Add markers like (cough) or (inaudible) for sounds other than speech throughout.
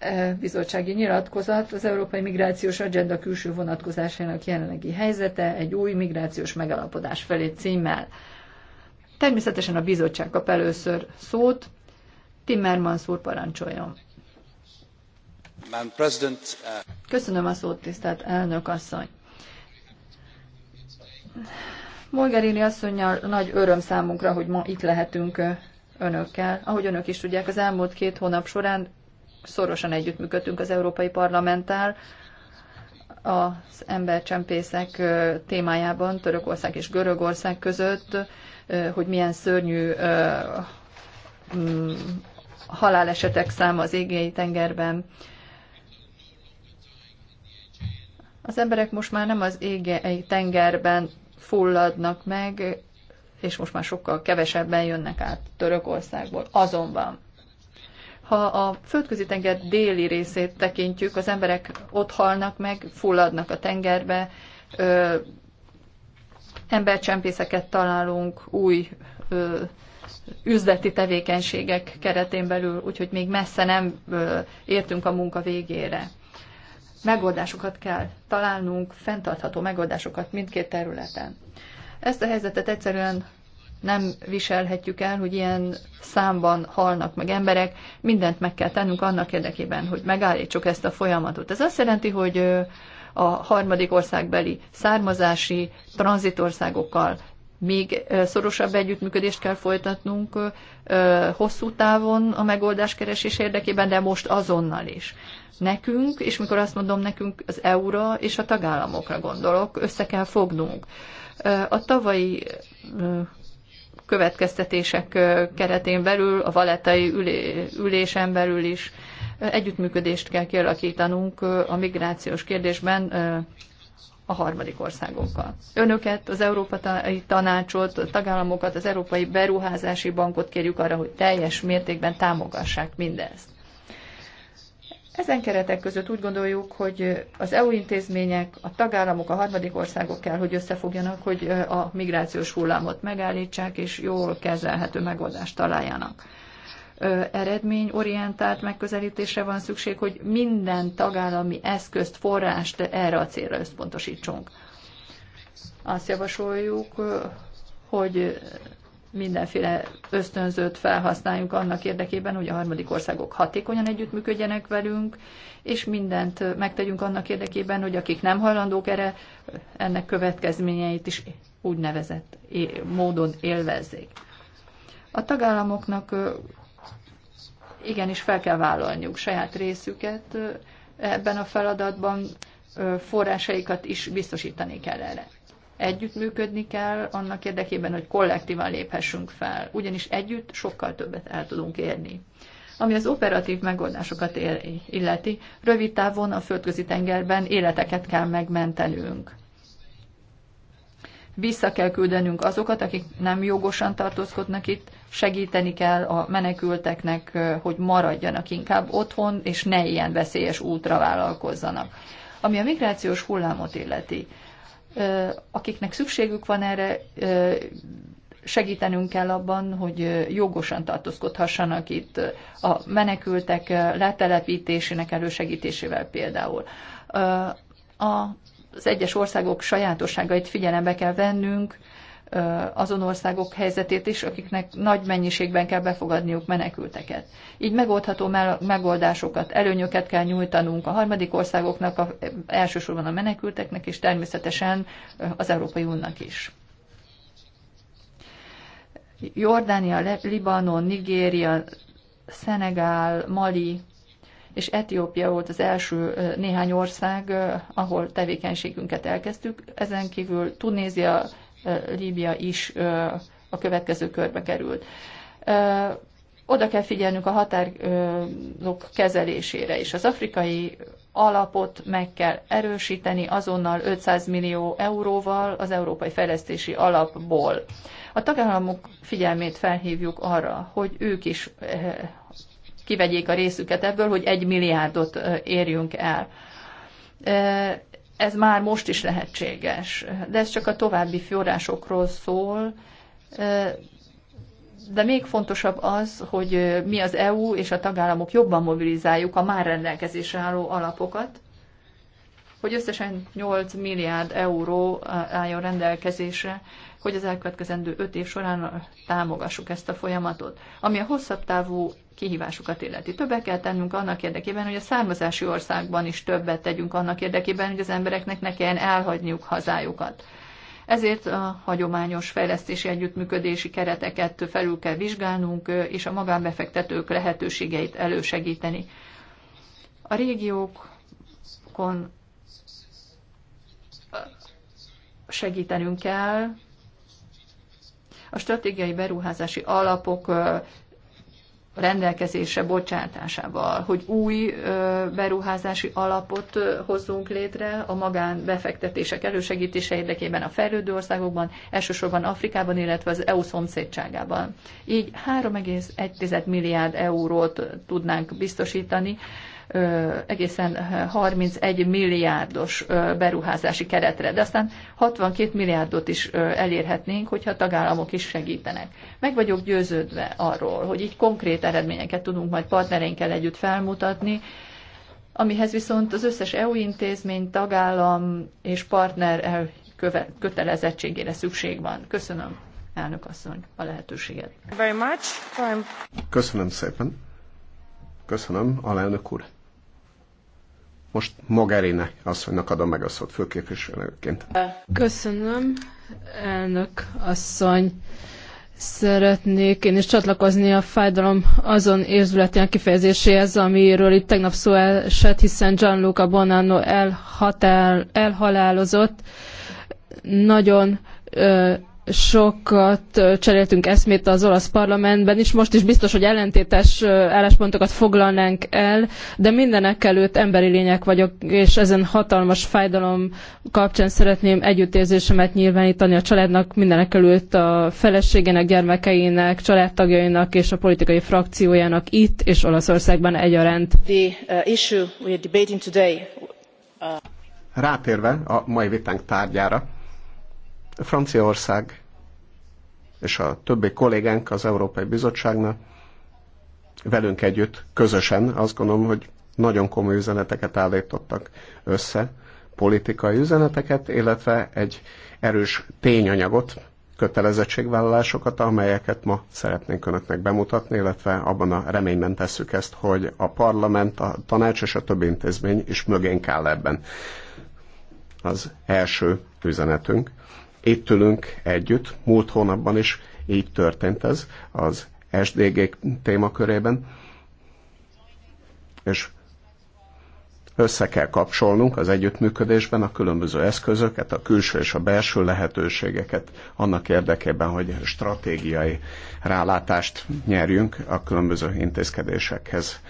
E, bizottsági nyilatkozat az Európai Migrációs Agenda külső vonatkozásának jelenlegi helyzete egy új migrációs megalapodás felé címmel. Természetesen a bizottság kap először szót. Timmermans úr parancsoljon. Uh, Köszönöm a szót, tisztelt elnök asszony. Molgarini asszonynal nagy öröm számunkra, hogy ma itt lehetünk önökkel. Ahogy önök is tudják, az elmúlt két hónap során szorosan együttműködtünk az Európai Parlamenttel az embercsempészek témájában Törökország és Görögország között, hogy milyen szörnyű mm, halálesetek száma az égéi tengerben. Az emberek most már nem az égei tengerben fulladnak meg, és most már sokkal kevesebben jönnek át Törökországból. Azonban ha a földközi tenger déli részét tekintjük, az emberek ott halnak meg, fulladnak a tengerbe, ö, embercsempészeket találunk, új ö, üzleti tevékenységek keretén belül, úgyhogy még messze nem ö, értünk a munka végére. Megoldásokat kell találnunk, fenntartható megoldásokat mindkét területen. Ezt a helyzetet egyszerűen nem viselhetjük el, hogy ilyen számban halnak meg emberek, mindent meg kell tennünk annak érdekében, hogy megállítsuk ezt a folyamatot. Ez azt jelenti, hogy a harmadik országbeli származási tranzitországokkal még szorosabb együttműködést kell folytatnunk hosszú távon a megoldás keresés érdekében, de most azonnal is. Nekünk, és mikor azt mondom nekünk, az EU-ra és a tagállamokra gondolok, össze kell fognunk. A tavalyi következtetések keretén belül, a valetai ülésen belül is együttműködést kell kialakítanunk a migrációs kérdésben a harmadik országokkal. Önöket, az Európai Tanácsot, a tagállamokat, az Európai Beruházási Bankot kérjük arra, hogy teljes mértékben támogassák mindezt. Ezen keretek között úgy gondoljuk, hogy az EU intézmények, a tagállamok, a harmadik országok kell, hogy összefogjanak, hogy a migrációs hullámot megállítsák, és jól kezelhető megoldást találjanak. Eredményorientált megközelítésre van szükség, hogy minden tagállami eszközt, forrást erre a célra összpontosítsunk. Azt javasoljuk, hogy mindenféle ösztönzőt felhasználjunk annak érdekében, hogy a harmadik országok hatékonyan együttműködjenek velünk, és mindent megtegyünk annak érdekében, hogy akik nem hajlandók erre, ennek következményeit is úgynevezett módon élvezzék. A tagállamoknak igenis fel kell vállalniuk saját részüket ebben a feladatban, forrásaikat is biztosítani kell erre. Együttműködni kell annak érdekében, hogy kollektívan léphessünk fel, ugyanis együtt sokkal többet el tudunk érni. Ami az operatív megoldásokat illeti, rövid távon a földközi tengerben életeket kell megmentenünk vissza kell küldenünk azokat, akik nem jogosan tartózkodnak itt, segíteni kell a menekülteknek, hogy maradjanak inkább otthon, és ne ilyen veszélyes útra vállalkozzanak. Ami a migrációs hullámot illeti, akiknek szükségük van erre, segítenünk kell abban, hogy jogosan tartózkodhassanak itt a menekültek letelepítésének elősegítésével például. Az egyes országok sajátosságait figyelembe kell vennünk, azon országok helyzetét is, akiknek nagy mennyiségben kell befogadniuk menekülteket. Így megoldható megoldásokat, előnyöket kell nyújtanunk a harmadik országoknak, a, elsősorban a menekülteknek, és természetesen az Európai Unnak is. Jordánia, Libanon, Nigéria, Szenegál, Mali és Etiópia volt az első néhány ország, ahol tevékenységünket elkezdtük. Ezen kívül Tunézia, Líbia is a következő körbe került. Oda kell figyelnünk a határok kezelésére is. Az afrikai alapot meg kell erősíteni azonnal 500 millió euróval az Európai Fejlesztési Alapból. A tagállamok figyelmét felhívjuk arra, hogy ők is kivegyék a részüket ebből, hogy egy milliárdot érjünk el ez már most is lehetséges, de ez csak a további forrásokról szól, de még fontosabb az, hogy mi az EU és a tagállamok jobban mobilizáljuk a már rendelkezésre álló alapokat, hogy összesen 8 milliárd euró álljon rendelkezésre, hogy az elkövetkezendő 5 év során támogassuk ezt a folyamatot. Ami a hosszabb távú kihívásokat illeti. Többet kell tennünk annak érdekében, hogy a származási országban is többet tegyünk annak érdekében, hogy az embereknek ne kelljen elhagyniuk hazájukat. Ezért a hagyományos fejlesztési együttműködési kereteket felül kell vizsgálnunk, és a magánbefektetők lehetőségeit elősegíteni. A régiókon segítenünk kell, a stratégiai beruházási alapok rendelkezésre bocsátásával, hogy új beruházási alapot hozzunk létre a magánbefektetések elősegítése érdekében a fejlődő országokban, elsősorban Afrikában, illetve az EU szomszédságában. Így 3,1 milliárd eurót tudnánk biztosítani egészen 31 milliárdos beruházási keretre, de aztán 62 milliárdot is elérhetnénk, hogyha a tagállamok is segítenek. Meg vagyok győződve arról, hogy így konkrét eredményeket tudunk majd partnereinkkel együtt felmutatni, amihez viszont az összes EU intézmény, tagállam és partner kötelezettségére szükség van. Köszönöm, elnök asszony, a lehetőséget. Very much. Köszönöm szépen. Köszönöm, alelnök úr. Most Mogherini asszonynak adom meg a szót főképviselőként. Köszönöm, elnök asszony. Szeretnék én is csatlakozni a fájdalom azon érzületének kifejezéséhez, amiről itt tegnap szó esett, hiszen Gianluca Bonanno elhatál, elhalálozott. Nagyon ö, sokat cseréltünk eszmét az olasz parlamentben is, most is biztos, hogy ellentétes álláspontokat foglalnánk el, de mindenek előtt emberi lények vagyok, és ezen hatalmas fájdalom kapcsán szeretném együttérzésemet nyilvánítani a családnak, mindenek előtt a feleségének, gyermekeinek, családtagjainak és a politikai frakciójának itt és Olaszországban egyaránt. The uh, issue we are debating today. Uh, Rátérve a mai vitánk tárgyára, Franciaország és a többi kollégánk az Európai Bizottságnak velünk együtt, közösen azt gondolom, hogy nagyon komoly üzeneteket állítottak össze, politikai üzeneteket, illetve egy erős tényanyagot, kötelezettségvállalásokat, amelyeket ma szeretnénk önöknek bemutatni, illetve abban a reményben tesszük ezt, hogy a parlament, a tanács és a többi intézmény is mögénk áll ebben. Az első üzenetünk itt ülünk együtt, múlt hónapban is így történt ez az SDG témakörében, és össze kell kapcsolnunk az együttműködésben a különböző eszközöket, a külső és a belső lehetőségeket annak érdekében, hogy stratégiai rálátást nyerjünk a különböző intézkedésekhez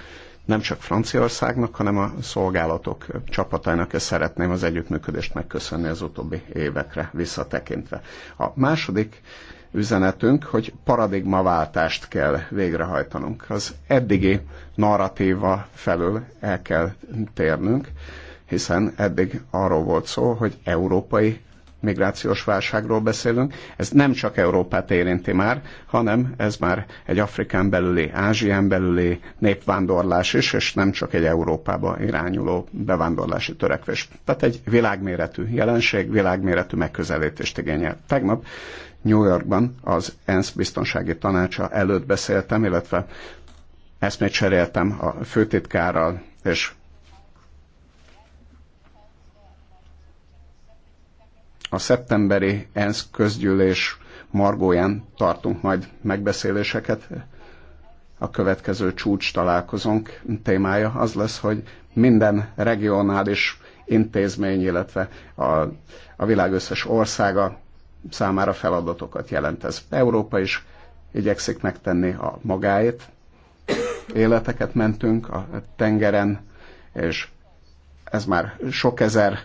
nem csak Franciaországnak, hanem a szolgálatok csapatának és szeretném az együttműködést megköszönni az utóbbi évekre visszatekintve. A második üzenetünk, hogy paradigmaváltást kell végrehajtanunk. Az eddigi narratíva felől el kell térnünk, hiszen eddig arról volt szó, hogy európai migrációs válságról beszélünk. Ez nem csak Európát érinti már, hanem ez már egy Afrikán belüli, Ázsián belüli népvándorlás is, és nem csak egy Európába irányuló bevándorlási törekvés. Tehát egy világméretű jelenség, világméretű megközelítést igényel. Tegnap New Yorkban az ENSZ biztonsági tanácsa előtt beszéltem, illetve eszmét cseréltem a főtitkárral és A szeptemberi ENSZ közgyűlés margóján tartunk majd megbeszéléseket. A következő csúcs találkozónk témája az lesz, hogy minden regionális intézmény, illetve a, a világ összes országa számára feladatokat jelent ez. Európa is igyekszik megtenni a magáét. Életeket mentünk a tengeren, és ez már sok ezer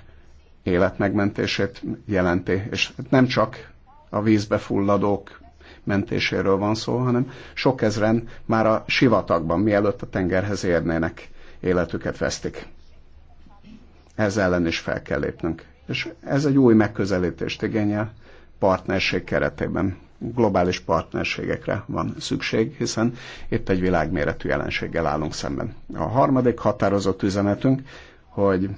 életmegmentését jelenti. És nem csak a vízbe fulladók mentéséről van szó, hanem sok ezren már a sivatagban, mielőtt a tengerhez érnének, életüket vesztik. Ez ellen is fel kell lépnünk. És ez egy új megközelítést igényel partnerség keretében. Globális partnerségekre van szükség, hiszen itt egy világméretű jelenséggel állunk szemben. A harmadik határozott üzenetünk, hogy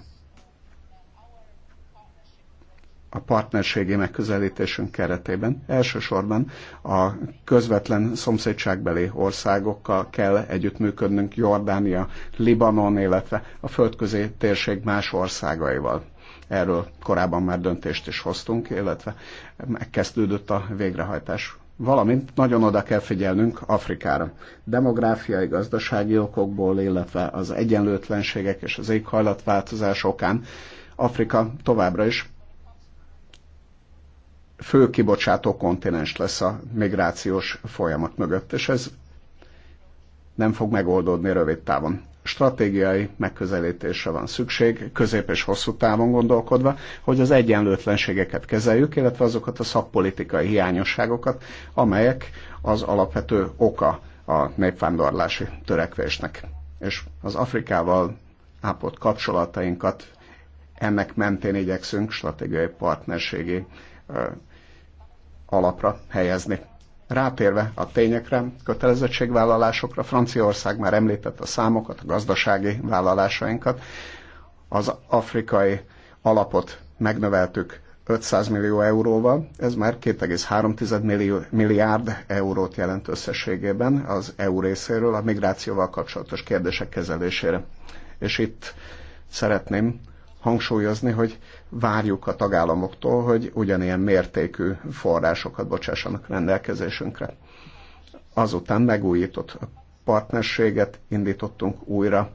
a partnerségi megközelítésünk keretében elsősorban a közvetlen szomszédságbeli országokkal kell együttműködnünk, Jordánia, Libanon, illetve a földközi térség más országaival. Erről korábban már döntést is hoztunk, illetve megkezdődött a végrehajtás. Valamint nagyon oda kell figyelnünk Afrikára. Demográfiai, gazdasági okokból, illetve az egyenlőtlenségek és az éghajlatváltozás okán Afrika továbbra is fő kibocsátó kontinens lesz a migrációs folyamat mögött, és ez nem fog megoldódni rövid távon. Stratégiai megközelítésre van szükség, közép és hosszú távon gondolkodva, hogy az egyenlőtlenségeket kezeljük, illetve azokat a szakpolitikai hiányosságokat, amelyek az alapvető oka a népvándorlási törekvésnek. És az Afrikával ápolt kapcsolatainkat ennek mentén igyekszünk stratégiai partnerségi alapra helyezni. Rátérve a tényekre, kötelezettségvállalásokra, Franciaország már említett a számokat, a gazdasági vállalásainkat, az afrikai alapot megnöveltük 500 millió euróval, ez már 2,3 milliárd eurót jelent összességében az EU részéről a migrációval kapcsolatos kérdések kezelésére. És itt szeretném hangsúlyozni, hogy várjuk a tagállamoktól, hogy ugyanilyen mértékű forrásokat bocsássanak rendelkezésünkre. Azután megújított partnerséget indítottunk újra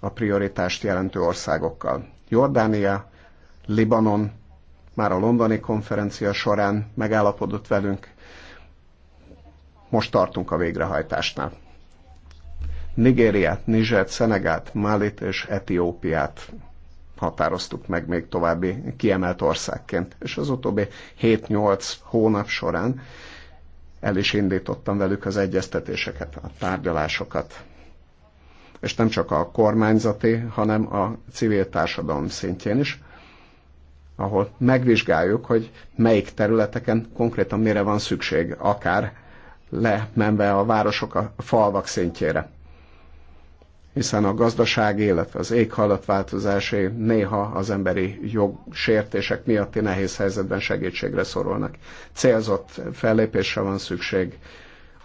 a prioritást jelentő országokkal. Jordánia, Libanon már a londoni konferencia során megállapodott velünk, most tartunk a végrehajtásnál. Nigériát, Nizsert, Szenegát, Málit és Etiópiát határoztuk meg még további kiemelt országként. És az utóbbi 7-8 hónap során el is indítottam velük az egyeztetéseket, a tárgyalásokat. És nem csak a kormányzati, hanem a civil társadalom szintjén is, ahol megvizsgáljuk, hogy melyik területeken konkrétan mire van szükség, akár lemenve a városok a falvak szintjére hiszen a gazdaság, illetve az változásai néha az emberi jogsértések miatti nehéz helyzetben segítségre szorulnak. Célzott fellépésre van szükség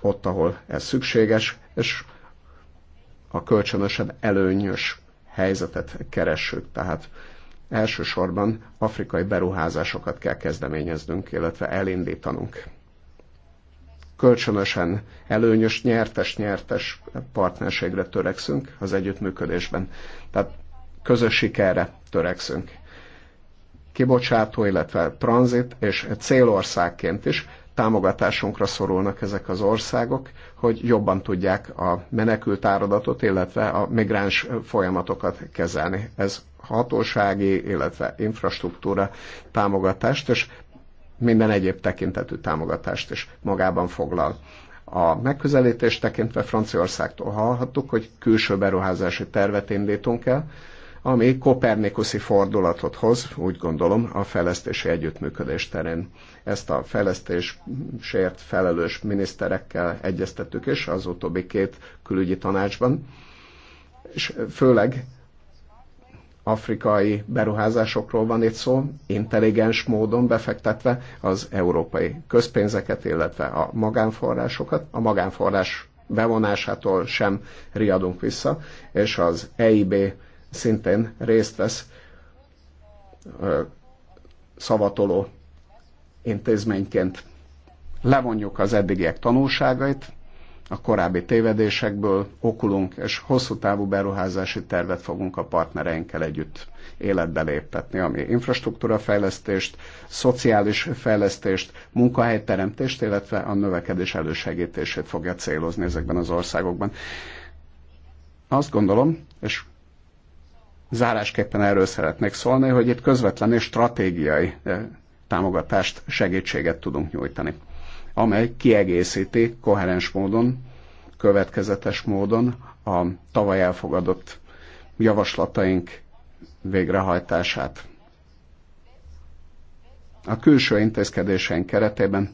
ott, ahol ez szükséges, és a kölcsönösen előnyös helyzetet keressük. Tehát elsősorban afrikai beruházásokat kell kezdeményeznünk, illetve elindítanunk kölcsönösen előnyös, nyertes-nyertes partnerségre törekszünk az együttműködésben. Tehát közös sikerre törekszünk. Kibocsátó, illetve tranzit és célországként is támogatásunkra szorulnak ezek az országok, hogy jobban tudják a menekült áradatot, illetve a migráns folyamatokat kezelni. Ez hatósági, illetve infrastruktúra támogatást és minden egyéb tekintetű támogatást is magában foglal. A megközelítést tekintve Franciaországtól hallhattuk, hogy külső beruházási tervet indítunk el, ami kopernikuszi fordulatot hoz, úgy gondolom, a fejlesztési együttműködés terén. Ezt a fejlesztésért felelős miniszterekkel egyeztettük is az utóbbi két külügyi tanácsban, és főleg afrikai beruházásokról van itt szó, intelligens módon befektetve az európai közpénzeket, illetve a magánforrásokat. A magánforrás bevonásától sem riadunk vissza, és az EIB szintén részt vesz szavatoló intézményként. Levonjuk az eddigiek tanulságait, a korábbi tévedésekből okulunk, és hosszú távú beruházási tervet fogunk a partnereinkkel együtt életbe léptetni, ami infrastruktúrafejlesztést, szociális fejlesztést, munkahelyteremtést, illetve a növekedés elősegítését fogja célozni ezekben az országokban. Azt gondolom, és zárásképpen erről szeretnék szólni, hogy itt közvetlen és stratégiai eh, támogatást, segítséget tudunk nyújtani amely kiegészíti koherens módon, következetes módon a tavaly elfogadott javaslataink végrehajtását. A külső intézkedéseink keretében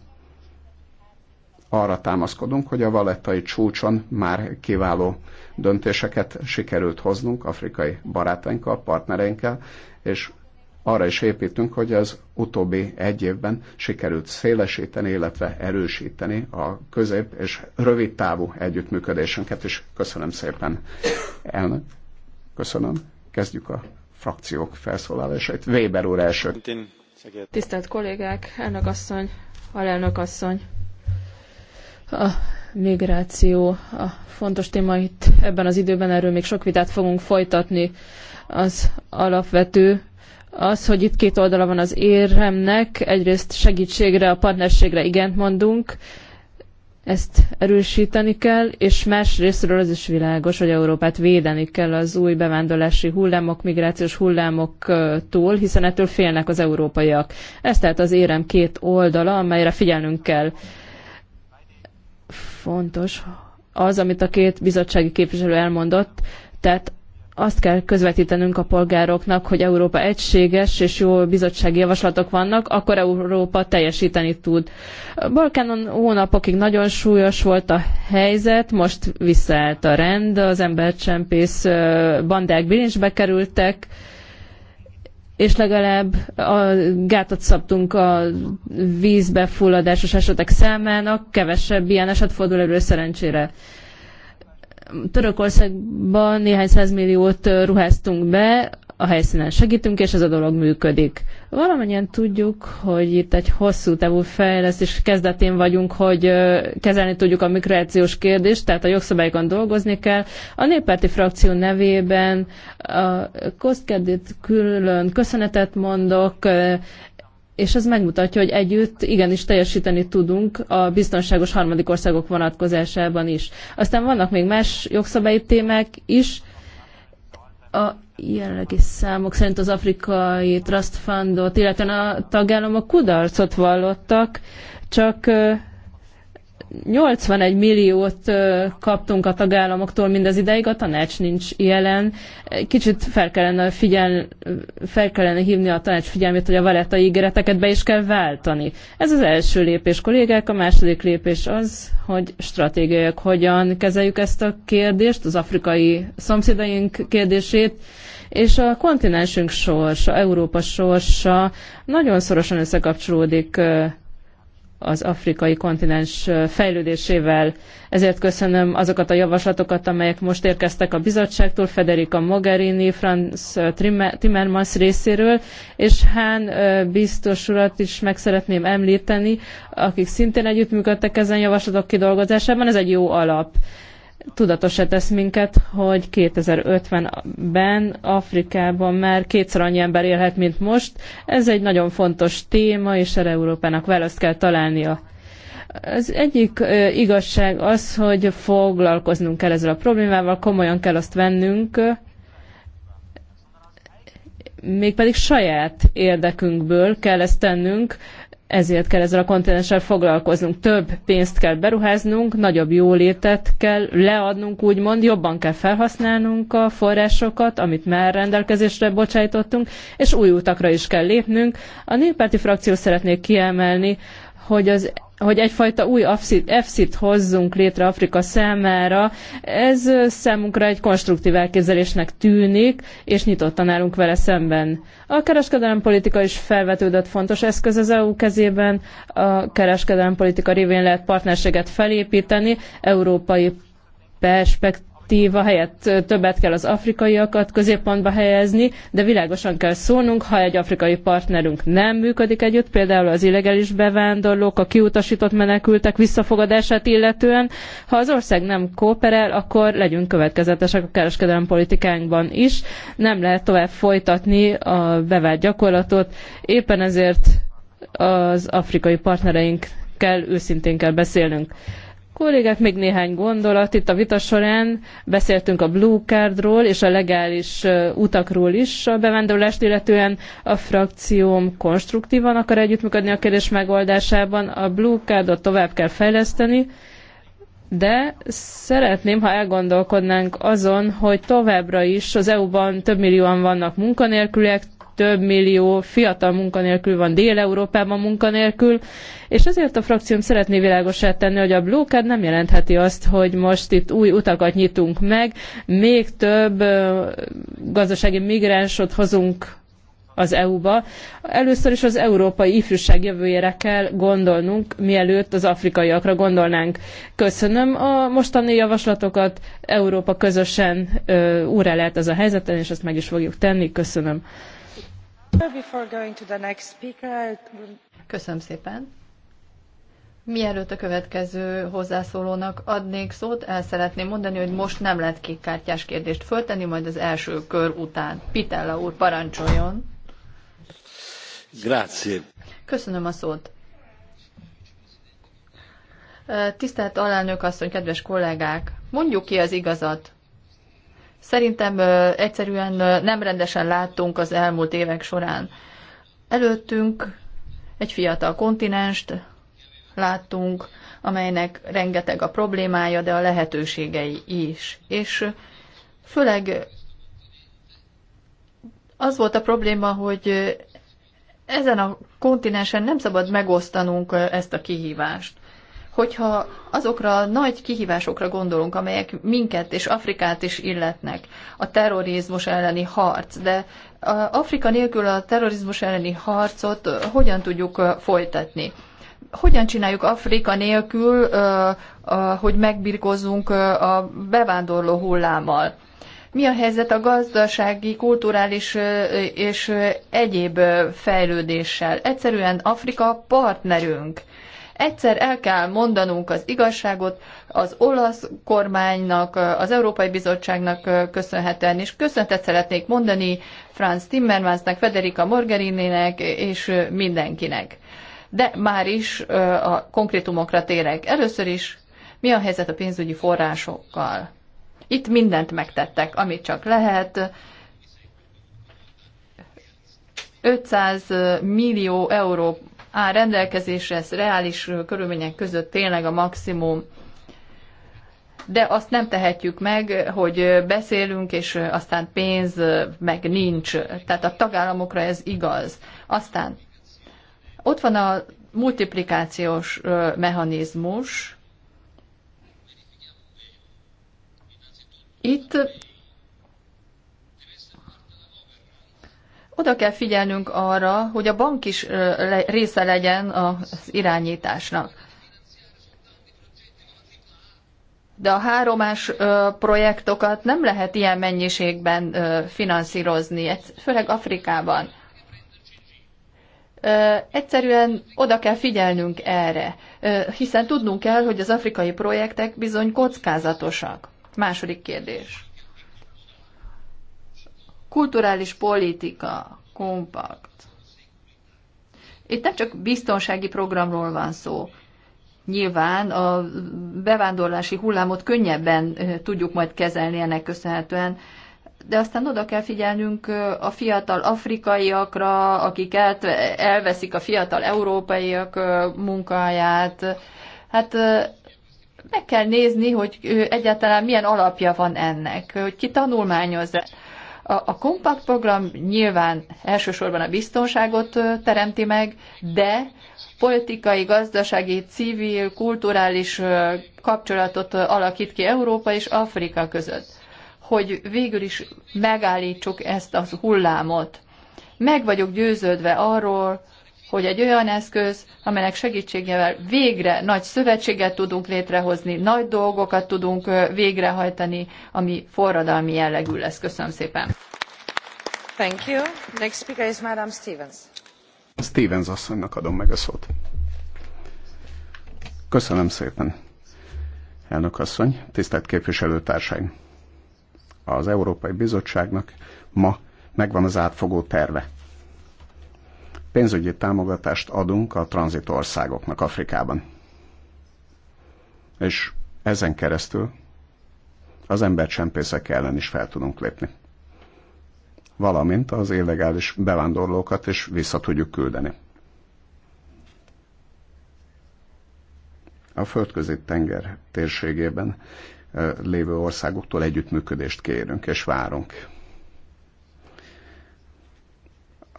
arra támaszkodunk, hogy a valettai csúcson már kiváló döntéseket sikerült hoznunk afrikai barátainkkal, partnereinkkel, és arra is építünk, hogy az utóbbi egy évben sikerült szélesíteni, illetve erősíteni a közép- és rövid távú együttműködésünket, és köszönöm szépen, elnök. Köszönöm. Kezdjük a frakciók felszólalásait. Weber úr első. Tisztelt kollégák, elnök asszony, alelnök asszony. A migráció a fontos téma itt ebben az időben, erről még sok vitát fogunk folytatni. Az alapvető az, hogy itt két oldala van az éremnek, egyrészt segítségre, a partnerségre igent mondunk, ezt erősíteni kell, és részről az is világos, hogy Európát védeni kell az új bevándorlási hullámok, migrációs hullámoktól, hiszen ettől félnek az európaiak. Ez tehát az érem két oldala, amelyre figyelnünk kell. Fontos az, amit a két bizottsági képviselő elmondott, tehát azt kell közvetítenünk a polgároknak, hogy Európa egységes és jó bizottsági javaslatok vannak, akkor Európa teljesíteni tud. Balkánon hónapokig nagyon súlyos volt a helyzet, most visszaállt a rend, az embercsempész bandák bilincsbe kerültek, és legalább a gátat szabtunk a vízbe fulladásos esetek számának, kevesebb ilyen eset fordul elő szerencsére. Törökországban néhány százmilliót ruháztunk be, a helyszínen segítünk, és ez a dolog működik. Valamennyien tudjuk, hogy itt egy hosszú távú fejlesztés kezdetén vagyunk, hogy kezelni tudjuk a migrációs kérdést, tehát a jogszabályokon dolgozni kell. A néppárti frakció nevében a Koszkedit külön köszönetet mondok, és ez megmutatja, hogy együtt igenis teljesíteni tudunk a biztonságos harmadik országok vonatkozásában is. Aztán vannak még más jogszabályi témák is. A jelenlegi számok szerint az afrikai Trust Fundot, illetve a tagállamok kudarcot vallottak, csak 81 milliót kaptunk a tagállamoktól mindez ideig, a tanács nincs jelen. Kicsit fel kellene, figyel, fel kellene hívni a tanács figyelmét, hogy a valetai ígéreteket be is kell váltani. Ez az első lépés, kollégák. A második lépés az, hogy stratégiaiak hogyan kezeljük ezt a kérdést, az afrikai szomszédaink kérdését és a kontinensünk sorsa, Európa sorsa nagyon szorosan összekapcsolódik az afrikai kontinens fejlődésével. Ezért köszönöm azokat a javaslatokat, amelyek most érkeztek a bizottságtól, Federica Mogherini, Franz Timmermans részéről, és Hán biztos urat is meg szeretném említeni, akik szintén együttműködtek ezen javaslatok kidolgozásában. Ez egy jó alap tudatosá tesz minket, hogy 2050-ben Afrikában már kétszer annyi ember élhet, mint most. Ez egy nagyon fontos téma, és erre Európának választ kell találnia. Az egyik igazság az, hogy foglalkoznunk kell ezzel a problémával, komolyan kell azt vennünk, mégpedig saját érdekünkből kell ezt tennünk, ezért kell ezzel a kontinenssel foglalkoznunk. Több pénzt kell beruháznunk, nagyobb jólétet kell leadnunk, úgymond, jobban kell felhasználnunk a forrásokat, amit már rendelkezésre bocsájtottunk, és új utakra is kell lépnünk. A néppárti frakció szeretnék kiemelni, hogy az hogy egyfajta új EFSZ-t hozzunk létre Afrika számára, ez számunkra egy konstruktív elképzelésnek tűnik, és nyitottan állunk vele szemben. A kereskedelempolitika is felvetődött fontos eszköz az EU kezében, a kereskedelempolitika révén lehet partnerséget felépíteni, európai perspektív perspektíva helyett többet kell az afrikaiakat középpontba helyezni, de világosan kell szólnunk, ha egy afrikai partnerünk nem működik együtt, például az illegális bevándorlók, a kiutasított menekültek visszafogadását illetően, ha az ország nem kooperál, akkor legyünk következetesek a kereskedelmi politikánkban is. Nem lehet tovább folytatni a bevált gyakorlatot, éppen ezért az afrikai partnereinkkel őszintén kell beszélnünk kollégák, még néhány gondolat. Itt a vita során beszéltünk a Blue Cardról és a legális utakról is a bevándorlást, illetően a frakcióm konstruktívan akar együttműködni a kérdés megoldásában. A Blue Cardot tovább kell fejleszteni, de szeretném, ha elgondolkodnánk azon, hogy továbbra is az EU-ban több millióan vannak munkanélküliek, több millió fiatal munkanélkül van Dél-Európában munkanélkül, és azért a frakcióm szeretné világosát tenni, hogy a blokád nem jelentheti azt, hogy most itt új utakat nyitunk meg, még több gazdasági migránsot hozunk az EU-ba. Először is az európai ifjúság jövőjére kell gondolnunk, mielőtt az afrikaiakra gondolnánk. Köszönöm a mostani javaslatokat, Európa közösen úr lehet ez a helyzeten, és ezt meg is fogjuk tenni. Köszönöm. Köszönöm szépen. Mielőtt a következő hozzászólónak adnék szót, el szeretném mondani, hogy most nem lehet kékkártyás kérdést föltenni, majd az első kör után. Pitella úr, parancsoljon! Grazie. Köszönöm a szót. Tisztelt alelnök asszony, kedves kollégák! Mondjuk ki az igazat. Szerintem egyszerűen nem rendesen láttunk az elmúlt évek során. Előttünk egy fiatal kontinenst láttunk, amelynek rengeteg a problémája, de a lehetőségei is. És főleg az volt a probléma, hogy ezen a kontinensen nem szabad megosztanunk ezt a kihívást hogyha azokra a nagy kihívásokra gondolunk, amelyek minket és Afrikát is illetnek, a terrorizmus elleni harc, de Afrika nélkül a terrorizmus elleni harcot hogyan tudjuk folytatni? Hogyan csináljuk Afrika nélkül, hogy megbirkozzunk a bevándorló hullámmal? Mi a helyzet a gazdasági, kulturális és egyéb fejlődéssel? Egyszerűen Afrika partnerünk Egyszer el kell mondanunk az igazságot az olasz kormánynak, az Európai Bizottságnak köszönhetően, és köszöntet szeretnék mondani Franz Timmermansnak, Federica Morgherininek és mindenkinek. De már is a konkrétumokra térek. Először is, mi a helyzet a pénzügyi forrásokkal? Itt mindent megtettek, amit csak lehet. 500 millió euró áll rendelkezésre, ez reális körülmények között tényleg a maximum. De azt nem tehetjük meg, hogy beszélünk, és aztán pénz meg nincs. Tehát a tagállamokra ez igaz. Aztán ott van a multiplikációs mechanizmus. Itt oda kell figyelnünk arra, hogy a bank is része legyen az irányításnak. De a háromás projektokat nem lehet ilyen mennyiségben finanszírozni, főleg Afrikában. Egyszerűen oda kell figyelnünk erre, hiszen tudnunk kell, hogy az afrikai projektek bizony kockázatosak. Második kérdés. Kulturális politika, kompakt. Itt nem csak biztonsági programról van szó. Nyilván a bevándorlási hullámot könnyebben tudjuk majd kezelni ennek köszönhetően, de aztán oda kell figyelnünk a fiatal afrikaiakra, akik elveszik a fiatal európaiak munkáját. Hát meg kell nézni, hogy egyáltalán milyen alapja van ennek, hogy ki tanulmányozza. A, a kompakt program nyilván elsősorban a biztonságot teremti meg, de politikai, gazdasági, civil, kulturális kapcsolatot alakít ki Európa és Afrika között, hogy végül is megállítsuk ezt az hullámot. Meg vagyok győződve arról, hogy egy olyan eszköz, amelynek segítségével végre nagy szövetséget tudunk létrehozni, nagy dolgokat tudunk végrehajtani, ami forradalmi jellegű lesz. Köszönöm szépen. Thank you. Next speaker is Madame Stevens. Stevens asszonynak adom meg a szót. Köszönöm szépen, elnök asszony, tisztelt képviselőtársaim. Az Európai Bizottságnak ma megvan az átfogó terve pénzügyi támogatást adunk a országoknak Afrikában. És ezen keresztül az embercsempészek ellen is fel tudunk lépni. Valamint az illegális bevándorlókat is vissza tudjuk küldeni. A földközi tenger térségében lévő országoktól együttműködést kérünk és várunk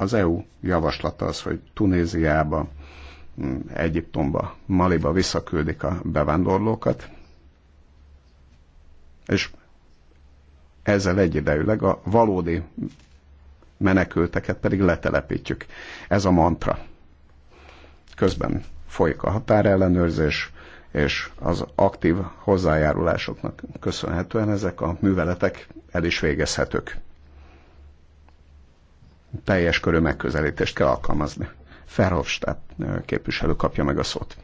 az EU javaslata az, hogy Tunéziába, mm, Egyiptomba, Maliba visszaküldik a bevándorlókat, és ezzel egyidejűleg a valódi menekülteket pedig letelepítjük. Ez a mantra. Közben folyik a határellenőrzés, és az aktív hozzájárulásoknak köszönhetően ezek a műveletek el is végezhetők teljes körű megközelítést kell alkalmazni. Ferhofstadt képviselő kapja meg a szót.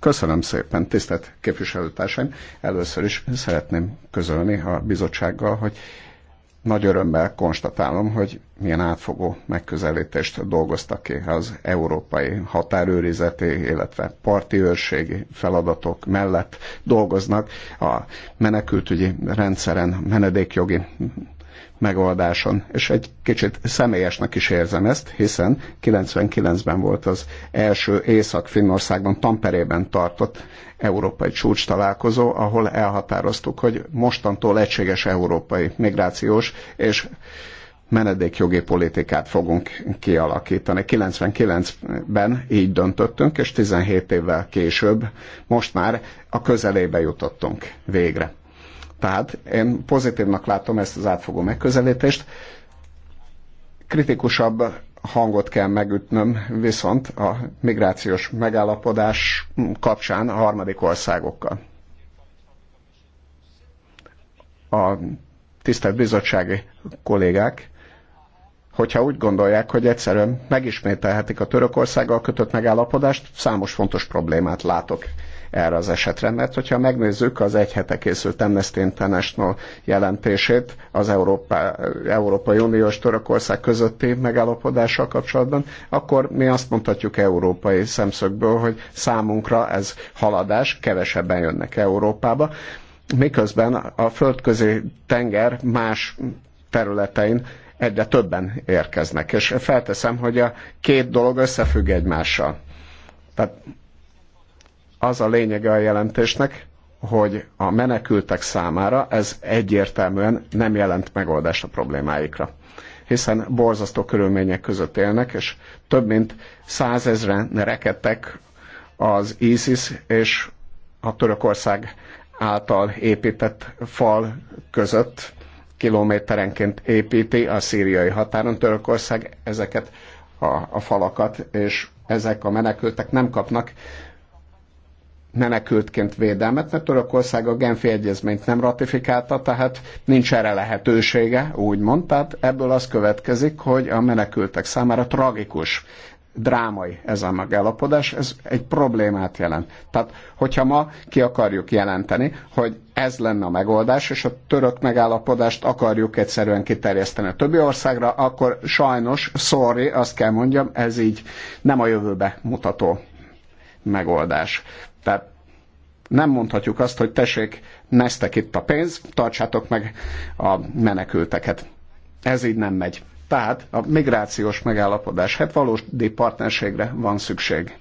Köszönöm szépen, tisztelt képviselőtársaim! Először is szeretném közölni a bizottsággal, hogy nagy örömmel konstatálom, hogy milyen átfogó megközelítést dolgoztak ki az európai határőrizeti, illetve parti őrségi feladatok mellett dolgoznak a menekültügyi rendszeren, menedékjogi megoldáson. És egy kicsit személyesnek is érzem ezt, hiszen 99-ben volt az első Észak-Finnországban, Tamperében tartott európai csúcs találkozó, ahol elhatároztuk, hogy mostantól egységes európai migrációs és menedékjogi politikát fogunk kialakítani. 99-ben így döntöttünk, és 17 évvel később most már a közelébe jutottunk végre. Tehát én pozitívnak látom ezt az átfogó megközelítést. Kritikusabb hangot kell megütnöm viszont a migrációs megállapodás kapcsán a harmadik országokkal. A tisztelt bizottsági kollégák, hogyha úgy gondolják, hogy egyszerűen megismételhetik a Törökországgal kötött megállapodást, számos fontos problémát látok erre az esetre. Mert hogyha megnézzük az egy hete készült Amnesty International jelentését az Európa, Európai Unió és Törökország közötti megállapodással kapcsolatban, akkor mi azt mondhatjuk európai szemszögből, hogy számunkra ez haladás, kevesebben jönnek Európába, miközben a földközi tenger más területein egyre többen érkeznek. És felteszem, hogy a két dolog összefügg egymással. Tehát az a lényege a jelentésnek, hogy a menekültek számára ez egyértelműen nem jelent megoldást a problémáikra hiszen borzasztó körülmények között élnek, és több mint százezre rekedtek az ISIS és a Törökország által épített fal között kilométerenként építi a szíriai határon. Törökország ezeket a, a falakat, és ezek a menekültek nem kapnak menekültként védelmet, mert Törökország a Genfi Egyezményt nem ratifikálta, tehát nincs erre lehetősége, úgymond. Tehát ebből az következik, hogy a menekültek számára tragikus, drámai ez a megállapodás, ez egy problémát jelent. Tehát, hogyha ma ki akarjuk jelenteni, hogy ez lenne a megoldás, és a török megállapodást akarjuk egyszerűen kiterjeszteni a többi országra, akkor sajnos, sorry, azt kell mondjam, ez így nem a jövőbe mutató megoldás de nem mondhatjuk azt, hogy tessék, neztek itt a pénz, tartsátok meg a menekülteket. Ez így nem megy. Tehát a migrációs megállapodás, hát valódi partnerségre van szükség.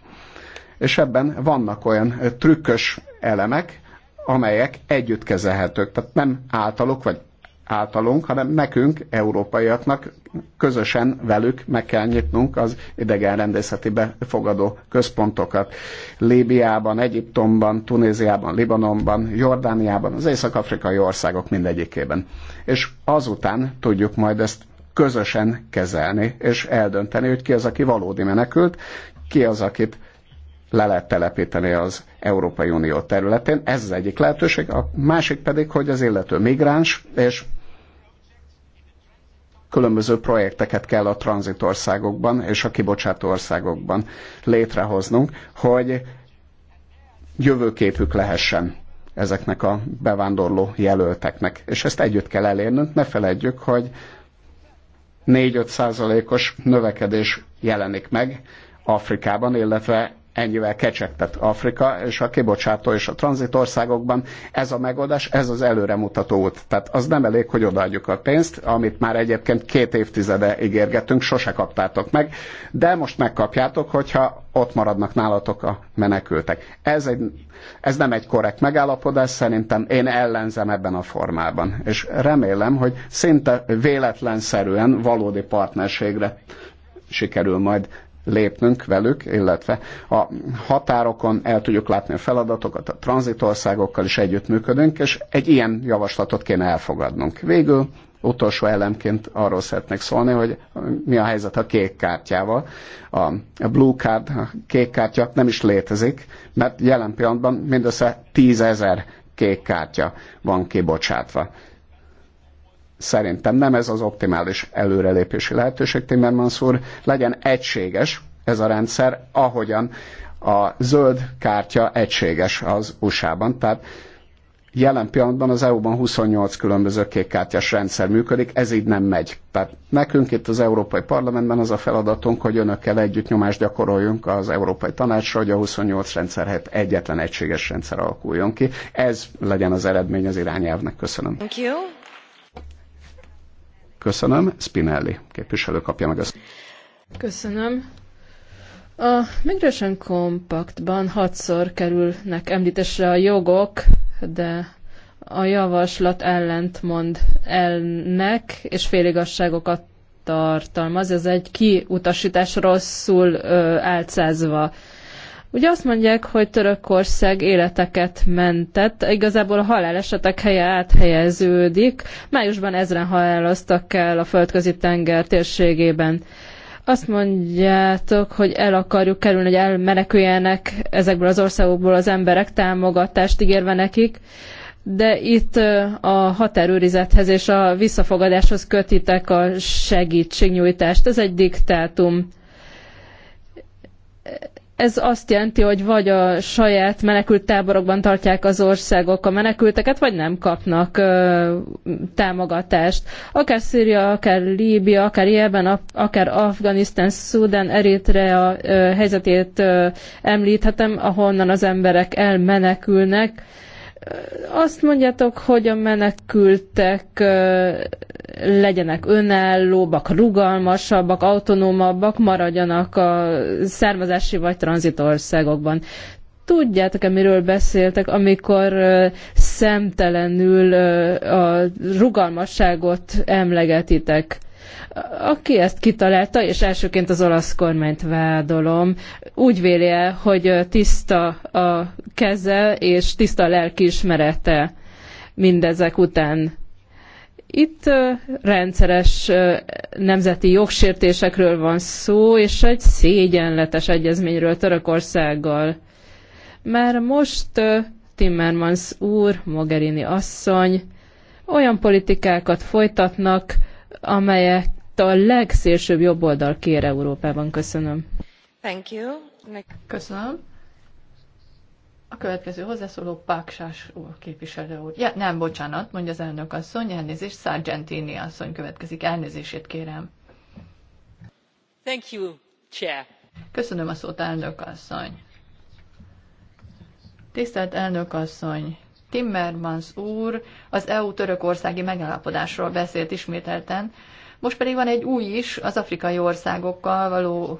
És ebben vannak olyan trükkös elemek, amelyek együtt kezelhetők. Tehát nem általuk vagy általunk, hanem nekünk, európaiaknak közösen velük meg kell nyitnunk az idegenrendészeti befogadó központokat. Líbiában, Egyiptomban, Tunéziában, Libanonban, Jordániában, az észak-afrikai országok mindegyikében. És azután tudjuk majd ezt közösen kezelni, és eldönteni, hogy ki az, aki valódi menekült, ki az, akit le lehet telepíteni az Európai Unió területén. Ez az egyik lehetőség. A másik pedig, hogy az illető migráns, és különböző projekteket kell a tranzitországokban és a kibocsátó országokban létrehoznunk, hogy jövőképük lehessen ezeknek a bevándorló jelölteknek. És ezt együtt kell elérnünk, ne feledjük, hogy 4-5 százalékos növekedés jelenik meg Afrikában, illetve ennyivel kecsegtet Afrika, és a kibocsátó és a tranzitországokban ez a megoldás, ez az előremutató út. Tehát az nem elég, hogy odaadjuk a pénzt, amit már egyébként két évtizede ígérgetünk, sose kaptátok meg, de most megkapjátok, hogyha ott maradnak nálatok a menekültek. Ez, egy, ez nem egy korrekt megállapodás, szerintem én ellenzem ebben a formában. És remélem, hogy szinte véletlenszerűen valódi partnerségre sikerül majd lépnünk velük, illetve a határokon el tudjuk látni a feladatokat, a tranzitországokkal is együttműködünk, és egy ilyen javaslatot kéne elfogadnunk. Végül utolsó elemként arról szeretnék szólni, hogy mi a helyzet a kék kártyával. A blue card, a kék kártya nem is létezik, mert jelen pillanatban mindössze tízezer kék kártya van kibocsátva. Szerintem nem ez az optimális előrelépési lehetőség, Timmermans úr. Legyen egységes ez a rendszer, ahogyan a zöld kártya egységes az USA-ban. Tehát jelen pillanatban az EU-ban 28 különböző kékkártyás rendszer működik, ez így nem megy. Tehát nekünk itt az Európai Parlamentben az a feladatunk, hogy önökkel együtt nyomást gyakoroljunk az Európai Tanácsra, hogy a 28 rendszer helyett egyetlen egységes rendszer alakuljon ki. Ez legyen az eredmény az irányelvnek. Köszönöm. Thank you. Köszönöm. Spinelli képviselő kapja meg ezt. Köszönöm. A Migration Compactban hatszor kerülnek említésre a jogok, de a javaslat mond elnek, és féligasságokat tartalmaz. Ez egy kiutasítás rosszul ö, álcázva. Ugye azt mondják, hogy Törökország életeket mentett, igazából a halálesetek helye áthelyeződik. Májusban ezren haláloztak el a földközi tenger térségében. Azt mondjátok, hogy el akarjuk kerülni, hogy elmeneküljenek ezekből az országokból az emberek, támogatást ígérve nekik, de itt a határőrizethez és a visszafogadáshoz kötitek a segítségnyújtást. Ez egy diktátum ez azt jelenti, hogy vagy a saját menekült táborokban tartják az országok a menekülteket, vagy nem kapnak ö, támogatást. Akár Szíria, akár Líbia, akár Jemen, akár Afganisztán, Szudán, Eritrea ö, helyzetét ö, említhetem, ahonnan az emberek elmenekülnek. Azt mondjátok, hogy a menekültek ö, legyenek önállóbbak, rugalmasabbak, autonómabbak, maradjanak a származási vagy tranzitországokban. Tudjátok-e, miről beszéltek, amikor szemtelenül a rugalmasságot emlegetitek? aki ezt kitalálta, és elsőként az olasz kormányt vádolom, úgy véli el, hogy tiszta a keze és tiszta a lelki ismerete mindezek után. Itt rendszeres nemzeti jogsértésekről van szó, és egy szégyenletes egyezményről Törökországgal. mert most Timmermans úr, Mogherini asszony olyan politikákat folytatnak, amelyek a legszélsőbb jobboldal kér Európában. Köszönöm. Thank you. Köszönöm. A következő hozzászóló Páksás úr képviselő úr. Ja, nem, bocsánat, mondja az elnök asszony, elnézést, Sargentini asszony következik, elnézését kérem. Thank you, Chair. Köszönöm a szót, elnök asszony. Tisztelt elnök asszony, Timmermans úr az EU-törökországi megállapodásról beszélt ismételten, most pedig van egy új is, az afrikai országokkal való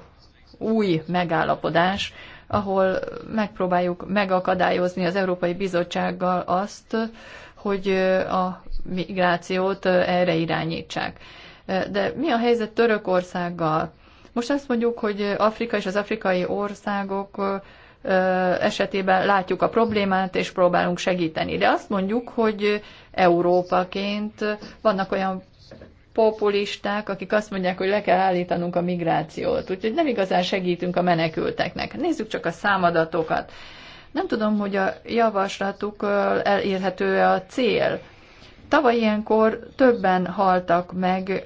új megállapodás, ahol megpróbáljuk megakadályozni az Európai Bizottsággal azt, hogy a migrációt erre irányítsák. De mi a helyzet Törökországgal? Most azt mondjuk, hogy Afrika és az afrikai országok esetében látjuk a problémát, és próbálunk segíteni. De azt mondjuk, hogy Európaként vannak olyan populisták, akik azt mondják, hogy le kell állítanunk a migrációt. Úgyhogy nem igazán segítünk a menekülteknek. Nézzük csak a számadatokat. Nem tudom, hogy a javaslatuk elérhető -e a cél. Tavaly ilyenkor többen haltak meg,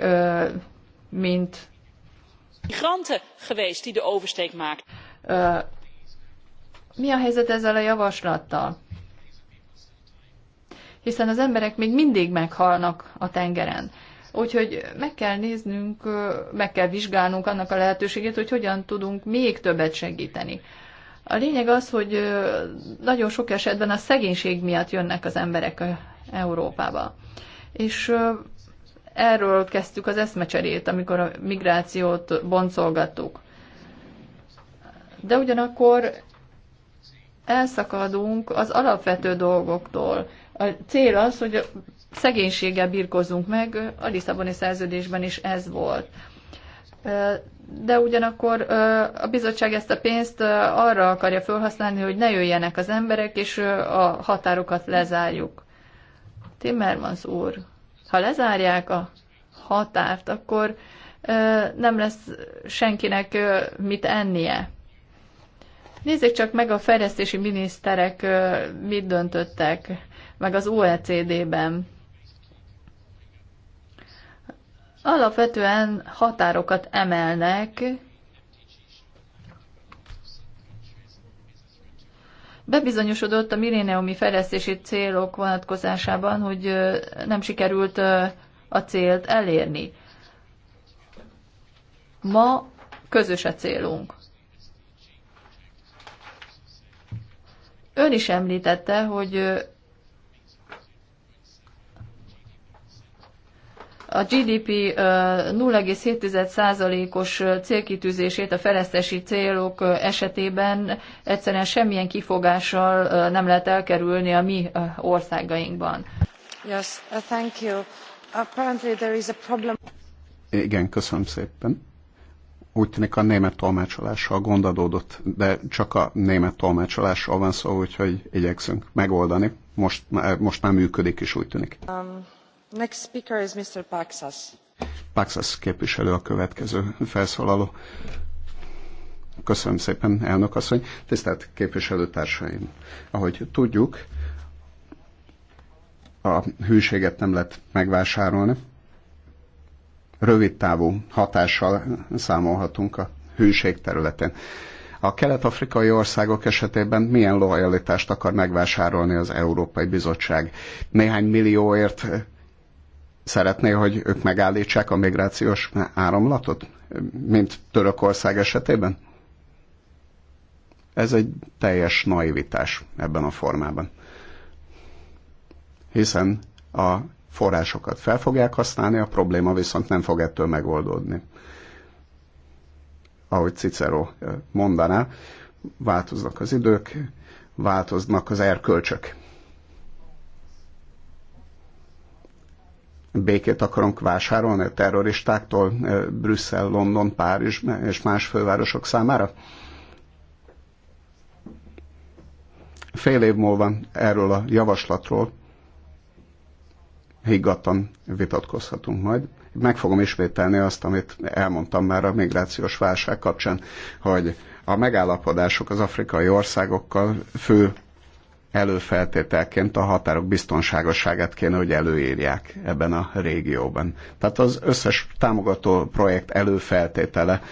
mint migranten geweest die de oversteek maken. Mi a helyzet ezzel a javaslattal? Hiszen az emberek még mindig meghalnak a tengeren. Úgyhogy meg kell néznünk, meg kell vizsgálnunk annak a lehetőségét, hogy hogyan tudunk még többet segíteni. A lényeg az, hogy nagyon sok esetben a szegénység miatt jönnek az emberek Európába. És erről kezdtük az eszmecserét, amikor a migrációt boncolgattuk. De ugyanakkor elszakadunk az alapvető dolgoktól. A cél az, hogy szegénységgel birkozunk meg, a Lisszaboni szerződésben is ez volt. De ugyanakkor a bizottság ezt a pénzt arra akarja felhasználni, hogy ne jöjjenek az emberek, és a határokat lezárjuk. Timmermans úr, ha lezárják a határt, akkor nem lesz senkinek mit ennie. Nézzék csak meg a fejlesztési miniszterek mit döntöttek, meg az OECD-ben alapvetően határokat emelnek, Bebizonyosodott a milléniumi fejlesztési célok vonatkozásában, hogy nem sikerült a célt elérni. Ma közös a célunk. Ön is említette, hogy a GDP 0,7%-os célkitűzését a felesztesi célok esetében egyszerűen semmilyen kifogással nem lehet elkerülni a mi országainkban. Yes, uh, thank you. Apparently there is a problem. Igen, köszönöm szépen. Úgy tűnik a német tolmácsolással adódott, de csak a német tolmácsolással van szó, úgyhogy igyekszünk megoldani. Most, eh, most már működik is, úgy tűnik. Um... Next speaker is Mr. Paxas. Paxas képviselő a következő felszólaló. Köszönöm szépen, elnök asszony. Tisztelt képviselőtársaim! Ahogy tudjuk, a hűséget nem lehet megvásárolni. Rövid távú hatással számolhatunk a hűség területén. A kelet-afrikai országok esetében milyen lojalitást akar megvásárolni az Európai Bizottság? Néhány millióért szeretné, hogy ők megállítsák a migrációs áramlatot, mint Törökország esetében? Ez egy teljes naivitás ebben a formában. Hiszen a forrásokat fel fogják használni, a probléma viszont nem fog ettől megoldódni. Ahogy Cicero eh, mondaná, változnak az idők, változnak az erkölcsök. békét akarunk vásárolni a terroristáktól eh, Brüsszel, London, Párizs és más fővárosok számára? Fél év múlva erről a javaslatról higgadtan vitatkozhatunk majd. Meg fogom ismételni azt, amit elmondtam már a migrációs válság kapcsán, hogy a megállapodások az afrikai országokkal fő előfeltételként a határok biztonságosságát kéne, hogy előírják ebben a régióban. Tehát az összes támogató projekt előfeltétele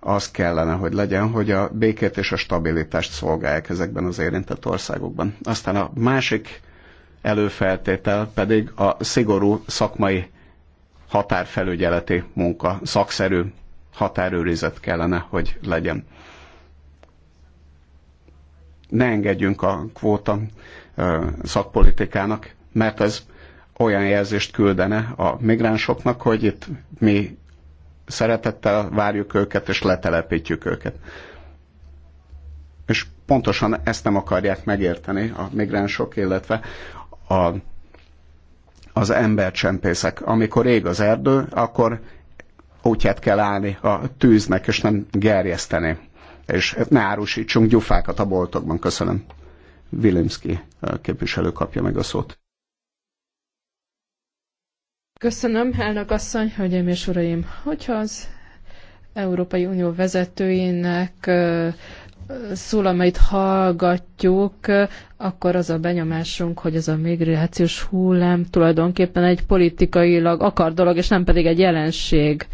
az kellene, hogy legyen, hogy a békét és a stabilitást szolgálják ezekben az érintett országokban. Aztán a másik előfeltétel pedig a szigorú szakmai határfelügyeleti munka, szakszerű határőrizet kellene, hogy legyen ne engedjünk a kvóta szakpolitikának, mert ez olyan jelzést küldene a migránsoknak, hogy itt mi szeretettel várjuk őket és letelepítjük őket. És pontosan ezt nem akarják megérteni a migránsok, illetve a, az embercsempészek. Amikor ég az erdő, akkor útját kell állni a tűznek, és nem gerjeszteni és ne árusítsunk gyufákat a boltokban. Köszönöm. Vilimski képviselő kapja meg a szót. Köszönöm, elnök asszony, hölgyeim és uraim. Hogyha az Európai Unió vezetőinek szólamait hallgatjuk, akkor az a benyomásunk, hogy ez a migrációs hullám tulajdonképpen egy politikailag akar dolog, és nem pedig egy jelenség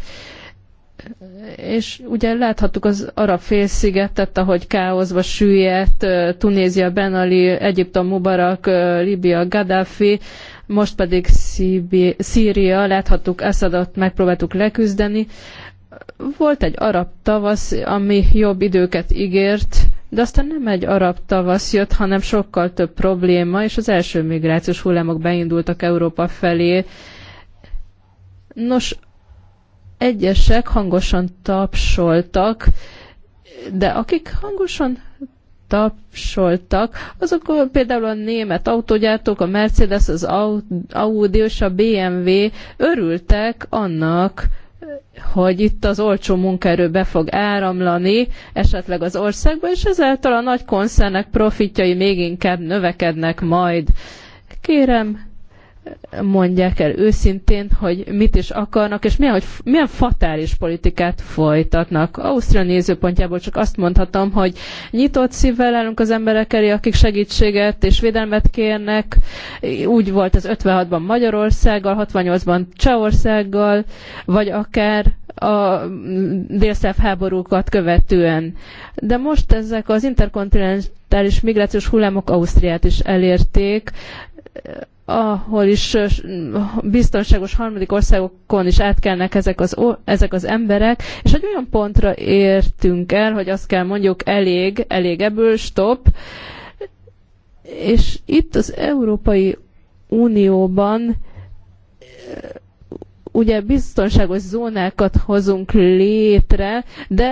és ugye láthattuk az arab félszigetet, ahogy káoszba süllyedt, Tunézia, Ali, Egyiptom, Mubarak, Libia, Gaddafi, most pedig Szíbi, Szíria, láthattuk Assadot, megpróbáltuk leküzdeni. Volt egy arab tavasz, ami jobb időket ígért, de aztán nem egy arab tavasz jött, hanem sokkal több probléma, és az első migrációs hullámok beindultak Európa felé. Nos, egyesek hangosan tapsoltak, de akik hangosan tapsoltak, azok például a német autógyártók, a Mercedes, az Audi és a BMW örültek annak, hogy itt az olcsó munkaerő be fog áramlani esetleg az országba, és ezáltal a nagy koncernek profitjai még inkább növekednek majd. Kérem, mondják el őszintén, hogy mit is akarnak, és milyen, hogy, milyen fatális politikát folytatnak. Ausztria nézőpontjából csak azt mondhatom, hogy nyitott szívvel állunk az emberek elé, akik segítséget és védelmet kérnek. Úgy volt ez 56-ban Magyarországgal, 68-ban Csehországgal, vagy akár a délszáv háborúkat követően. De most ezek az interkontinentális migrációs hullámok Ausztriát is elérték ahol is biztonságos harmadik országokon is átkelnek ezek az, ezek az emberek, és egy olyan pontra értünk el, hogy azt kell mondjuk elég, elég ebből, stop. És itt az Európai Unióban ugye biztonságos zónákat hozunk létre, de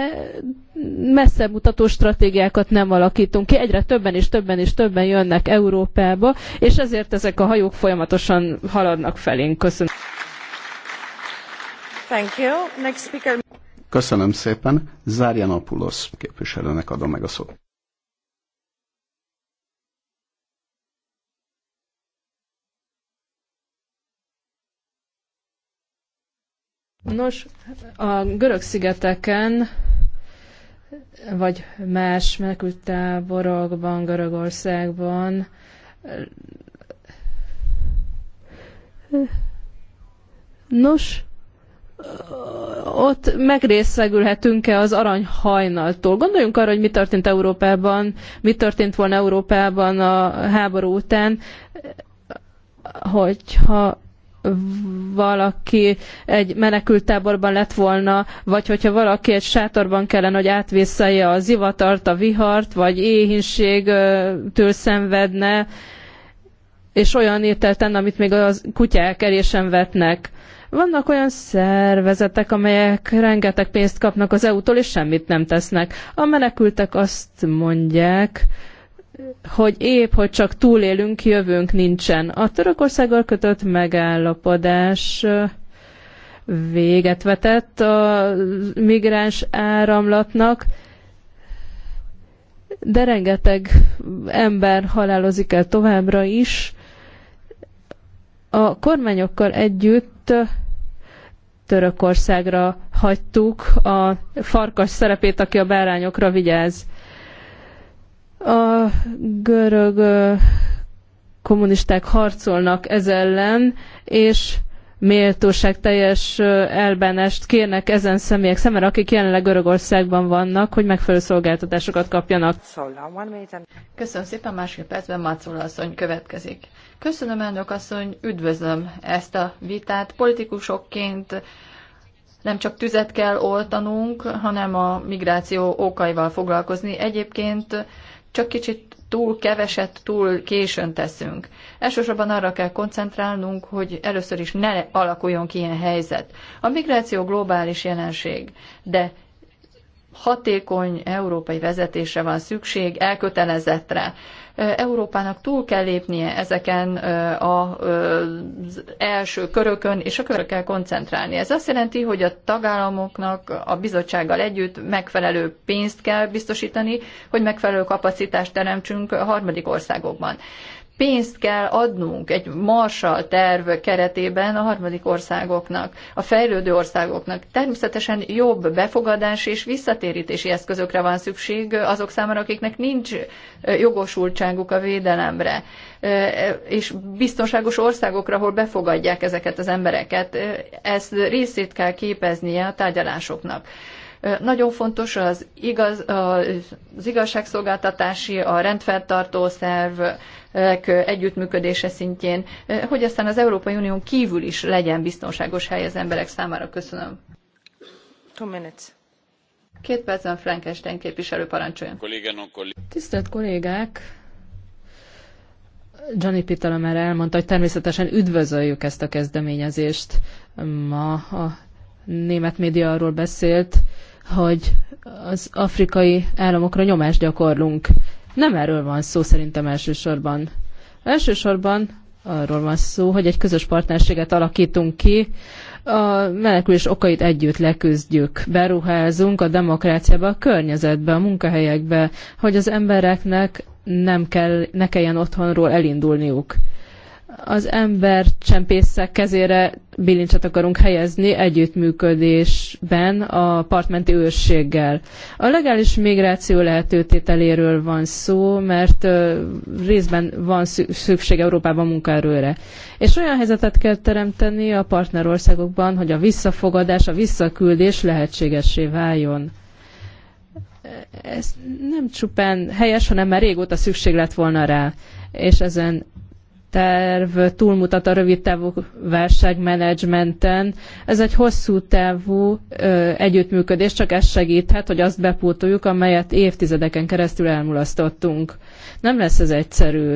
messze mutató stratégiákat nem alakítunk ki. Egyre többen és többen és többen jönnek Európába, és ezért ezek a hajók folyamatosan haladnak felénk. Köszönöm. Thank you. Next speaker. Köszönöm szépen. Zárjan Apulos képviselőnek adom meg a szót. Nos, a görög szigeteken vagy más menekültáborokban, Görögországban Nos, ott megrészegülhetünk-e az aranyhajnaltól? Gondoljunk arra, hogy mi történt Európában, mi történt volna Európában a háború után, hogyha valaki egy menekültáborban lett volna, vagy hogyha valaki egy sátorban kellene, hogy átvészelje a zivatart, a vihart, vagy éhinségtől szenvedne, és olyan ételten, amit még a kutyák elésen vetnek. Vannak olyan szervezetek, amelyek rengeteg pénzt kapnak az EU-tól, és semmit nem tesznek. A menekültek azt mondják, hogy épp, hogy csak túlélünk, jövőnk nincsen. A Törökországgal kötött megállapodás véget vetett a migráns áramlatnak, de rengeteg ember halálozik el továbbra is. A kormányokkal együtt Törökországra hagytuk a farkas szerepét, aki a bárányokra vigyáz. A görög kommunisták harcolnak ez ellen, és méltóság teljes elbánást kérnek ezen személyek szemére, akik jelenleg Görögországban vannak, hogy megfelelő szolgáltatásokat kapjanak. Köszönöm szépen, másik percben Mácola asszony következik. Köszönöm, elnök asszony, üdvözlöm ezt a vitát. Politikusokként nem csak tüzet kell oltanunk, hanem a migráció okaival foglalkozni. Egyébként csak kicsit túl keveset, túl későn teszünk. Elsősorban arra kell koncentrálnunk, hogy először is ne alakuljon ki ilyen helyzet. A migráció globális jelenség, de hatékony európai vezetésre van szükség, elkötelezettre. Európának túl kell lépnie ezeken az első körökön, és a körökre kell koncentrálni. Ez azt jelenti, hogy a tagállamoknak a bizottsággal együtt megfelelő pénzt kell biztosítani, hogy megfelelő kapacitást teremtsünk a harmadik országokban pénzt kell adnunk egy marsal terv keretében a harmadik országoknak, a fejlődő országoknak. Természetesen jobb befogadás és visszatérítési eszközökre van szükség azok számára, akiknek nincs jogosultságuk a védelemre, és biztonságos országokra, ahol befogadják ezeket az embereket. Ezt részét kell képeznie a tárgyalásoknak. Nagyon fontos az, igaz, az igazságszolgáltatási, a rendfenntartó szervek együttműködése szintjén, hogy aztán az Európai Unión kívül is legyen biztonságos hely az emberek számára. Köszönöm. Two minutes. Két percben Frankenstein képviselő parancsoljon. Tisztelt kollégák! Johnny Pitala már elmondta, hogy természetesen üdvözöljük ezt a kezdeményezést. Ma a német média arról beszélt, hogy az afrikai államokra nyomást gyakorlunk. Nem erről van szó szerintem elsősorban. Elsősorban arról van szó, hogy egy közös partnerséget alakítunk ki, a menekülés okait együtt leküzdjük, beruházunk a demokráciába, a környezetbe, a munkahelyekbe, hogy az embereknek nem kell, ne kelljen otthonról elindulniuk az ember csempészek kezére bilincset akarunk helyezni együttműködésben a partmenti őrséggel. A legális migráció lehetőtételéről van szó, mert részben van szükség Európában munkaerőre. És olyan helyzetet kell teremteni a partnerországokban, hogy a visszafogadás, a visszaküldés lehetségessé váljon ez nem csupán helyes, hanem már régóta szükség lett volna rá, és ezen terv túlmutat a rövid távú válságmenedzsmenten. Ez egy hosszú távú ö, együttműködés, csak ez segíthet, hogy azt bepótoljuk, amelyet évtizedeken keresztül elmulasztottunk. Nem lesz ez egyszerű.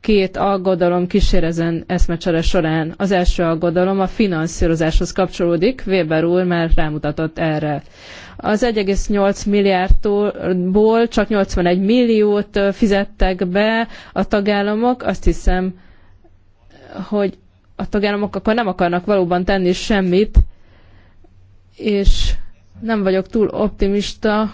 Két aggodalom kísér ezen eszmecsere során. Az első aggodalom a finanszírozáshoz kapcsolódik, Weber úr már rámutatott erre. Az 1,8 milliárdból csak 81 milliót fizettek be a tagállamok. Azt hiszem, hogy a tagállamok akkor nem akarnak valóban tenni semmit, és nem vagyok túl optimista,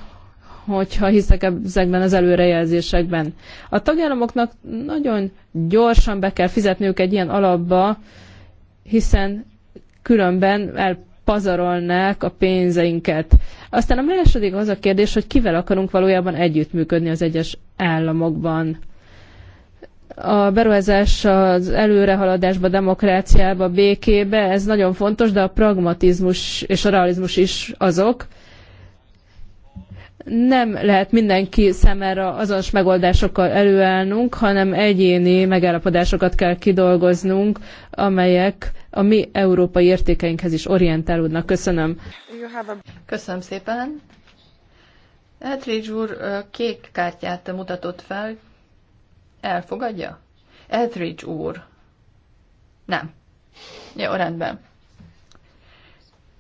hogyha hiszek ezekben az előrejelzésekben. A tagállamoknak nagyon gyorsan be kell fizetniük egy ilyen alapba, hiszen különben el pazarolnák a pénzeinket. Aztán a második az a kérdés, hogy kivel akarunk valójában együttműködni az egyes államokban. A beruházás az előrehaladásba, demokráciába, békébe, ez nagyon fontos, de a pragmatizmus és a realizmus is azok, nem lehet mindenki számára azonos megoldásokkal előállnunk, hanem egyéni megállapodásokat kell kidolgoznunk, amelyek a mi európai értékeinkhez is orientálódnak. Köszönöm. Köszönöm szépen. Eltridge úr kék kártyát mutatott fel. Elfogadja? Eltridge úr. Nem. Jó, rendben.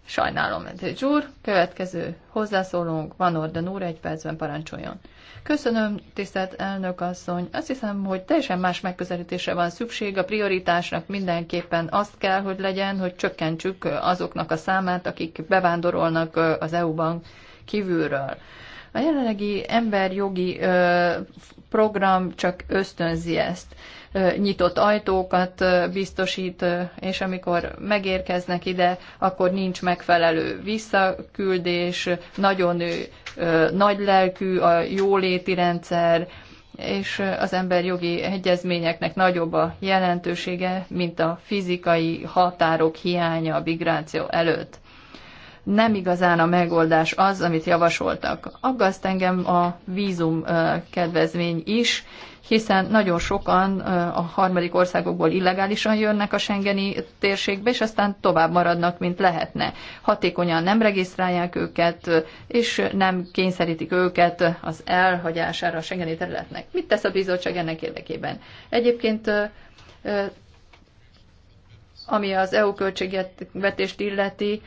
Sajnálom, Eltridge úr. Következő hozzászólónk, Van Orden úr, egy percben parancsoljon. Köszönöm, tisztelt elnök asszony. Azt hiszem, hogy teljesen más megközelítésre van szükség. A prioritásnak mindenképpen azt kell, hogy legyen, hogy csökkentsük azoknak a számát, akik bevándorolnak az EU-ban kívülről. A jelenlegi emberjogi program csak ösztönzi ezt nyitott ajtókat biztosít, és amikor megérkeznek ide, akkor nincs megfelelő visszaküldés, nagyon nagy lelkű a jóléti rendszer, és az jogi egyezményeknek nagyobb a jelentősége, mint a fizikai határok hiánya a migráció előtt nem igazán a megoldás az, amit javasoltak. Aggaszt engem a vízum kedvezmény is, hiszen nagyon sokan a harmadik országokból illegálisan jönnek a Schengeni térségbe, és aztán tovább maradnak, mint lehetne. Hatékonyan nem regisztrálják őket, és nem kényszerítik őket az elhagyására a Schengeni területnek. Mit tesz a bizottság ennek érdekében? Egyébként ami az EU költségvetést illeti,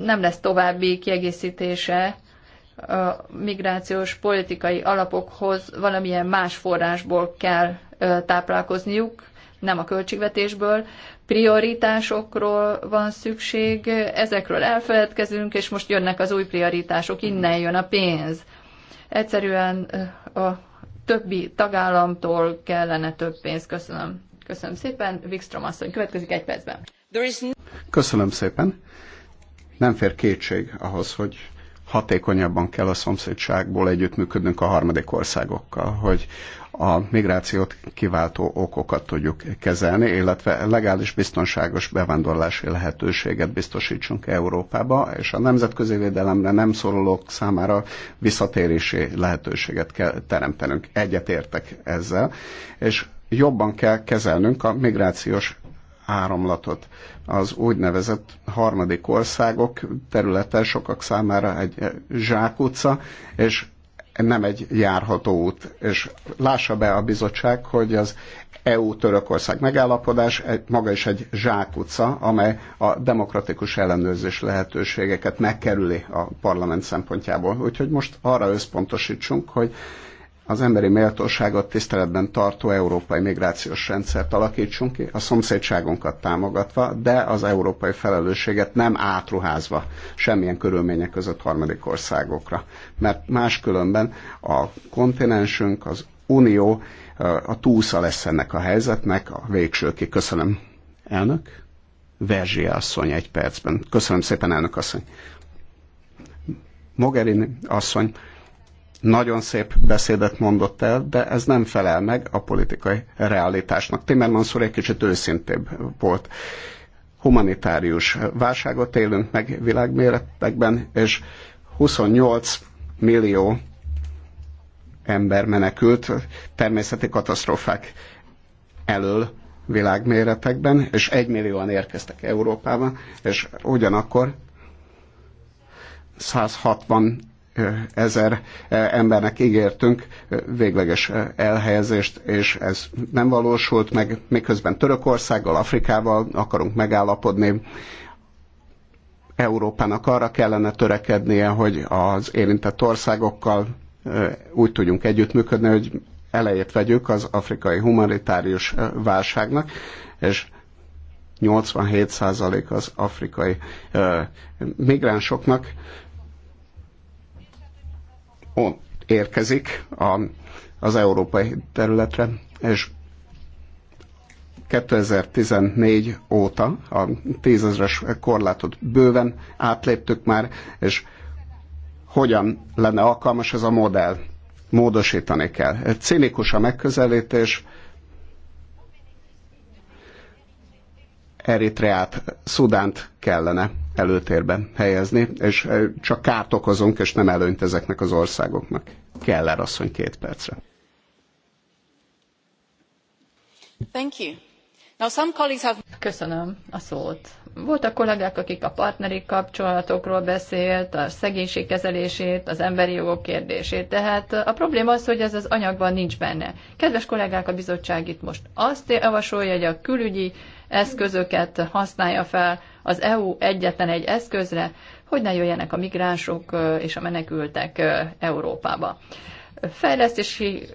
nem lesz további kiegészítése a migrációs politikai alapokhoz valamilyen más forrásból kell táplálkozniuk, nem a költségvetésből. Prioritásokról van szükség, ezekről elfeledkezünk, és most jönnek az új prioritások, innen jön a pénz. Egyszerűen a többi tagállamtól kellene több pénz. Köszönöm. Köszönöm szépen. Wikstrom asszony, következik egy percben. Köszönöm szépen nem fér kétség ahhoz, hogy hatékonyabban kell a szomszédságból együttműködnünk a harmadik országokkal, hogy a migrációt kiváltó okokat tudjuk kezelni, illetve legális, biztonságos bevándorlási lehetőséget biztosítsunk Európába, és a nemzetközi védelemre nem szorulók számára visszatérési lehetőséget kell teremtenünk. Egyetértek ezzel, és jobban kell kezelnünk a migrációs áramlatot. Az úgynevezett harmadik országok területe sokak számára egy zsákutca, és nem egy járható út. És lássa be a bizottság, hogy az EU-Törökország megállapodás egy, maga is egy zsákutca, amely a demokratikus ellenőrzés lehetőségeket megkerüli a parlament szempontjából. Úgyhogy most arra összpontosítsunk, hogy az emberi méltóságot tiszteletben tartó európai migrációs rendszert alakítsunk ki, a szomszédságunkat támogatva, de az európai felelősséget nem átruházva semmilyen körülmények között harmadik országokra. Mert máskülönben a kontinensünk, az unió a túlsza lesz ennek a helyzetnek, a végsőki. Köszönöm. Elnök? Verzsia asszony egy percben. Köszönöm szépen, elnök asszony. Mogherini asszony, nagyon szép beszédet mondott el, de ez nem felel meg a politikai realitásnak. Timmermans úr egy kicsit őszintébb volt. Humanitárius válságot élünk meg világméretekben, és 28 millió ember menekült természeti katasztrófák elől világméretekben, és egymillióan érkeztek Európába, és ugyanakkor 160 ezer eh, embernek ígértünk eh, végleges eh, elhelyezést, és ez nem valósult meg, miközben Törökországgal, Afrikával akarunk megállapodni. Európának arra kellene törekednie, hogy az érintett országokkal úgy tudjunk együttműködni, hogy elejét vegyük az afrikai humanitárius válságnak, és 87% az afrikai migránsoknak érkezik a, az európai területre, és 2014 óta a tízezres korlátot bőven átléptük már, és hogyan lenne alkalmas ez a modell? Módosítani kell. Cinikus a megközelítés, Eritreát, Szudánt kellene előtérbe helyezni, és eh, csak kárt okozunk, és nem előnyt ezeknek az országoknak. Keller asszony két percre. Thank you. Now some colleagues have... Köszönöm a szót. Voltak kollégák, akik a partneri kapcsolatokról beszélt, a szegénység kezelését, az emberi jogok kérdését. Tehát a probléma az, hogy ez az anyagban nincs benne. Kedves kollégák, a bizottság itt most azt javasolja, hogy a külügyi eszközöket használja fel az EU egyetlen egy eszközre, hogy ne jöjjenek a migránsok és a menekültek Európába. Fejlesztési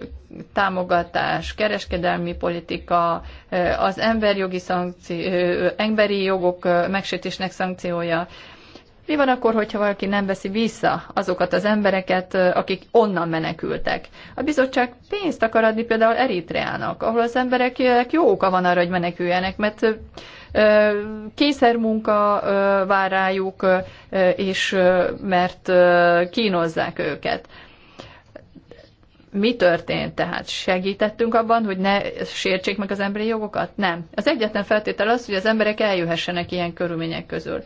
támogatás, kereskedelmi politika, az emberjogi szankció, emberi jogok megsértésnek szankciója, mi van akkor, hogyha valaki nem veszi vissza azokat az embereket, akik onnan menekültek? A bizottság pénzt akar adni például Eritreának, ahol az embereknek jó oka van arra, hogy meneküljenek, mert kényszermunka vár rájuk, és mert kínozzák őket. Mi történt tehát? Segítettünk abban, hogy ne sértsék meg az emberi jogokat? Nem. Az egyetlen feltétel az, hogy az emberek eljöhessenek ilyen körülmények közül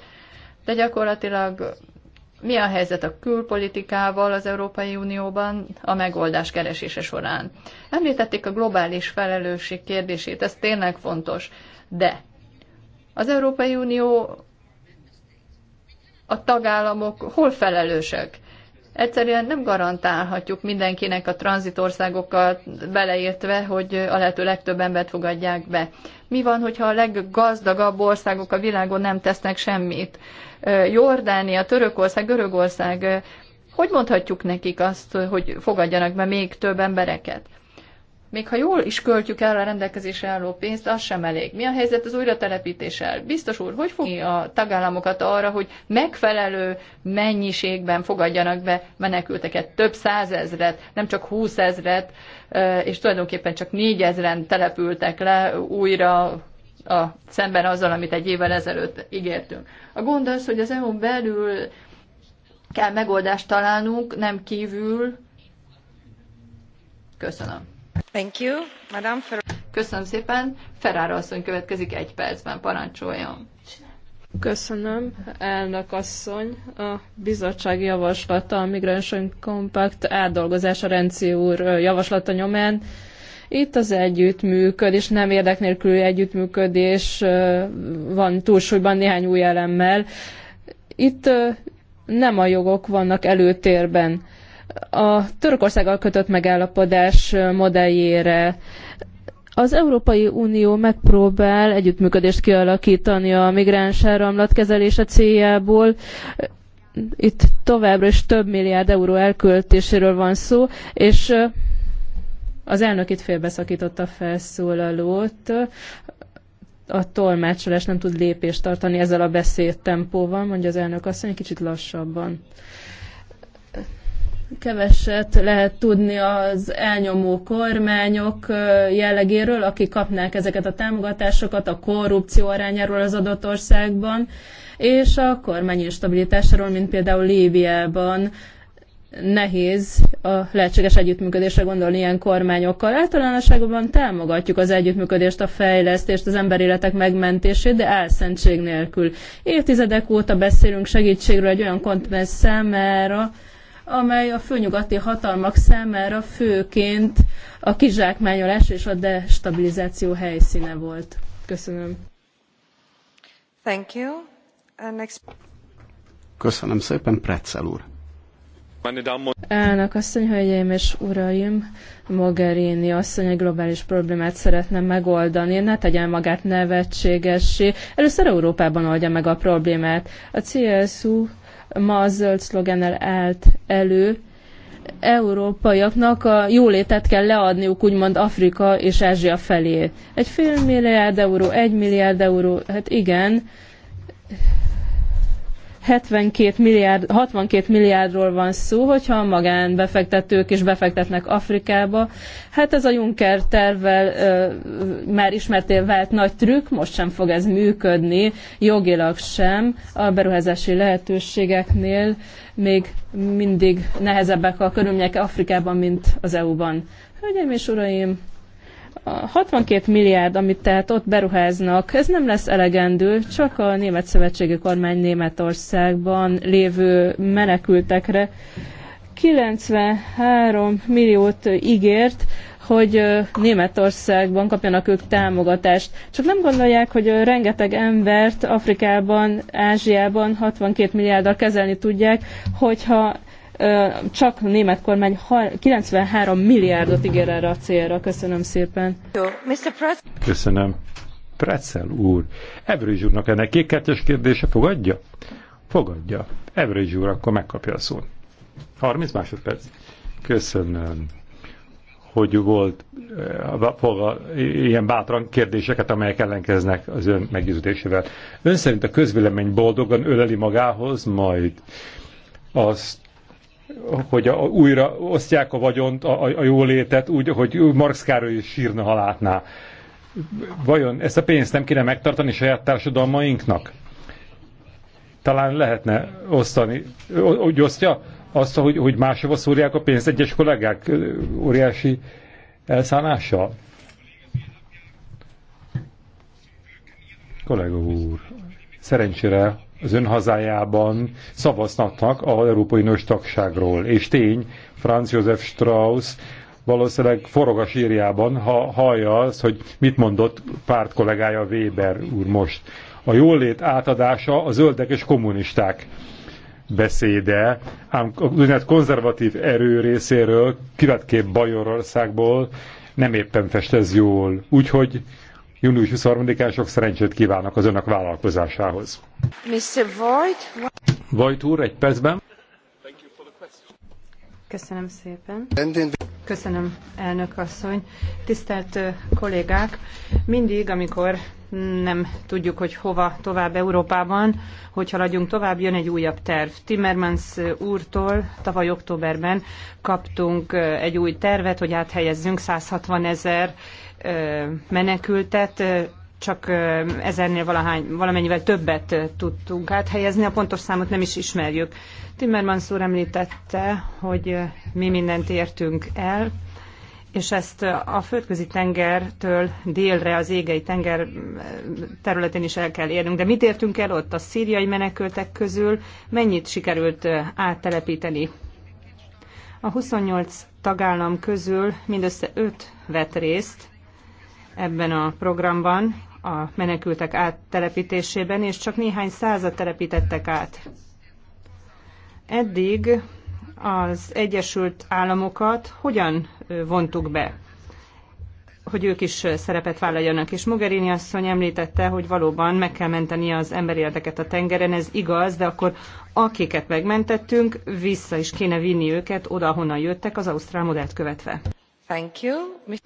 de gyakorlatilag mi a helyzet a külpolitikával az Európai Unióban a megoldás keresése során? Említették a globális felelősség kérdését, ez tényleg fontos, de az Európai Unió, a tagállamok hol felelősek? Egyszerűen nem garantálhatjuk mindenkinek a tranzitországokat beleértve, hogy a lehető legtöbb embert fogadják be. Mi van, hogyha a leggazdagabb országok a világon nem tesznek semmit? Jordánia, Törökország, Görögország, hogy mondhatjuk nekik azt, hogy fogadjanak be még több embereket? Még ha jól is költjük el a rendelkezésre álló pénzt, az sem elég. Mi a helyzet az újratelepítéssel? Biztos úr, hogy fogja a tagállamokat arra, hogy megfelelő mennyiségben fogadjanak be menekülteket, több százezret, nem csak húszezret, és tulajdonképpen csak négyezren települtek le újra a, szemben azzal, amit egy évvel ezelőtt ígértünk. A gond az, hogy az EU belül kell megoldást találnunk, nem kívül. Köszönöm. Thank you, Madame Fer- Köszönöm szépen. Ferrara asszony következik egy percben, parancsoljon. Köszönöm, elnök asszony. A bizottság javaslata a Migration Compact átdolgozása Renci úr javaslata nyomán itt az együttműködés, nem érdek nélküli együttműködés van túlsúlyban néhány új elemmel. Itt nem a jogok vannak előtérben. A Törökországgal kötött megállapodás modelljére az Európai Unió megpróbál együttműködést kialakítani a migráns áramlat kezelése céljából. Itt továbbra is több milliárd euró elköltéséről van szó, és az elnök itt félbeszakította a felszólalót. A tolmácsolás nem tud lépést tartani ezzel a beszédtempóval, mondja az elnök asszony, kicsit lassabban keveset lehet tudni az elnyomó kormányok jellegéről, akik kapnák ezeket a támogatásokat, a korrupció arányáról az adott országban, és a kormány instabilitásáról, mint például Líbiában, nehéz a lehetséges együttműködésre gondolni ilyen kormányokkal. Általánosságban támogatjuk az együttműködést, a fejlesztést, az életek megmentését, de elszentség nélkül. Évtizedek óta beszélünk segítségről egy olyan kontinens számára, amely a főnyugati hatalmak számára főként a kizsákmányolás és a destabilizáció helyszíne volt. Köszönöm. Thank you. Uh, next... Köszönöm szépen, Pretzel úr. Elnök asszony, hölgyeim és uraim, Mogherini asszony egy globális problémát szeretne megoldani, ne tegyen magát nevetségessé. Először Európában oldja meg a problémát. A CSU ma a zöld szlogennel állt elő, európaiaknak a jólétet kell leadniuk úgymond Afrika és Ázsia felé. Egy fél milliárd euró, egy milliárd euró, hát igen, 72 milliárd, 62 milliárdról van szó, hogyha a magánbefektetők is befektetnek Afrikába. Hát ez a Juncker tervvel ö, már ismertél vált nagy trükk, most sem fog ez működni, jogilag sem. A beruházási lehetőségeknél még mindig nehezebbek a körülmények Afrikában, mint az EU-ban. Hölgyeim és uraim, 62 milliárd, amit tehát ott beruháznak, ez nem lesz elegendő, csak a Német Szövetségi Kormány Németországban lévő menekültekre 93 milliót ígért, hogy Németországban kapjanak ők támogatást. Csak nem gondolják, hogy rengeteg embert Afrikában, Ázsiában 62 milliárddal kezelni tudják, hogyha csak a német kormány 93 milliárdot ígér erre a célra. Köszönöm szépen. Köszönöm. Pretzel úr, Everidge úrnak ennek kékkártyás kérdése fogadja? Fogadja. Everidge úr akkor megkapja a szót. 30 másodperc. Köszönöm hogy volt ilyen bátran kérdéseket, amelyek ellenkeznek az ön meggyőződésével. Ön szerint a közvélemény boldogan öleli magához, majd azt hogy a, újra osztják a vagyont, a, a, a jólétet úgy, hogy Marx Károly is sírna, ha látná. Vajon ezt a pénzt nem kéne megtartani saját társadalmainknak? Talán lehetne osztani, hogy osztja azt, hogy, hogy máshova szúrják a pénzt egyes kollégák óriási elszállással? Kollega úr, szerencsére az ön hazájában szavaznak az Európai Nős tagságról. És tény, Franz Josef Strauss valószínűleg forog a sírjában, ha hallja azt, hogy mit mondott párt kollégája Weber úr most. A jólét átadása a zöldek és kommunisták beszéde, ám az úgynevezett konzervatív erő részéről, kivetképp Bajorországból nem éppen festez jól. Úgyhogy Június 23-án sok szerencsét kívánok az önök vállalkozásához. Mr. Vajt, Vajt úr, egy percben. Köszönöm szépen. Köszönöm, elnök asszony. Tisztelt kollégák, mindig, amikor nem tudjuk, hogy hova tovább Európában, hogy haladjunk tovább, jön egy újabb terv. Timmermans úrtól tavaly októberben kaptunk egy új tervet, hogy áthelyezzünk 160 ezer menekültet, csak ezernél valahány, valamennyivel többet tudtunk áthelyezni, a pontos számot nem is ismerjük. Timmermans úr említette, hogy mi mindent értünk el, és ezt a földközi tengertől délre az égei tenger területén is el kell érnünk. De mit értünk el ott a szíriai menekültek közül? Mennyit sikerült áttelepíteni? A 28 tagállam közül mindössze 5 vett részt ebben a programban, a menekültek áttelepítésében, és csak néhány százat telepítettek át. Eddig az Egyesült Államokat hogyan vontuk be, hogy ők is szerepet vállaljanak. És Mogherini asszony említette, hogy valóban meg kell menteni az emberi érdeket a tengeren, ez igaz, de akkor akiket megmentettünk, vissza is kéne vinni őket oda, honnan jöttek, az ausztrál modellt követve. Thank you.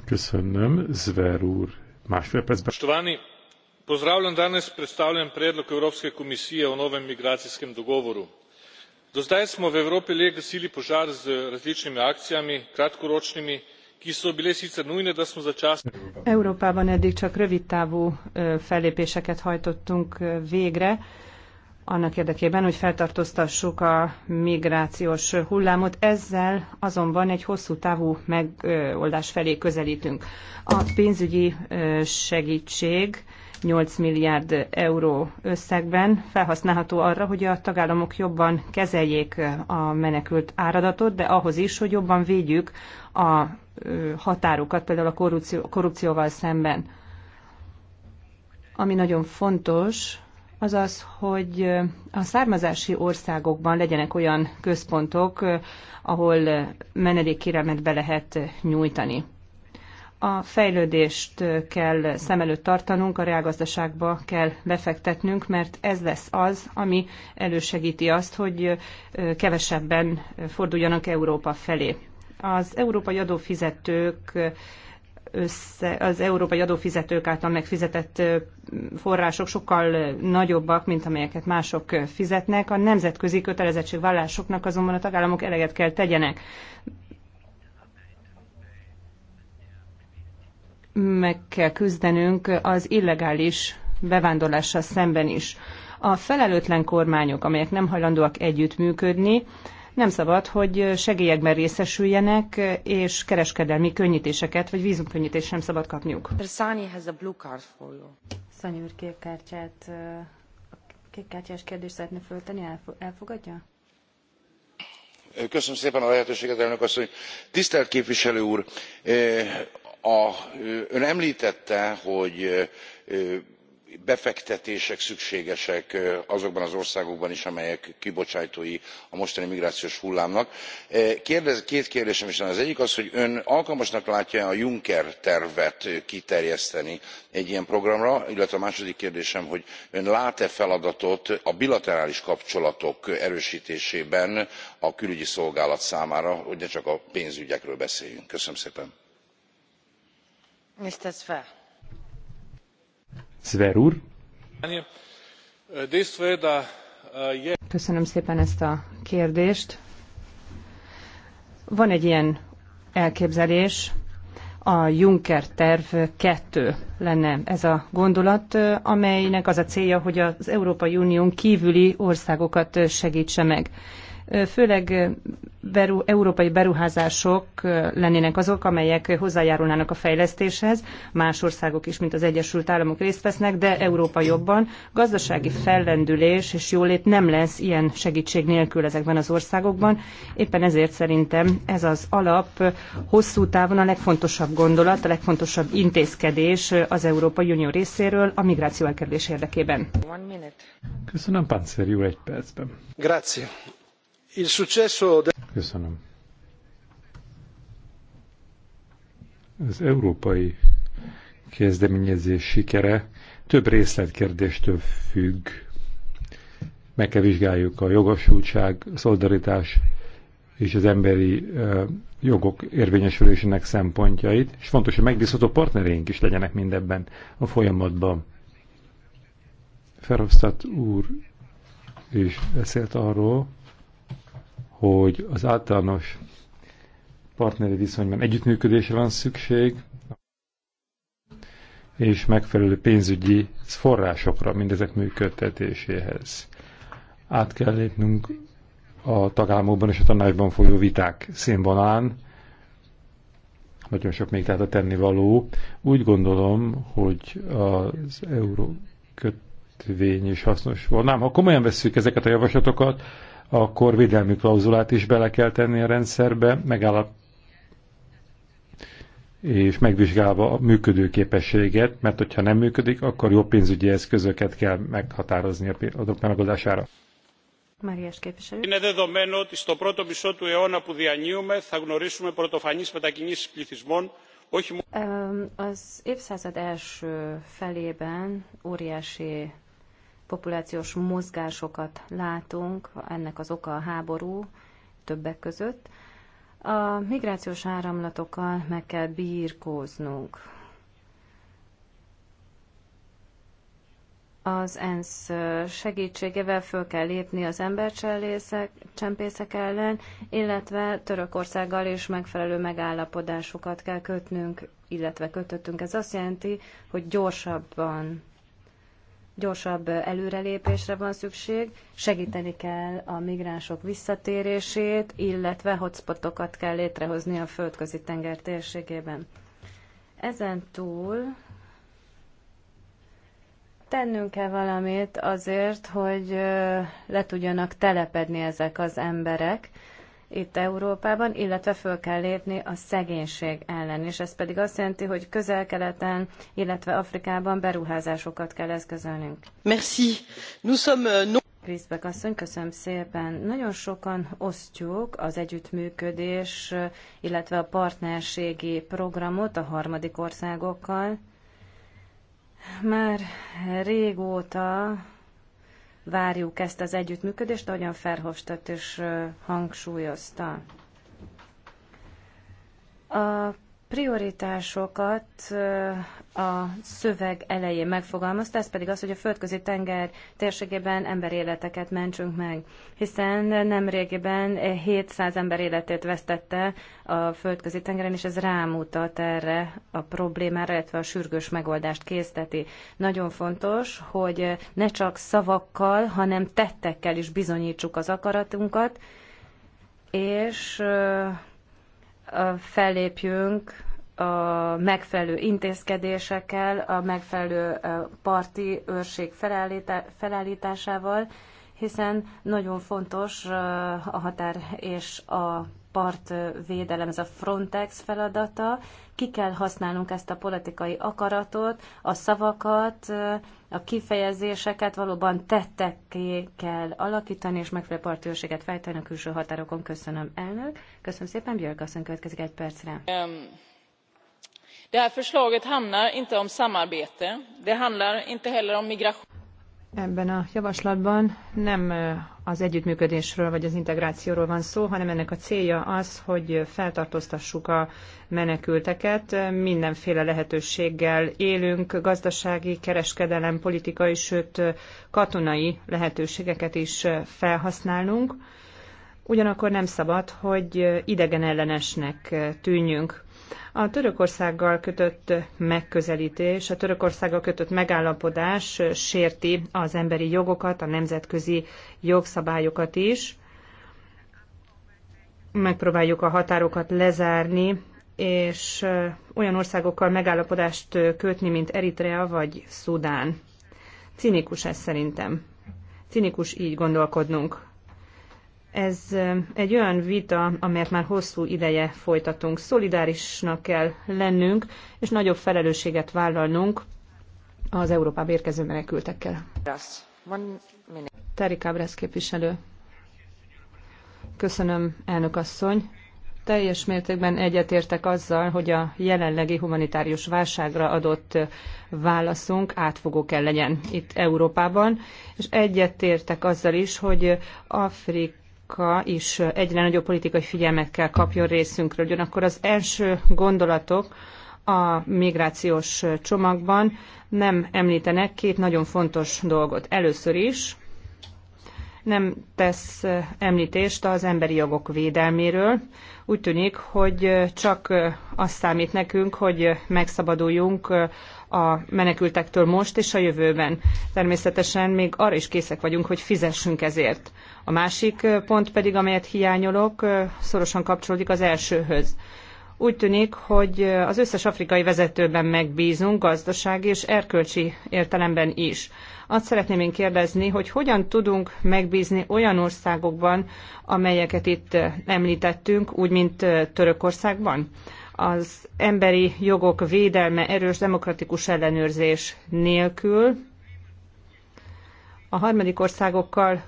Köszönöm, Zver úr. Másfél percben. Stovani, pozdravljam danes predstavljen predlog Evropske komisije o novem migracijskem dogovoru do zdaj smo v evropi le gasili požar z različnimi akcijami kratkoročnimi ki so bile sicer nujne da smo začasno. európában eddig csak rövid távú fellépéseket hajtottunk végre annak érdekében, hogy feltartóztassuk a migrációs hullámot. Ezzel azonban egy hosszú távú megoldás felé közelítünk. A pénzügyi segítség 8 milliárd euró összegben felhasználható arra, hogy a tagállamok jobban kezeljék a menekült áradatot, de ahhoz is, hogy jobban védjük a határokat, például a korrupció, korrupcióval szemben. Ami nagyon fontos, az az, hogy a származási országokban legyenek olyan központok, ahol menedékkéremet be lehet nyújtani. A fejlődést kell szem előtt tartanunk, a reálgazdaságba kell befektetnünk, mert ez lesz az, ami elősegíti azt, hogy kevesebben forduljanak Európa felé. Az európai adófizetők össze, az európai adófizetők által megfizetett források sokkal nagyobbak, mint amelyeket mások fizetnek. A nemzetközi kötelezettségvállásoknak azonban a tagállamok eleget kell tegyenek. Meg kell küzdenünk az illegális bevándorlással szemben is. A felelőtlen kormányok, amelyek nem hajlandóak együttműködni, nem szabad, hogy segélyekben részesüljenek, és kereskedelmi könnyítéseket, vagy vízumkönnyítés sem szabad kapniuk. Sani has a blue card for you. Szanyi úr kék a kék kérdést szeretne föltenni, elfogadja? Köszönöm szépen a lehetőséget, elnök asszony. Tisztelt képviselő úr, a, ön említette, hogy befektetések szükségesek azokban az országokban is amelyek kibocsátói a mostani migrációs hullámnak. két kérdésem is lenne az egyik az hogy ön alkalmasnak látja e a juncker tervet kiterjeszteni egy ilyen programra illetve a második kérdésem hogy ön lát e feladatot a bilaterális kapcsolatok erőstésében a külügyi szolgálat számára hogy ne csak a pénzügyekről beszéljünk? köszönöm szépen. Köszönöm szépen ezt a kérdést. Van egy ilyen elképzelés, a Juncker terv 2 lenne ez a gondolat, amelynek az a célja, hogy az Európai Unión kívüli országokat segítse meg főleg beru, európai beruházások lennének azok, amelyek hozzájárulnának a fejlesztéshez. Más országok is, mint az Egyesült Államok részt vesznek, de Európa jobban. Gazdasági fellendülés és jólét nem lesz ilyen segítség nélkül ezekben az országokban. Éppen ezért szerintem ez az alap hosszú távon a legfontosabb gondolat, a legfontosabb intézkedés az Európai Unió részéről a migráció elkerülés érdekében. Köszönöm, Páncer jó egy percben. Grazie. Köszönöm. Az európai kezdeményezés sikere több részletkérdéstől függ. Meg kell vizsgáljuk a jogosultság, a szolidaritás és az emberi jogok érvényesülésének szempontjait, és fontos, hogy megbízható partnereink is legyenek mindebben a folyamatban. Ferhofstadt úr is beszélt arról, hogy az általános partneri viszonyban együttműködésre van szükség, és megfelelő pénzügyi forrásokra mindezek működtetéséhez. Át kell lépnünk a tagállamokban és a tanácsban folyó viták színvonalán, nagyon sok még tehát a tennivaló. Úgy gondolom, hogy az euró kötvény is hasznos volna. Ha komolyan veszük ezeket a javaslatokat, akkor védelmi klauzulát is bele kell tenni a rendszerbe, megállap és megvizsgálva a működő működőképességet, mert hogyha nem működik, akkor jó pénzügyi eszközöket kell meghatározni a adók megoldására. Μαριάς képviselő. Είναι δεδομένο ότι στο πρώτο μισό του αιώνα που διανύουμε θα γνωρίσουμε πρωτοφανείς μετακινήσεις πληθυσμών, όχι μόνο... Az évszázad első felében óriási populációs mozgásokat látunk, ennek az oka a háború többek között. A migrációs áramlatokkal meg kell bírkóznunk. Az ENSZ segítségevel föl kell lépni az embercsempészek ellen, illetve Törökországgal is megfelelő megállapodásokat kell kötnünk, illetve kötöttünk. Ez azt jelenti, hogy gyorsabban gyorsabb előrelépésre van szükség, segíteni kell a migránsok visszatérését, illetve hotspotokat kell létrehozni a földközi tenger térségében. Ezen túl tennünk kell valamit azért, hogy le tudjanak telepedni ezek az emberek, itt Európában, illetve föl kell lépni a szegénység ellen. És ez pedig azt jelenti, hogy közel-keleten, illetve Afrikában beruházásokat kell eszközölnünk. Merci. Nous sommes euh, non... asszony, köszönöm szépen. Nagyon sokan osztjuk az együttműködés, euh, illetve a partnerségi programot a harmadik országokkal. Már régóta várjuk ezt az együttműködést, ahogyan Ferhofstadt is hangsúlyozta. A prioritásokat a szöveg elején megfogalmazta, ez pedig az, hogy a földközi tenger térségében emberéleteket mentsünk meg, hiszen nem régiben 700 ember életét vesztette a földközi tengeren, és ez rámutat erre a problémára, illetve a sürgős megoldást készteti. Nagyon fontos, hogy ne csak szavakkal, hanem tettekkel is bizonyítsuk az akaratunkat, és fellépjünk a megfelelő intézkedésekkel, a megfelelő parti őrség felállításával, hiszen nagyon fontos a határ és a partvédelem, ez a Frontex feladata. Ki kell használnunk ezt a politikai akaratot, a szavakat, a kifejezéseket valóban tetteké kell alakítani, és megfelelő partőrséget fejteni a külső határokon. Köszönöm, elnök. Köszönöm szépen, Björk azt következik egy percre. Um. Det här förslaget handlar inte om samarbete. Det handlar inte heller om migration. Ebben a javaslatban nem az együttműködésről vagy az integrációról van szó, hanem ennek a célja az, hogy feltartóztassuk a menekülteket. Mindenféle lehetőséggel élünk, gazdasági, kereskedelem, politikai, sőt katonai lehetőségeket is felhasználunk. Ugyanakkor nem szabad, hogy idegenellenesnek tűnjünk. A Törökországgal kötött megközelítés, a Törökországgal kötött megállapodás sérti az emberi jogokat, a nemzetközi jogszabályokat is. Megpróbáljuk a határokat lezárni, és olyan országokkal megállapodást kötni, mint Eritrea vagy Szudán. Cinikus ez szerintem. Cinikus így gondolkodnunk. Ez egy olyan vita, amelyet már hosszú ideje folytatunk. Szolidárisnak kell lennünk, és nagyobb felelősséget vállalnunk az Európába érkező menekültekkel. Terry Cabrász képviselő. Köszönöm, elnök asszony. Teljes mértékben egyetértek azzal, hogy a jelenlegi humanitárius válságra adott válaszunk átfogó kell legyen itt Európában, és egyetértek azzal is, hogy Afrika Afrika is egyre nagyobb politikai figyelmet kell kapjon részünkről. Ugyanakkor az első gondolatok a migrációs csomagban nem említenek két nagyon fontos dolgot. Először is nem tesz említést az emberi jogok védelméről. Úgy tűnik, hogy csak azt számít nekünk, hogy megszabaduljunk a menekültektől most és a jövőben. Természetesen még arra is készek vagyunk, hogy fizessünk ezért. A másik pont pedig, amelyet hiányolok, szorosan kapcsolódik az elsőhöz. Úgy tűnik, hogy az összes afrikai vezetőben megbízunk gazdasági és erkölcsi értelemben is. Azt szeretném én kérdezni, hogy hogyan tudunk megbízni olyan országokban, amelyeket itt említettünk, úgy mint Törökországban? az emberi jogok védelme erős demokratikus ellenőrzés nélkül. A harmadik országokkal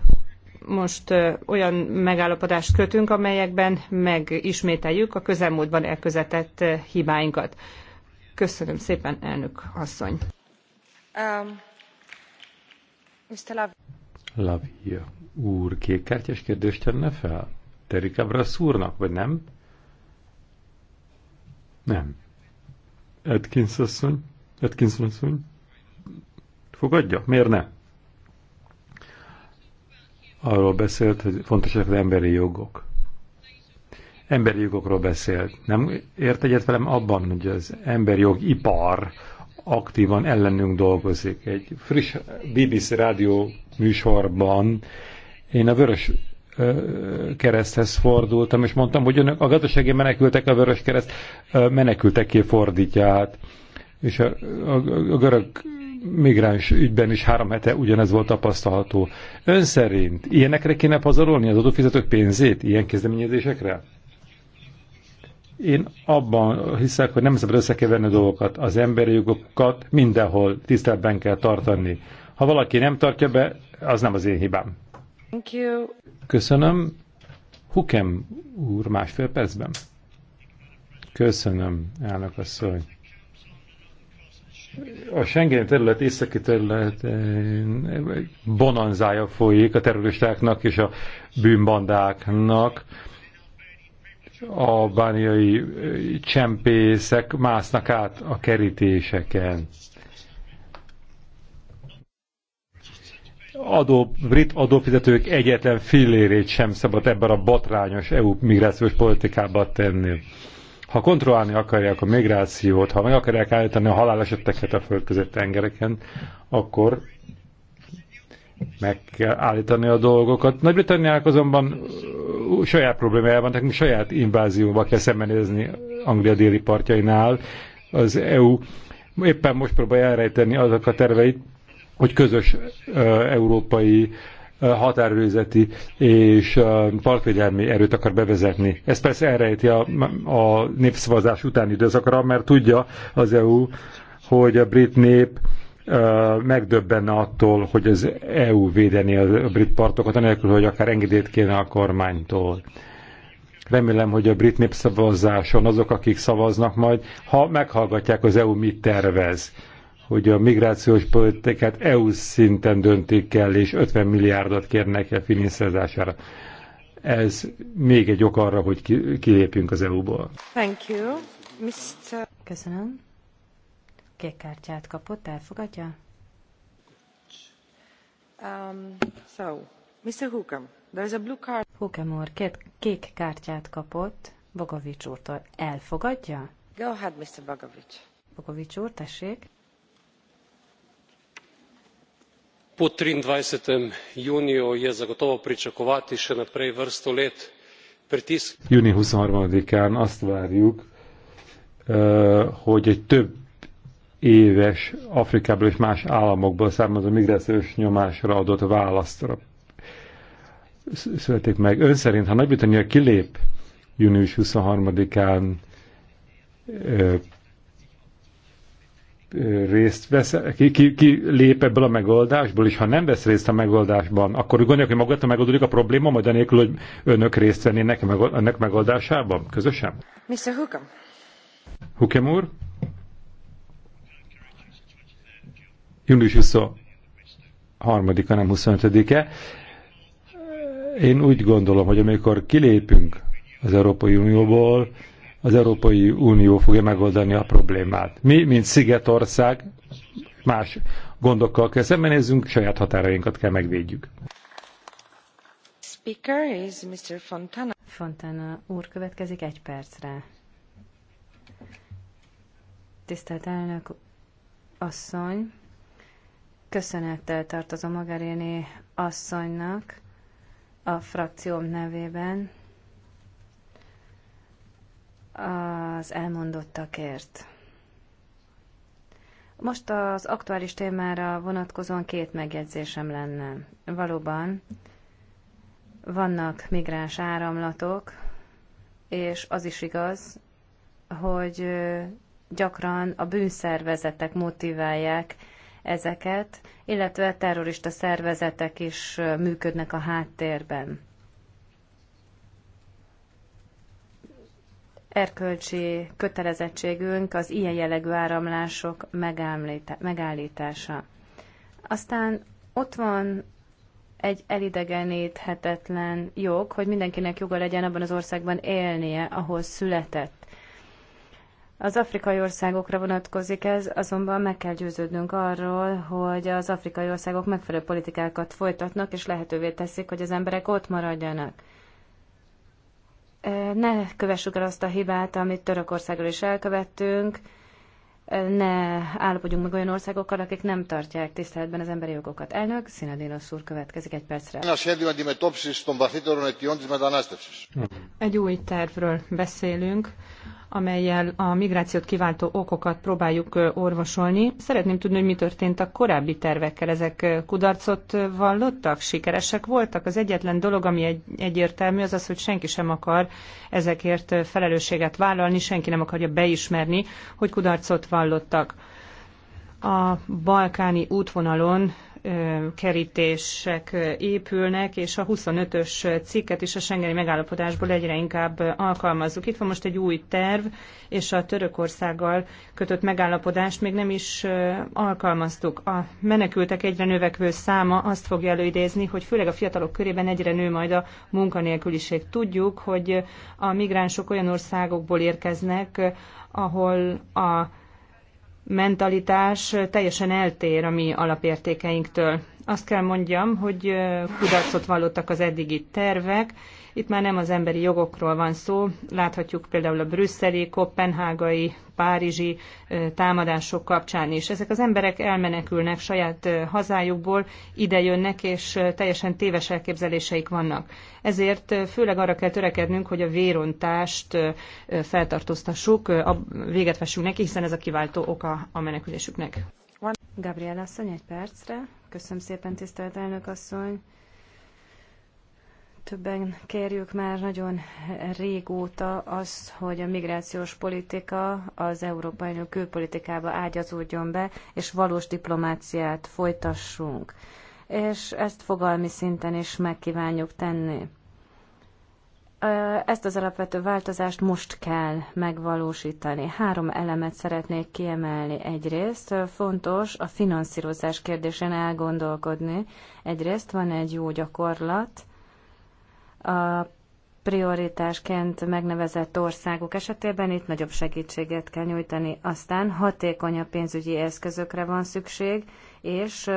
most olyan megállapodást kötünk, amelyekben megismételjük a közelmúltban elközetett hibáinkat. Köszönöm szépen, elnök asszony. Um, Mr. Lav Lavia úr, kékkártyás kérdést tenne fel? Terika Brass vagy nem? Nem. Atkins asszony? Atkinson asszony? Fogadja? Miért ne? Arról beszélt, hogy fontosak az emberi jogok. Emberi jogokról beszélt. Nem ért egyet velem abban, hogy az emberi jog ipar aktívan ellenünk dolgozik. Egy friss BBC rádió műsorban én a vörös kereszthez fordultam, és mondtam, hogy önök a gazdasági menekültek a vörös kereszt menekülteké fordítja át. És a, a, a görög migráns ügyben is három hete ugyanez volt tapasztalható. Ön szerint ilyenekre kéne pazarolni az adófizetők pénzét, ilyen kezdeményezésekre? Én abban hiszek, hogy nem szabad összekeverni a dolgokat, az emberi jogokat mindenhol tiszteletben kell tartani. Ha valaki nem tartja be, az nem az én hibám. Thank you. Köszönöm. Hukem úr másfél percben. Köszönöm, elnök asszony. A Schengen terület északi terület bonanzája folyik a terroristáknak és a bűnbandáknak. A bániai csempészek másznak át a kerítéseken adó, brit adófizetők egyetlen fillérét sem szabad ebben a botrányos EU migrációs politikában tenni. Ha kontrollálni akarják a migrációt, ha meg akarják állítani a haláleseteket a között tengereken, akkor meg kell állítani a dolgokat. Nagy-Britanniák azonban saját van, tehát saját invázióval kell szembenézni Anglia déli partjainál. Az EU éppen most próbálja elrejteni azok a terveit, hogy közös európai határőrizeti és parkvédelmi erőt akar bevezetni. Ez persze elrejti a, a népszavazás utáni időszakra, mert tudja az EU, hogy a brit nép megdöbbenne attól, hogy az EU védeni a brit partokat, anélkül, hogy akár engedélyt kéne a kormánytól. Remélem, hogy a brit népszavazáson azok, akik szavaznak majd, ha meghallgatják az EU mit tervez hogy a migrációs politikát EU szinten döntik el, és 50 milliárdot kérnek el finanszírozására. Ez még egy ok arra, hogy kilépjünk az EU-ból. Thank you. Mr. Köszönöm. Kék kártyát kapott, elfogadja? Um, so, Mr. Hookem, there is a blue card. Hookem úr, két, kék kártyát kapott Bogovics úrtól. Elfogadja? Go ahead, Mr. Bogovics. Bogovics úr, tessék. po triindvajset juniju je zagotovo pričakovati še naprej vrsto let pritisk. június twenty three án azt várjuk hogy egy több éves Afrikából és más államokból származó migrációs nyomásra adott választra születik meg. Ön szerint, ha Nagy-Britannia kilép június 23-án részt vesz, ki, ki, ki lép ebből a megoldásból, és ha nem vesz részt a megoldásban, akkor gondolják, hogy magától megoldódik a probléma, majd anélkül, hogy önök részt vennének ennek megoldásában közösen? Mr. Hukam. Hukam úr? Június 23-a, nem 25-e. Én úgy gondolom, hogy amikor kilépünk az Európai Unióból, az Európai Unió fogja megoldani a problémát. Mi, mint Szigetország, más gondokkal kell szembenézzünk, saját határainkat kell megvédjük. Speaker is Mr. Fontana. Fontana úr következik egy percre. Tisztelt elnök asszony, köszönettel tartozom Magaréni asszonynak a frakcióm nevében, az elmondottakért. Most az aktuális témára vonatkozóan két megjegyzésem lenne. Valóban vannak migráns áramlatok, és az is igaz, hogy gyakran a bűnszervezetek motiválják ezeket, illetve terrorista szervezetek is működnek a háttérben. erkölcsi kötelezettségünk az ilyen jellegű áramlások megállítása. Aztán ott van egy elidegeníthetetlen jog, hogy mindenkinek joga legyen abban az országban élnie, ahol született. Az afrikai országokra vonatkozik ez, azonban meg kell győződnünk arról, hogy az afrikai országok megfelelő politikákat folytatnak, és lehetővé teszik, hogy az emberek ott maradjanak ne kövessük el azt a hibát, amit Törökországról is elkövettünk, ne állapodjunk meg olyan országokkal, akik nem tartják tiszteletben az emberi jogokat. Elnök, Szinadénos úr következik egy percre. Egy új tervről beszélünk, amelyel a migrációt kiváltó okokat próbáljuk orvosolni. Szeretném tudni, hogy mi történt a korábbi tervekkel. Ezek kudarcot vallottak, sikeresek voltak. Az egyetlen dolog, ami egy, egyértelmű, az az, hogy senki sem akar ezekért felelősséget vállalni, senki nem akarja beismerni, hogy kudarcot vallottak. A balkáni útvonalon kerítések épülnek, és a 25-ös cikket is a Schengeni megállapodásból egyre inkább alkalmazzuk. Itt van most egy új terv, és a Törökországgal kötött megállapodást még nem is alkalmaztuk. A menekültek egyre növekvő száma azt fogja előidézni, hogy főleg a fiatalok körében egyre nő majd a munkanélküliség. Tudjuk, hogy a migránsok olyan országokból érkeznek, ahol a mentalitás teljesen eltér a mi alapértékeinktől. Azt kell mondjam, hogy kudarcot vallottak az eddigi tervek, itt már nem az emberi jogokról van szó, láthatjuk például a brüsszeli, kopenhágai, párizsi támadások kapcsán is. Ezek az emberek elmenekülnek saját hazájukból, ide jönnek, és teljesen téves elképzeléseik vannak. Ezért főleg arra kell törekednünk, hogy a vérontást feltartóztassuk, véget vessünk neki, hiszen ez a kiváltó oka a menekülésüknek. Gabriel asszony, egy percre. Köszönöm szépen, tisztelt elnök asszony. Többen kérjük már nagyon régóta azt, hogy a migrációs politika az Európai Unió külpolitikába ágyazódjon be, és valós diplomáciát folytassunk. És ezt fogalmi szinten is megkívánjuk tenni. Ezt az alapvető változást most kell megvalósítani. Három elemet szeretnék kiemelni. Egyrészt fontos a finanszírozás kérdésén elgondolkodni. Egyrészt van egy jó gyakorlat, a prioritásként megnevezett országok esetében itt nagyobb segítséget kell nyújtani. Aztán hatékonyabb pénzügyi eszközökre van szükség, és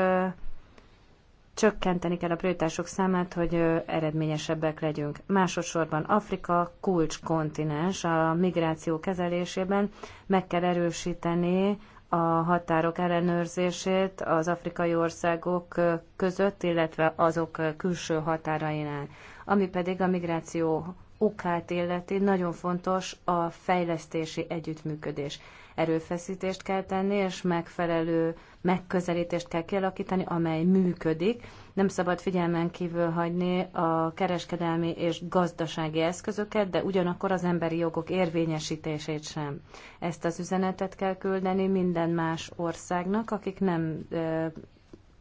csökkenteni kell a prioritások számát, hogy eredményesebbek legyünk. Másodszorban Afrika kulcskontinens a migráció kezelésében meg kell erősíteni a határok ellenőrzését az afrikai országok között, illetve azok külső határainál ami pedig a migráció okát illeti, nagyon fontos a fejlesztési együttműködés. Erőfeszítést kell tenni, és megfelelő megközelítést kell kialakítani, amely működik. Nem szabad figyelmen kívül hagyni a kereskedelmi és gazdasági eszközöket, de ugyanakkor az emberi jogok érvényesítését sem. Ezt az üzenetet kell küldeni minden más országnak, akik nem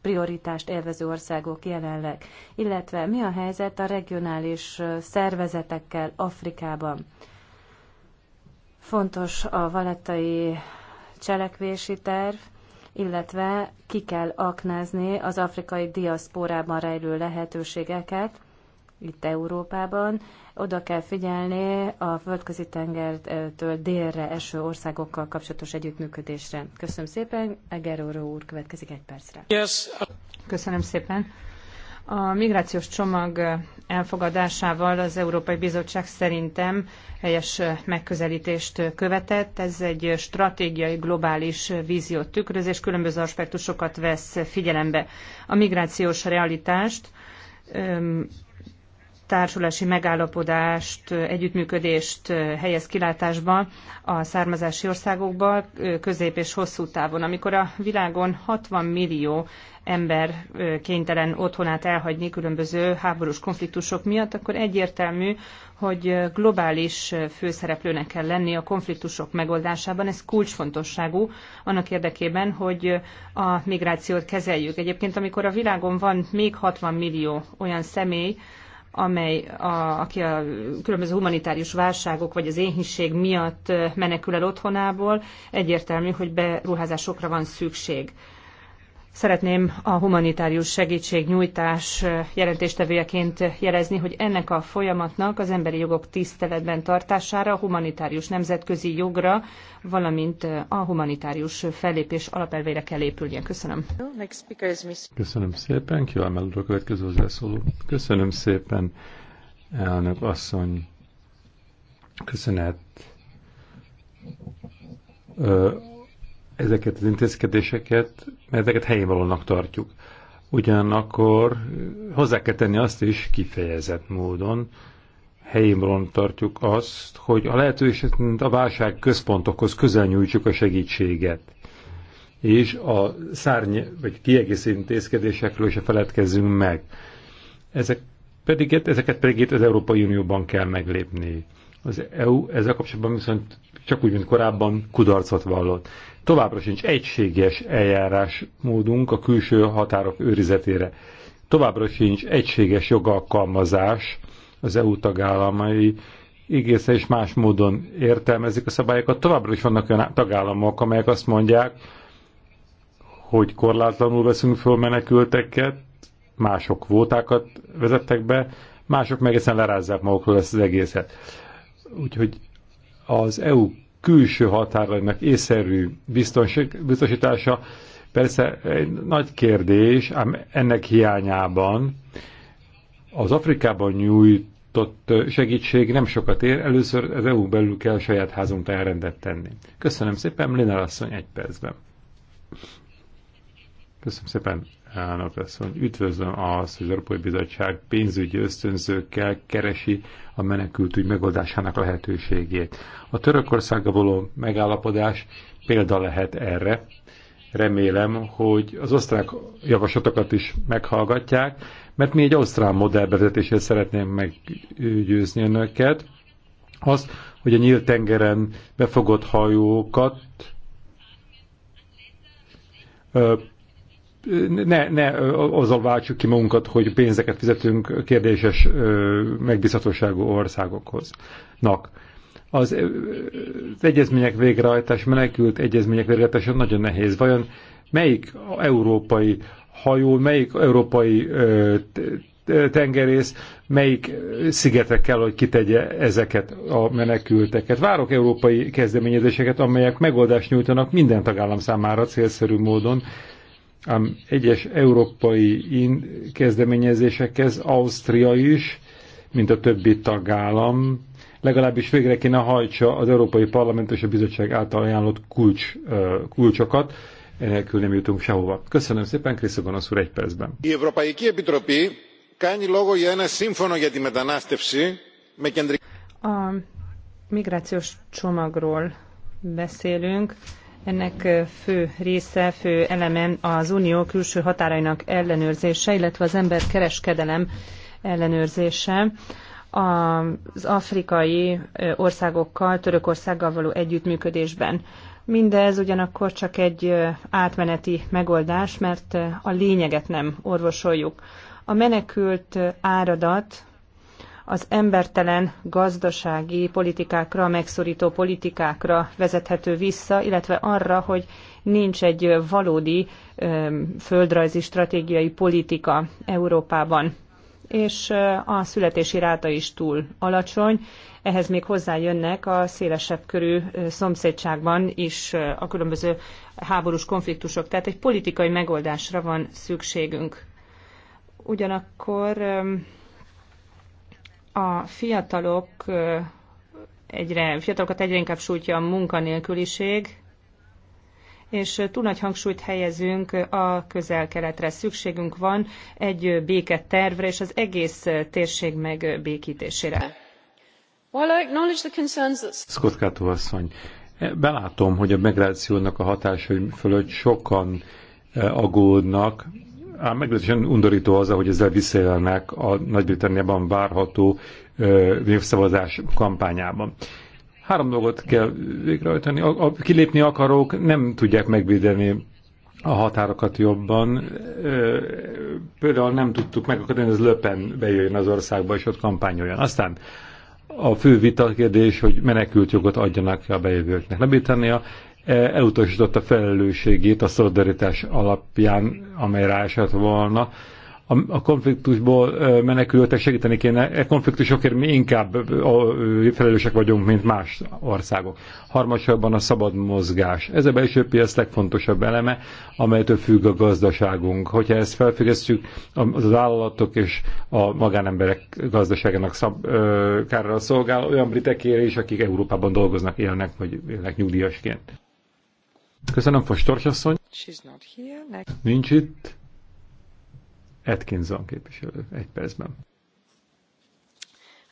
prioritást élvező országok jelenleg, illetve mi a helyzet a regionális szervezetekkel Afrikában. Fontos a valettai cselekvési terv, illetve ki kell aknázni az afrikai diaszpórában rejlő lehetőségeket, itt Európában, oda kell figyelni a földközi tengertől délre eső országokkal kapcsolatos együttműködésre. Köszönöm szépen, Eger úr következik egy percre. Yes. Köszönöm szépen. A migrációs csomag elfogadásával az Európai Bizottság szerintem helyes megközelítést követett. Ez egy stratégiai globális víziót tükröz, és különböző aspektusokat vesz figyelembe. A migrációs realitást társulási megállapodást, együttműködést helyez kilátásba a származási országokban közép és hosszú távon. Amikor a világon 60 millió ember kénytelen otthonát elhagyni különböző háborús konfliktusok miatt, akkor egyértelmű, hogy globális főszereplőnek kell lenni a konfliktusok megoldásában. Ez kulcsfontosságú annak érdekében, hogy a migrációt kezeljük. Egyébként, amikor a világon van még 60 millió olyan személy, amely a, aki a különböző humanitárius válságok vagy az éhínség miatt menekül el otthonából, egyértelmű, hogy beruházásokra van szükség. Szeretném a humanitárius segítségnyújtás jelentéstevőjeként jelezni, hogy ennek a folyamatnak az emberi jogok tiszteletben tartására, a humanitárius nemzetközi jogra, valamint a humanitárius fellépés alapelveire kell épülnie. Köszönöm. Köszönöm szépen. Kivel a következő hozzászóló. Köszönöm szépen, elnök asszony. Köszönet ezeket az intézkedéseket, ezeket helyén valónak tartjuk. Ugyanakkor hozzá kell tenni azt is kifejezett módon, helyén valónak tartjuk azt, hogy a lehetőséget a válság központokhoz közel nyújtsuk a segítséget. És a szárny vagy kiegészítő intézkedésekről se feledkezzünk meg. Ezek pedig, ezeket pedig itt az Európai Unióban kell meglépni. Az EU ezzel kapcsolatban viszont csak úgy, mint korábban kudarcot vallott. Továbbra sincs egységes eljárásmódunk a külső határok őrizetére. Továbbra sincs egységes jogalkalmazás az EU tagállamai egészen és más módon értelmezik a szabályokat. Továbbra is vannak olyan tagállamok, amelyek azt mondják, hogy korlátlanul veszünk föl menekülteket, mások kvótákat vezettek be, mások meg egyszerűen lerázzák magukról ezt az egészet. Úgyhogy az EU külső határainak észszerű biztosítása persze egy nagy kérdés, ám ennek hiányában az Afrikában nyújtott segítség nem sokat ér, először az EU belül kell saját házunkra elrendet tenni. Köszönöm szépen, Lina, asszony egy percben. Köszönöm szépen, elnök asszony. Üdvözlöm az, hogy az Európai Bizottság pénzügyi ösztönzőkkel keresi a menekültügy megoldásának lehetőségét. A Törökországgal való megállapodás példa lehet erre. Remélem, hogy az osztrák javaslatokat is meghallgatják, mert mi egy ausztrál modell bevezetését szeretném meggyőzni önöket. Az, hogy a nyílt tengeren befogott hajókat ne, ne azzal váltsuk ki magunkat, hogy pénzeket fizetünk kérdéses megbízhatóságú országokhoz. Nak. Az, az egyezmények végrehajtás, menekült egyezmények végrehajtása nagyon nehéz. Vajon melyik európai hajó, melyik európai tengerész, melyik szigetre kell, hogy kitegye ezeket a menekülteket. Várok európai kezdeményezéseket, amelyek megoldást nyújtanak minden tagállam számára célszerű módon, ám egyes európai kezdeményezésekhez Ausztria is, mint a többi tagállam, legalábbis végre kéne hajtsa az Európai Parlament és a Bizottság által ajánlott kulcs, kulcsokat, enélkül nem jutunk sehova. Köszönöm szépen, Gonosz úr egy percben. Az Európai Επιτροπή kányi logo για szimfono σύμφωνο για τη A migrációs csomagról beszélünk, ennek fő része, fő eleme az unió külső határainak ellenőrzése, illetve az ember kereskedelem ellenőrzése az afrikai országokkal, Törökországgal való együttműködésben. Mindez ugyanakkor csak egy átmeneti megoldás, mert a lényeget nem orvosoljuk. A menekült áradat az embertelen gazdasági politikákra, megszorító politikákra vezethető vissza, illetve arra, hogy nincs egy valódi földrajzi stratégiai politika Európában. És a születési ráta is túl alacsony, ehhez még hozzájönnek a szélesebb körű szomszédságban is a különböző háborús konfliktusok, tehát egy politikai megoldásra van szükségünk. Ugyanakkor a fiatalok egyre, fiatalokat egyre inkább sújtja a munkanélküliség, és túl nagy hangsúlyt helyezünk a közel-keletre. Szükségünk van egy béketervre és az egész térség megbékítésére. Scott Kato asszony, belátom, hogy a migrációnak a hatásai fölött sokan aggódnak, ám meglehetősen undorító az, hogy ezzel visszaélnek a Nagy-Britanniában várható népszavazás kampányában. Három dolgot kell végrehajtani. A, a kilépni akarók nem tudják megvédeni a határokat jobban. Ö, például nem tudtuk megakadni, hogy ez löpen bejöjjön az országba, és ott kampányoljon. Aztán a fő vita kérdés, hogy menekült jogot adjanak a bejövőknek. Na, Britannia elutasította felelősségét a szolidaritás alapján, amely ráesett volna. A, konfliktusból menekültek segíteni kéne, e konfliktusokért mi inkább felelősek vagyunk, mint más országok. Harmadsorban a szabad mozgás. Ez a belső piac legfontosabb eleme, amelytől függ a gazdaságunk. Hogyha ezt felfüggesztjük, az állatok és a magánemberek gazdaságának szab, ö, kárra szolgál olyan britekére is, akik Európában dolgoznak, élnek vagy élnek nyugdíjasként. Köszönöm, Fostorcs asszony. Nincs itt. Atkinson képviselő, egy percben.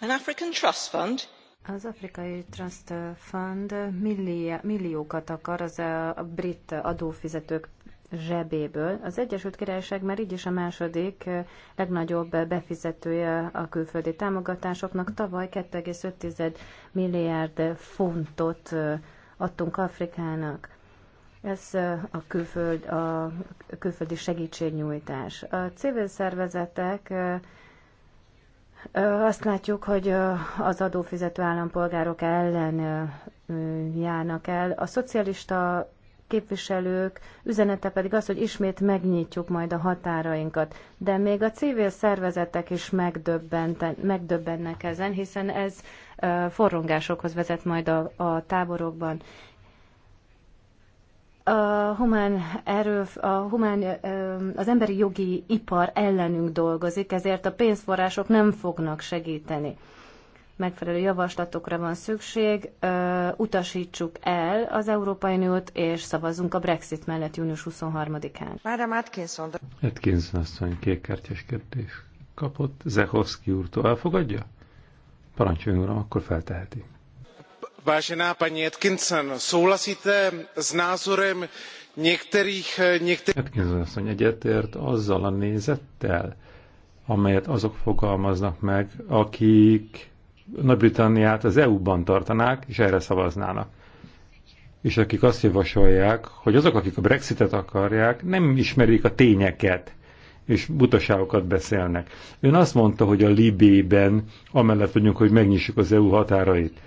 An African Trust Fund az Afrikai Trust Fund millió, milliókat akar az a brit adófizetők zsebéből. Az Egyesült Királyság már így is a második eh, legnagyobb befizetője a külföldi támogatásoknak. Tavaly 2,5 milliárd fontot eh, adtunk Afrikának. Ez a, külföld, a külföldi segítségnyújtás. A civil szervezetek azt látjuk, hogy az adófizető állampolgárok ellen járnak el. A szocialista képviselők üzenete pedig az, hogy ismét megnyitjuk majd a határainkat. De még a civil szervezetek is megdöbbennek ezen, hiszen ez forrongásokhoz vezet majd a, a táborokban a humán erő, a humán, az emberi jogi ipar ellenünk dolgozik, ezért a pénzforrások nem fognak segíteni. Megfelelő javaslatokra van szükség, utasítsuk el az Európai Uniót, és szavazzunk a Brexit mellett június 23-án. Madam Atkinson. Atkinson asszony kékkártyás kérdés kapott. Zehovszki úrtól elfogadja? Parancsoljon uram, akkor felteheti vážená paní atkinson souhlasíte s názorem některých... Atkinson asszony egyetért azzal a nézettel, amelyet azok fogalmaznak meg, akik Nagy-Britanniát az EU-ban tartanák, és erre szavaznának. És akik azt javasolják, hogy azok, akik a Brexitet akarják, nem ismerik a tényeket, és butaságokat beszélnek. Ön azt mondta, hogy a Libében amellett vagyunk, hogy megnyissuk az EU határait.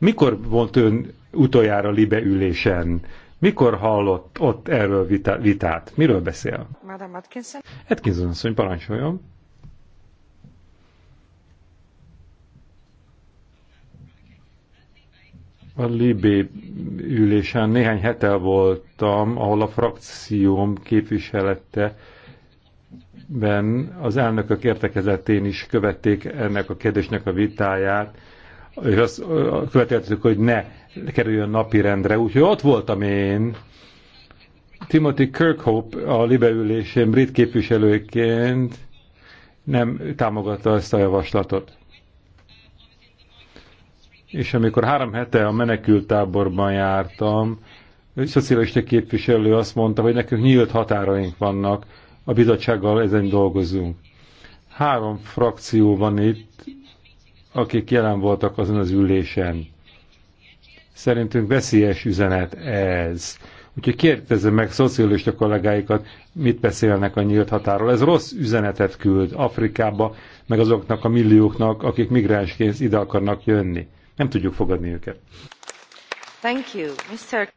Mikor volt ön utoljára Libe ülésen? Mikor hallott ott erről vita, vitát? Miről beszél? Madame Atkinson. Atkinson asszony, parancsoljon. A Libé ülésen néhány hete voltam, ahol a frakcióm képviselette ben az elnökök értekezetén is követték ennek a kérdésnek a vitáját és azt követeltük, hogy ne kerüljön napirendre. Úgyhogy ott voltam én, Timothy Kirkhope a libeülésén brit képviselőként nem támogatta ezt a javaslatot. És amikor három hete a táborban jártam, a szocialista képviselő azt mondta, hogy nekünk nyílt határaink vannak, a bizottsággal ezen dolgozunk. Három frakció van itt, akik jelen voltak azon az ülésen. Szerintünk veszélyes üzenet ez. Úgyhogy kérdezem meg szocialista kollégáikat, mit beszélnek a nyílt határól. Ez rossz üzenetet küld Afrikába, meg azoknak a millióknak, akik migránsként ide akarnak jönni. Nem tudjuk fogadni őket. Thank you, Mr.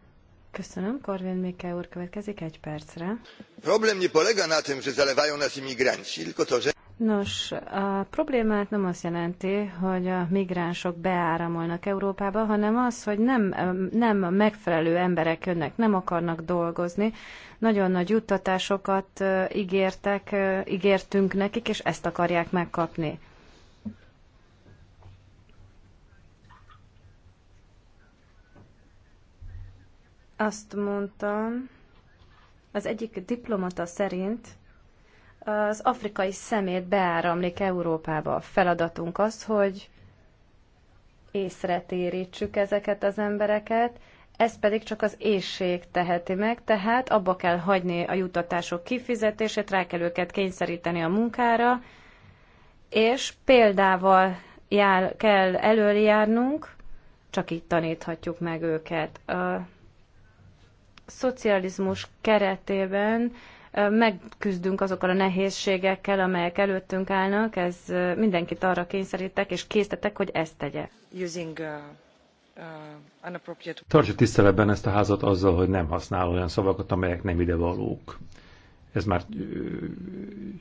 Köszönöm, Korvin Mikkel úr következik egy percre. Problem nie polega na tym, że zalewają nas imigranci, tylko to, że... Nos, a problémát nem azt jelenti, hogy a migránsok beáramolnak Európába, hanem az, hogy nem, nem megfelelő emberek jönnek, nem akarnak dolgozni. Nagyon nagy juttatásokat ígértek, ígértünk nekik, és ezt akarják megkapni. Azt mondtam, az egyik diplomata szerint az afrikai szemét beáramlik Európába. A feladatunk az, hogy észre térítsük ezeket az embereket, ez pedig csak az éjség teheti meg, tehát abba kell hagyni a jutatások kifizetését, rá kell őket kényszeríteni a munkára, és példával jár, kell előjárnunk, csak így taníthatjuk meg őket. A szocializmus keretében megküzdünk azokkal a nehézségekkel, amelyek előttünk állnak, ez mindenkit arra kényszerítek és késztetek, hogy ezt tegye. Using, uh, Tartsa tiszteletben ezt a házat azzal, hogy nem használ olyan szavakat, amelyek nem ide valók. Ez már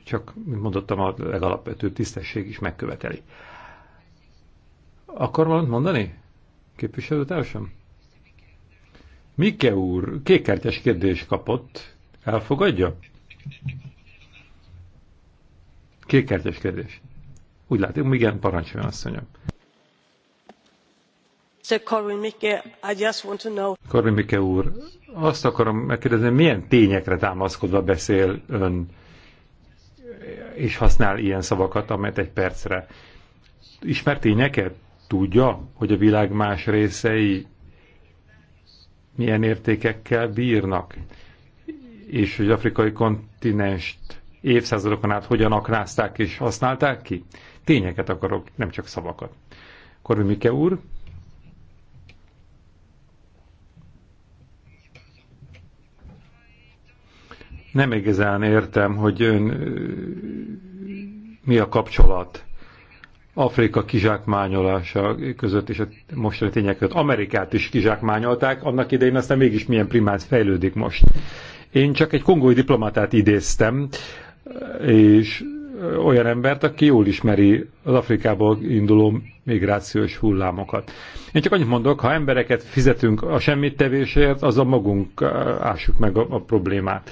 csak, mint mondottam, a legalapvető tisztesség is megköveteli. Akar valamit mondani, képviselőtársam? Mike úr kékkártyás kérdés kapott. Elfogadja? Kékkártyás kérdés. Úgy látom, igen, parancsoljon asszonyom. Corbyn Mikke, I just want to know. úr, azt akarom megkérdezni, milyen tényekre támaszkodva beszél ön, és használ ilyen szavakat, amelyet egy percre. ismert tényeket? Tudja, hogy a világ más részei milyen értékekkel bírnak? és hogy az afrikai kontinenst évszázadokon át hogyan aknázták és használták ki? Tényeket akarok, nem csak szavakat. Korvi Mike úr. Nem igazán értem, hogy ön mi a kapcsolat Afrika kizsákmányolása között és a mostani tények között. Amerikát is kizsákmányolták, annak idején aztán mégis milyen primát fejlődik most. Én csak egy kongói diplomatát idéztem, és olyan embert, aki jól ismeri az Afrikából induló migrációs hullámokat. Én csak annyit mondok, ha embereket fizetünk a semmit tevésért, az a magunk ássuk meg a, a problémát.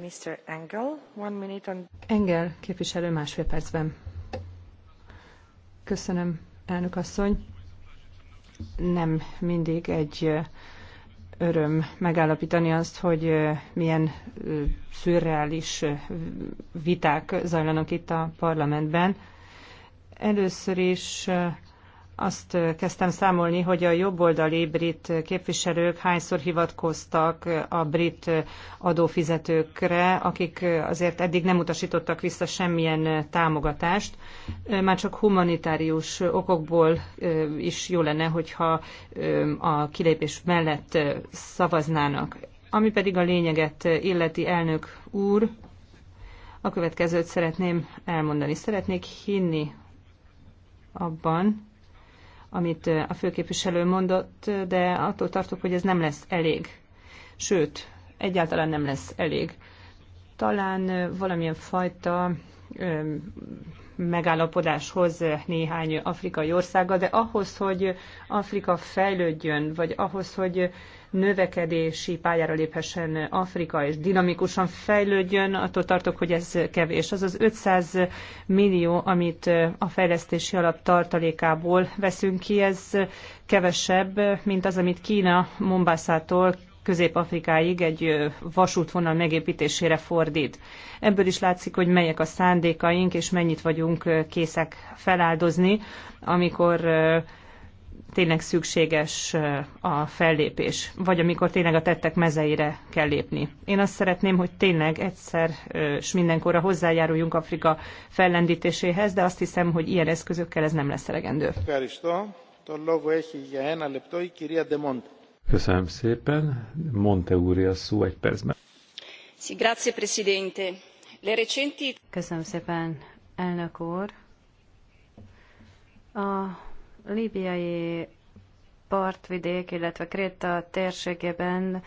Mr. Engel, one minute on... Engel képviselő másfél percben. Köszönöm, elnök asszony. Nem mindig egy öröm megállapítani azt, hogy milyen szürreális viták zajlanak itt a parlamentben. Először is azt kezdtem számolni, hogy a jobboldali brit képviselők hányszor hivatkoztak a brit adófizetőkre, akik azért eddig nem utasítottak vissza semmilyen támogatást. Már csak humanitárius okokból is jó lenne, hogyha a kilépés mellett szavaznának. Ami pedig a lényeget illeti elnök úr, a következőt szeretném elmondani. Szeretnék hinni abban, amit a főképviselő mondott, de attól tartok, hogy ez nem lesz elég. Sőt, egyáltalán nem lesz elég. Talán valamilyen fajta megállapodáshoz néhány afrikai országa, de ahhoz, hogy Afrika fejlődjön, vagy ahhoz, hogy növekedési pályára léphessen Afrika, és dinamikusan fejlődjön, attól tartok, hogy ez kevés. Az az 500 millió, amit a fejlesztési alap tartalékából veszünk ki, ez kevesebb, mint az, amit Kína Mombászától Közép-Afrikáig egy vasútvonal megépítésére fordít. Ebből is látszik, hogy melyek a szándékaink, és mennyit vagyunk készek feláldozni, amikor tényleg szükséges a fellépés, vagy amikor tényleg a tettek mezeire kell lépni. Én azt szeretném, hogy tényleg egyszer és mindenkorra hozzájáruljunk Afrika fellendítéséhez, de azt hiszem, hogy ilyen eszközökkel ez nem lesz elegendő. Köszönöm szépen. Monte úrja szó egy percben. Köszönöm szépen, elnök úr. A líbiai partvidék, illetve Kréta térségében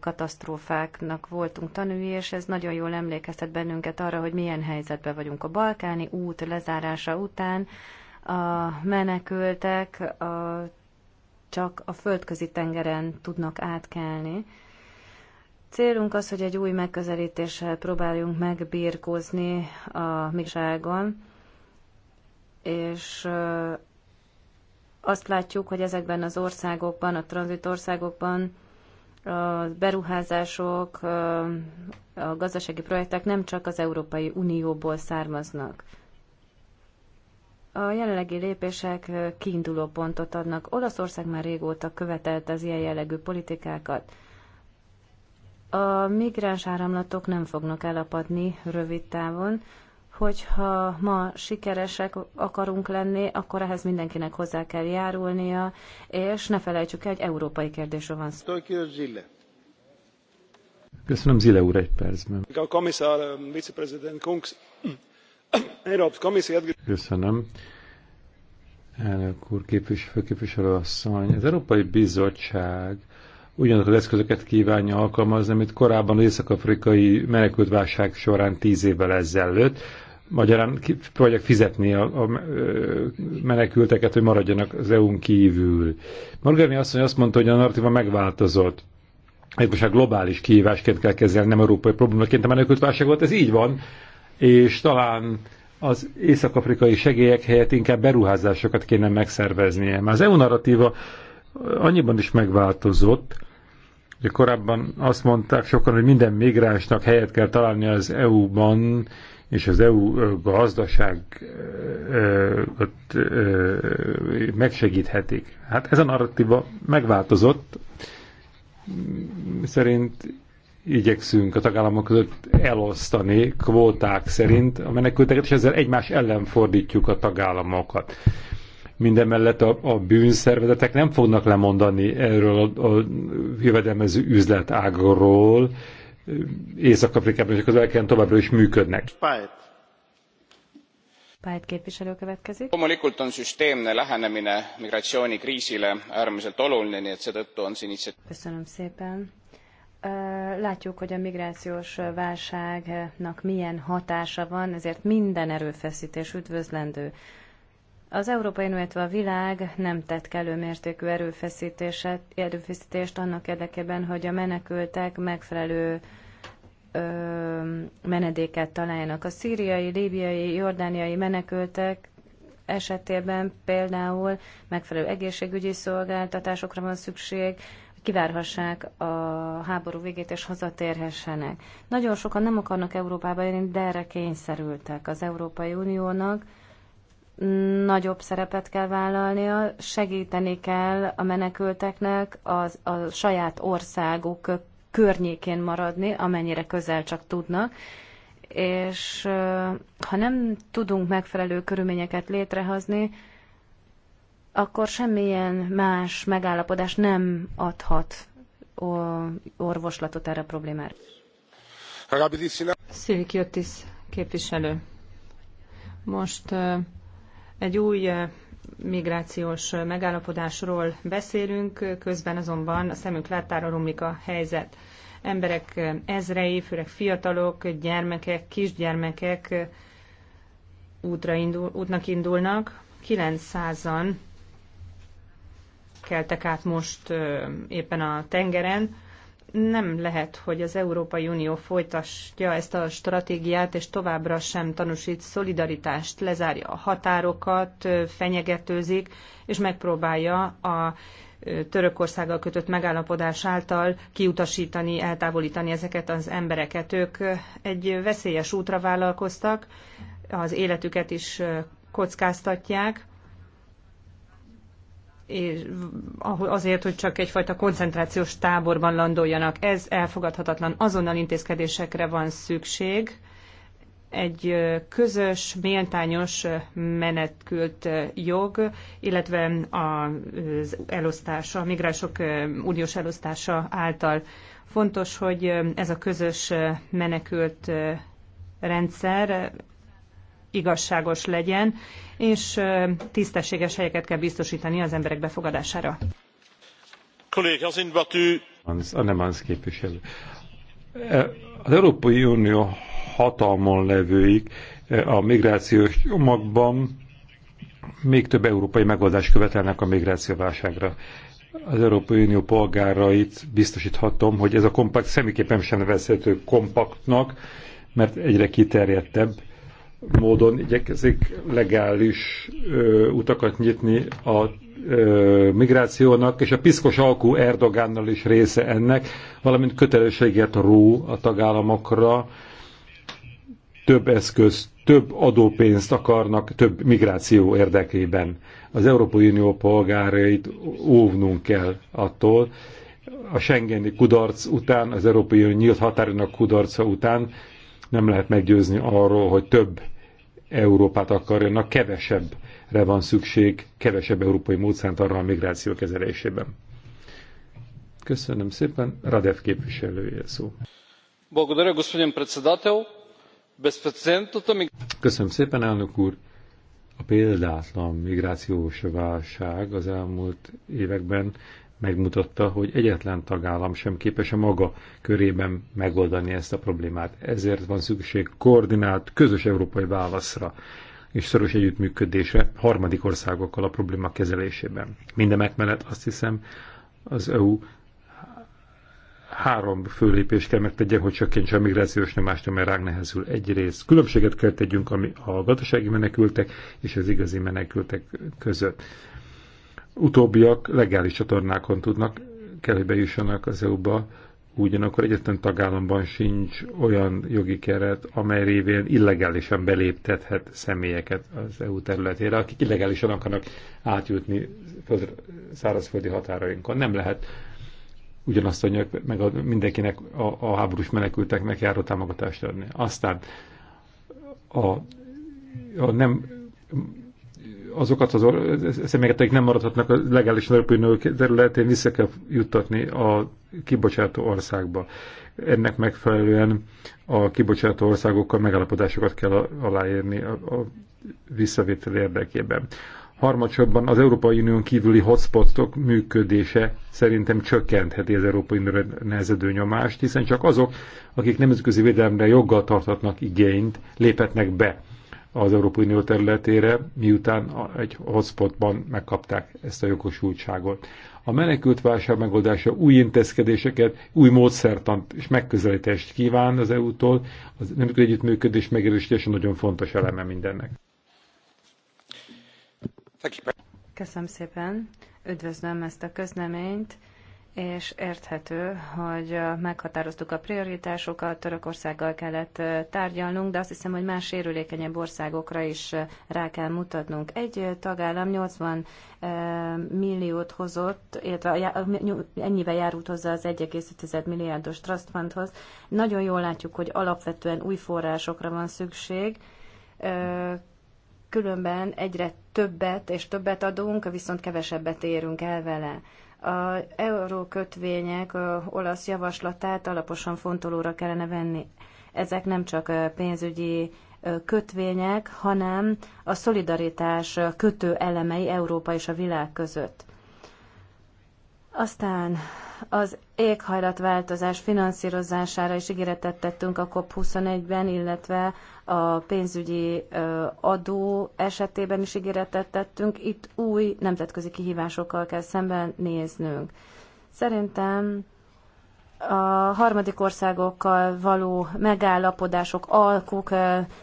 katasztrófáknak voltunk tanúi, és ez nagyon jól emlékeztet bennünket arra, hogy milyen helyzetben vagyunk a balkáni út lezárása után. A menekültek a, csak a földközi tengeren tudnak átkelni. Célunk az, hogy egy új megközelítéssel próbáljunk megbírkozni a migrágon, és azt látjuk, hogy ezekben az országokban, a tranzitországokban a beruházások, a gazdasági projektek nem csak az Európai Unióból származnak. A jelenlegi lépések kiinduló pontot adnak. Olaszország már régóta követelt az ilyen jellegű politikákat. A migráns áramlatok nem fognak elapadni rövid távon, hogyha ma sikeresek akarunk lenni, akkor ehhez mindenkinek hozzá kell járulnia, és ne felejtsük el, egy európai kérdésről van szó. Köszönöm, Zile úr, egy percben. Um, (coughs) Köszönöm. Elnök úr, képviselő, főképviselő asszony, az Európai Bizottság ugyanazokat az eszközöket kívánja alkalmazni, amit korábban az észak-afrikai menekültválság során tíz évvel ezelőtt magyarán próbálják fizetni a, a menekülteket, hogy maradjanak az EU-n kívül. Margarini asszony azt mondta, hogy a narratíva megváltozott. Egy most már globális kihívásként kell kezelni, nem európai problémaként a menekült válság volt, ez így van, és talán az észak-afrikai segélyek helyett inkább beruházásokat kéne megszerveznie. Már az EU narratíva annyiban is megváltozott, hogy korábban azt mondták sokan, hogy minden migránsnak helyet kell találni az EU-ban, és az EU e, gazdaság e, e, megsegíthetik. Hát ez a narratíva megváltozott, szerint igyekszünk a tagállamok között elosztani kvóták szerint a menekülteket, és ezzel egymás ellen fordítjuk a tagállamokat. Mindemellett a, a bűnszervezetek nem fognak lemondani erről a, a jövedelmező üzletágról, Észak-Afrikában és az elkelen továbbra is működnek. Pályt képviselő következik. Loomulikult on süsteemne lähenemine migratsioonikriisile äärmiselt oluline, nii et seetõttu on siin Köszönöm szépen. Látjuk, hogy a migrációs válságnak milyen hatása van, ezért minden erőfeszítés üdvözlendő. Az Európai Unió, illetve a világ nem tett kellő mértékű erőfeszítést annak érdekében, hogy a menekültek megfelelő ö, menedéket találjanak. A szíriai, líbiai, jordániai menekültek esetében például megfelelő egészségügyi szolgáltatásokra van szükség, kivárhassák a háború végét és hazatérhessenek. Nagyon sokan nem akarnak Európába jönni, de erre kényszerültek az Európai Uniónak nagyobb szerepet kell vállalnia, segíteni kell a menekülteknek az, a saját országuk környékén maradni, amennyire közel csak tudnak, és ha nem tudunk megfelelő körülményeket létrehozni, akkor semmilyen más megállapodás nem adhat orvoslatot erre a problémára. Szilikiotis képviselő. Most egy új eh, migrációs eh, megállapodásról beszélünk, közben azonban a szemünk láttára romlik a helyzet. Emberek eh, ezrei, főleg fiatalok, gyermekek, kisgyermekek útra indul, útnak indulnak. 900-an keltek át most éppen a tengeren, nem lehet, hogy az Európai Unió folytatja ezt a stratégiát, és továbbra sem tanúsít szolidaritást, lezárja a határokat, fenyegetőzik, és megpróbálja a Törökországgal kötött megállapodás által kiutasítani, eltávolítani ezeket az embereket. Ők egy veszélyes útra vállalkoztak, az életüket is kockáztatják, és azért, hogy csak egyfajta koncentrációs táborban landoljanak. Ez elfogadhatatlan. Azonnal intézkedésekre van szükség. Egy közös, méltányos menetkült jog, illetve az elosztása, a migránsok uniós elosztása által. Fontos, hogy ez a közös menekült rendszer igazságos legyen, és tisztességes helyeket kell biztosítani az emberek befogadására. az képviselő. E, az Európai Unió hatalmon levőik e, a migrációs csomagban még több európai megoldást követelnek a migrációválságra. Az Európai Unió polgárait biztosíthatom, hogy ez a kompakt semmiképpen sem nevezhető kompaktnak, mert egyre kiterjedtebb, módon igyekezik legális ö, utakat nyitni a ö, migrációnak, és a piszkos alkú Erdogánnal is része ennek, valamint kötelességet ró a tagállamokra, több eszköz, több adópénzt akarnak több migráció érdekében. Az Európai Unió polgárait óvnunk kell attól, a Schengeni kudarc után, az Európai Unió nyílt határának kudarca után nem lehet meggyőzni arról, hogy több Európát akarjanak, kevesebbre van szükség, kevesebb európai módszert arra a migráció kezelésében. Köszönöm szépen, Radev képviselője szó. Köszönöm szépen, elnök úr. A példátlan migrációs válság az elmúlt években megmutatta, hogy egyetlen tagállam sem képes a maga körében megoldani ezt a problémát. Ezért van szükség koordinált, közös európai válaszra és szoros együttműködésre harmadik országokkal a probléma kezelésében. Mindemek mellett azt hiszem, az EU három főlépést kell megtegyen, hogy csökkentse a migrációs nyomást, amely ránk nehezül. Egyrészt különbséget kell tegyünk ami a gazdasági menekültek és az igazi menekültek között. Utóbbiak legális csatornákon tudnak, kell, hogy bejussanak az EU-ba, ugyanakkor egyetlen tagállamban sincs olyan jogi keret, amely révén illegálisan beléptethet személyeket az EU területére, akik illegálisan akarnak átjutni föld, szárazföldi határainkon. Nem lehet ugyanazt mondja, meg a, mindenkinek a, a háborús menekülteknek járó támogatást adni. Aztán a, a nem azokat az személyeket, akik nem maradhatnak a legális repülő területén, vissza kell juttatni a kibocsátó országba. Ennek megfelelően a kibocsátó országokkal megállapodásokat kell aláírni a, a visszavétel érdekében. Harmadsorban az Európai Unión kívüli hotspotok működése szerintem csökkentheti az Európai Unióra nehezedő nyomást, hiszen csak azok, akik nemzetközi védelemre joggal tarthatnak igényt, léphetnek be az Európai Unió területére, miután egy hotspotban megkapták ezt a jogosultságot. A menekült válság megoldása új intézkedéseket, új módszertant és megközelítést kíván az EU-tól. Az nemzetközi együttműködés megerősítése nagyon fontos eleme mindennek. Köszönöm szépen. Üdvözlöm ezt a közleményt és érthető, hogy meghatároztuk a prioritásokat, Törökországgal kellett tárgyalnunk, de azt hiszem, hogy más sérülékenyebb országokra is rá kell mutatnunk. Egy tagállam 80 milliót hozott, illetve ennyivel járult hozzá az 1,5 milliárdos trust fundhoz. Nagyon jól látjuk, hogy alapvetően új forrásokra van szükség különben egyre többet és többet adunk, viszont kevesebbet érünk el vele. A kötvények a olasz javaslatát alaposan fontolóra kellene venni. Ezek nem csak pénzügyi kötvények, hanem a szolidaritás kötő elemei Európa és a világ között. Aztán az éghajlatváltozás finanszírozására is ígéretet tettünk a COP21-ben, illetve a pénzügyi adó esetében is ígéretet tettünk. Itt új nemzetközi kihívásokkal kell szemben néznünk. Szerintem a harmadik országokkal való megállapodások, alkuk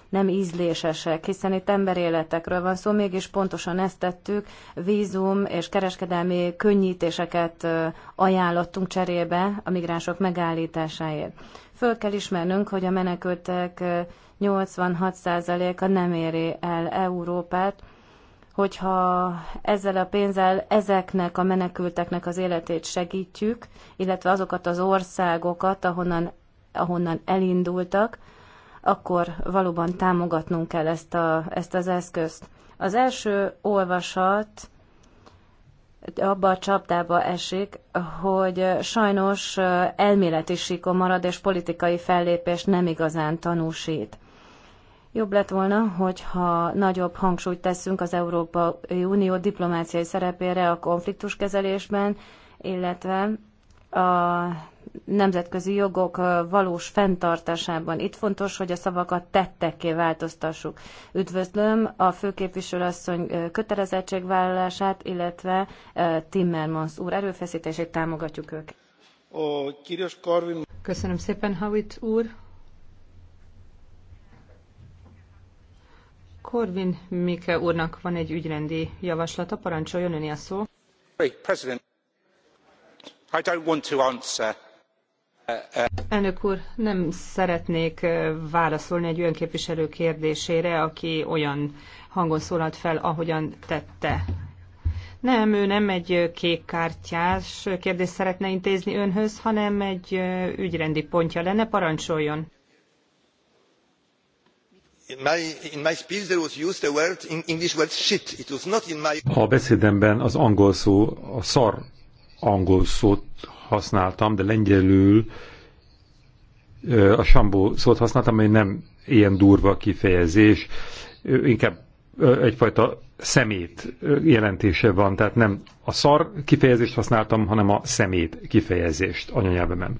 nem ízlésesek, hiszen itt emberéletekről van szó, mégis pontosan ezt tettük, vízum és kereskedelmi könnyítéseket ajánlottunk cserébe a migránsok megállításáért. Föl kell ismernünk, hogy a menekültek 86%-a nem éri el Európát, hogyha ezzel a pénzzel ezeknek a menekülteknek az életét segítjük, illetve azokat az országokat, ahonnan, ahonnan elindultak, akkor valóban támogatnunk kell ezt, a, ezt az eszközt. Az első olvasat abba a csapdába esik, hogy sajnos elméleti síkon marad, és politikai fellépést nem igazán tanúsít. Jobb lett volna, hogyha nagyobb hangsúlyt teszünk az Európai Unió diplomáciai szerepére a konfliktuskezelésben, illetve a nemzetközi jogok valós fenntartásában. Itt fontos, hogy a szavakat tettekké változtassuk. Üdvözlöm a főképviselőasszony kötelezettségvállalását, illetve Timmermans úr erőfeszítését támogatjuk őket. Köszönöm szépen, Howitt úr. Korvin Mike úrnak van egy ügyrendi javaslata, parancsoljon önni a szó. Uh, uh, Elnök úr, nem szeretnék uh, válaszolni egy olyan képviselő kérdésére, aki olyan hangon szólalt fel, ahogyan tette. Nem, ő nem egy kékkártyás kérdést szeretne intézni önhöz, hanem egy ügyrendi pontja lenne, parancsoljon. A beszédemben az angol szó, a szar angol szót használtam, de lengyelül a sambó szót használtam, ami nem ilyen durva kifejezés, inkább egyfajta szemét jelentése van, tehát nem a szar kifejezést használtam, hanem a szemét kifejezést anyanyelvemen.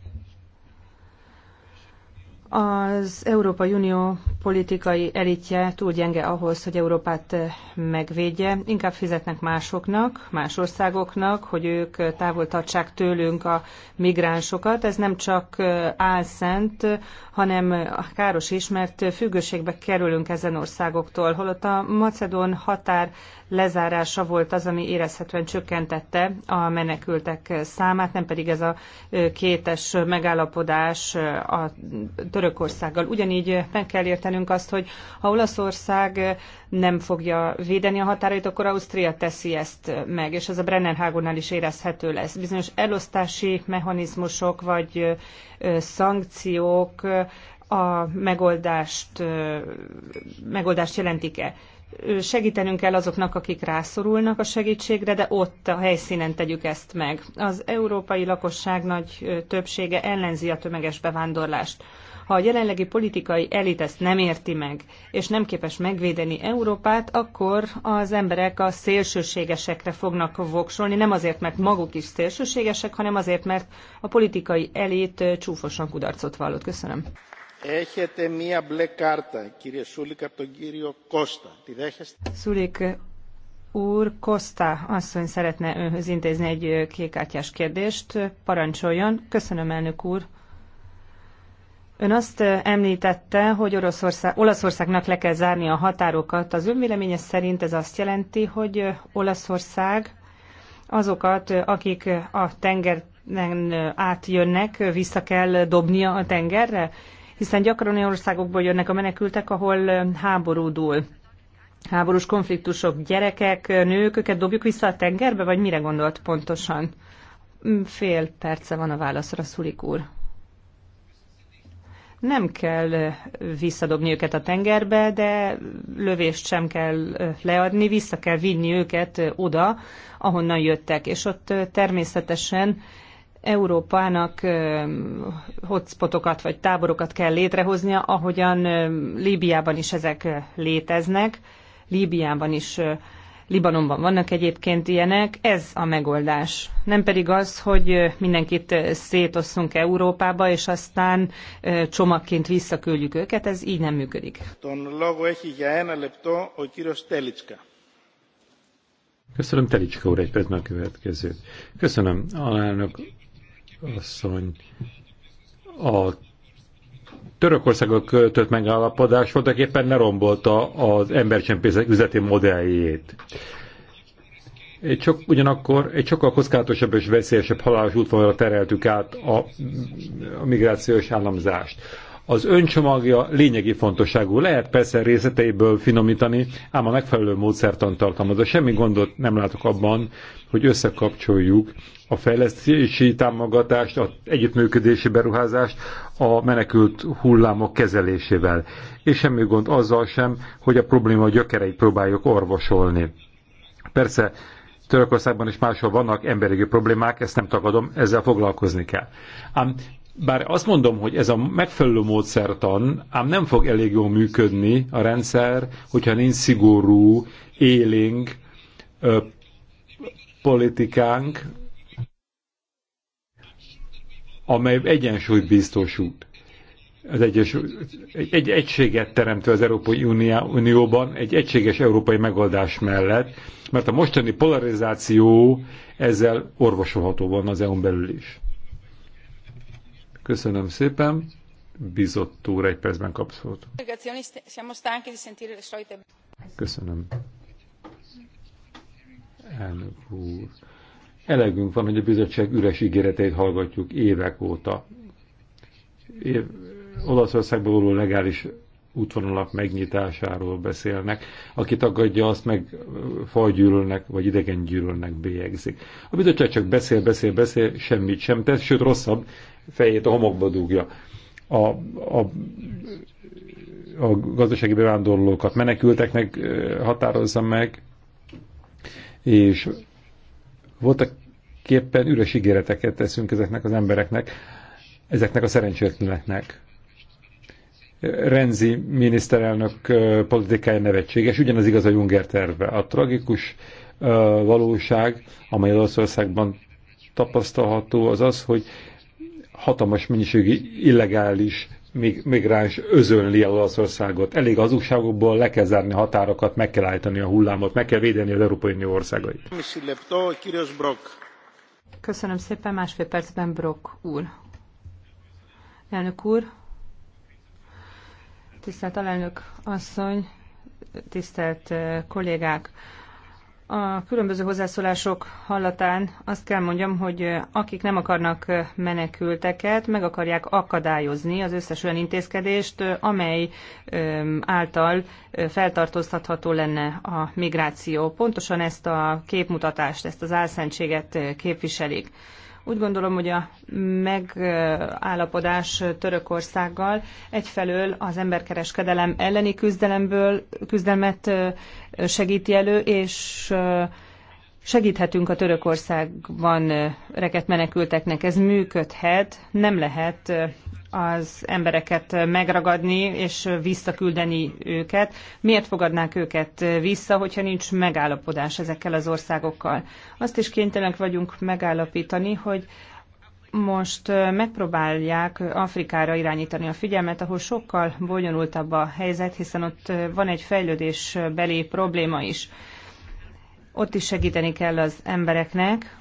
Az Európai Unió politikai elitje túl gyenge ahhoz, hogy Európát eh, megvédje. Inkább fizetnek másoknak, más országoknak, hogy ők eh, távol tartsák tőlünk a migránsokat. Ez nem csak eh, álszent, hanem káros is, mert függőségbe kerülünk ezen országoktól. Holott a Macedon határ lezárása volt az, ami érezhetően csökkentette a menekültek számát, nem pedig ez a kétes megállapodás a Törökországgal. Ugyanígy meg kell értenünk azt, hogy ha Olaszország nem fogja védeni a határait, akkor Ausztria teszi ezt meg, és ez a Brennenhágonnál is érezhető lesz. Bizonyos elosztási mechanizmusok vagy szankciók a megoldást, megoldást jelentik-e segítenünk kell azoknak, akik rászorulnak a segítségre, de ott a helyszínen tegyük ezt meg. Az európai lakosság nagy többsége ellenzi a tömeges bevándorlást. Ha a jelenlegi politikai elit ezt nem érti meg, és nem képes megvédeni Európát, akkor az emberek a szélsőségesekre fognak voksolni, nem azért, mert maguk is szélsőségesek, hanem azért, mert a politikai elit csúfosan kudarcot vallott. Köszönöm. Έχετε μία μπλε κάρτα, κύριε Σούλικα, από τον κύριο Κώστα. Τη δέχεστε? Σούλικ úr, Kosta asszony szeretne önhöz intézni egy kékkártyás kérdést. Parancsoljon. Köszönöm, elnök úr. Ön azt említette, hogy Oroszország, Olaszországnak le kell zárni a határokat. Az önvéleménye szerint ez azt jelenti, hogy Olaszország azokat, akik a tengeren átjönnek, vissza kell dobnia a tengerre? hiszen gyakran olyan országokból jönnek a menekültek, ahol háborúdul háborús konfliktusok, gyerekek, nők, őket dobjuk vissza a tengerbe, vagy mire gondolt pontosan? Mm, fél perce van a válaszra, Szulik úr. Nem kell visszadobni őket a tengerbe, de lövést sem kell leadni, vissza kell vinni őket oda, ahonnan jöttek. És ott természetesen Európának hotspotokat vagy táborokat kell létrehoznia, ahogyan Líbiában is ezek léteznek. Líbiában is, Libanonban vannak egyébként ilyenek. Ez a megoldás. Nem pedig az, hogy mindenkit szétosszunk Európába, és aztán csomagként visszaküldjük őket. Ez így nem működik. Köszönöm, Telicska úr, egy percben a következő. Köszönöm, alelnök asszony. A Törökországok költött megállapodás voltak éppen ne rombolta az embercsempészek üzleti modelljét. Egy sok, ugyanakkor egy sokkal kockázatosabb és veszélyesebb halálos útvonalra tereltük át a, a migrációs államzást. Az öncsomagja lényegi fontosságú. Lehet persze részleteiből finomítani, ám a megfelelő módszertan tartalmazza. Semmi gondot nem látok abban, hogy összekapcsoljuk a fejlesztési támogatást, az együttműködési beruházást a menekült hullámok kezelésével. És semmi gond azzal sem, hogy a probléma gyökereit próbáljuk orvosolni. Persze Törökországban is máshol vannak emberi problémák, ezt nem tagadom, ezzel foglalkozni kell. Ám bár azt mondom, hogy ez a megfelelő módszertan, ám nem fog elég jól működni a rendszer, hogyha nincs szigorú, éling ö, politikánk, amely egyensúlyt biztosít. Az egyes, egy, egy egységet teremtő az Európai Unióban, egy egységes európai megoldás mellett, mert a mostani polarizáció ezzel orvosolható van az EU-n belül is. Köszönöm szépen. Bizott úr egy percben kap Köszönöm. Elnök úr. Elegünk van, hogy a bizottság üres ígéreteit hallgatjuk évek óta. Év, Olaszországban való legális útvonalak megnyitásáról beszélnek. Aki tagadja, azt meg fajgyűlölnek, vagy idegen idegengyűlölnek bélyegzik. A bizottság csak beszél, beszél, beszél, semmit sem tesz, sőt rosszabb, fejét a homokba dugja. A, a, a gazdasági bevándorlókat menekülteknek határozza meg, és voltak képpen üres ígéreteket teszünk ezeknek az embereknek, ezeknek a szerencsétleneknek. Renzi miniszterelnök politikája nevetséges, ugyanaz igaz a Junger terve. A tragikus valóság, amely az országban tapasztalható, az az, hogy hatalmas mennyiségű illegális migráns özönli el Olaszországot. Elég újságokból le kell zárni határokat, meg kell állítani a hullámot, meg kell védeni az Európai Unió országait. Köszönöm szépen, másfél percben Brock úr. Elnök úr, tisztelt alelnök asszony, tisztelt eh, kollégák! A különböző hozzászólások hallatán azt kell mondjam, hogy akik nem akarnak menekülteket, meg akarják akadályozni az összes olyan intézkedést, amely által feltartóztatható lenne a migráció. Pontosan ezt a képmutatást, ezt az álszentséget képviselik. Úgy gondolom, hogy a megállapodás Törökországgal egyfelől az emberkereskedelem elleni küzdelemből, küzdelmet segíti elő, és segíthetünk a Törökországban rekett menekülteknek. Ez működhet, nem lehet az embereket megragadni és visszaküldeni őket. Miért fogadnák őket vissza, hogyha nincs megállapodás ezekkel az országokkal? Azt is kénytelenek vagyunk megállapítani, hogy most megpróbálják Afrikára irányítani a figyelmet, ahol sokkal bonyolultabb a helyzet, hiszen ott van egy fejlődésbeli probléma is. Ott is segíteni kell az embereknek,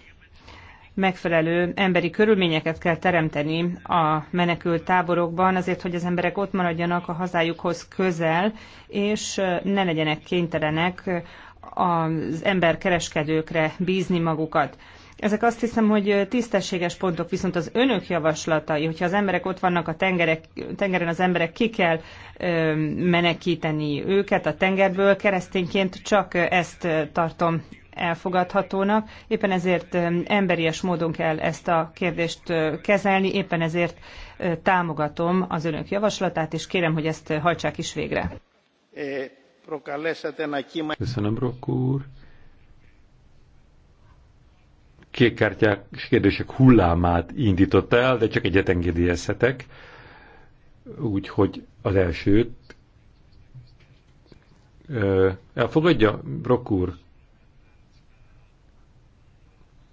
megfelelő emberi körülményeket kell teremteni a menekült táborokban, azért, hogy az emberek ott maradjanak a hazájukhoz közel, és ne legyenek kénytelenek az emberkereskedőkre bízni magukat. Ezek azt hiszem, hogy tisztességes pontok, viszont az önök javaslatai, hogyha az emberek ott vannak a tengerek, tengeren, az emberek ki kell ö, menekíteni őket a tengerből, keresztényként csak ezt tartom elfogadhatónak. Éppen ezért emberies módon kell ezt a kérdést kezelni, éppen ezért támogatom az önök javaslatát, és kérem, hogy ezt hajtsák is végre. Köszönöm, Brokk úr. Kékkártyák és kérdések hullámát indított el, de csak egyet engedélyezhetek. Úgyhogy az elsőt elfogadja, Brokk úr?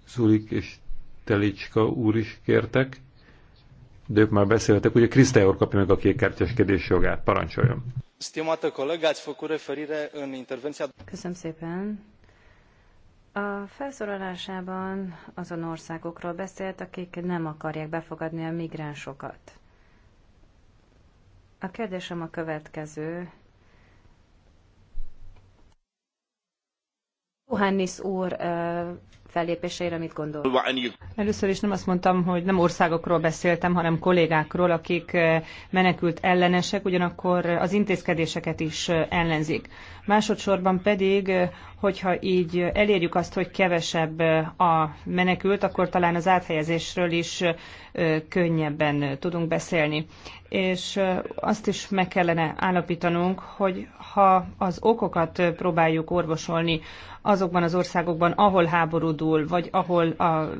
Zulik és Telicska úr is kértek, de ők már beszéltek, ugye Krisztály úr kapja meg a kékkártyáskedés jogát. Parancsoljon! Stimată colegă, ați făcut referire în intervenția... Köszönöm szépen! A felszólalásában azon országokról beszélt, akik nem akarják befogadni a migránsokat. A kérdésem a következő. Johannis úr fellépéseire mit gondol? Először is nem azt mondtam, hogy nem országokról beszéltem, hanem kollégákról, akik eh, menekült ellenesek, ugyanakkor az intézkedéseket is eh, ellenzik. Másodszorban pedig, hogyha így elérjük azt, hogy kevesebb a menekült, akkor talán az áthelyezésről is könnyebben tudunk beszélni. És azt is meg kellene állapítanunk, hogy ha az okokat próbáljuk orvosolni azokban az országokban, ahol háborúdul, vagy ahol a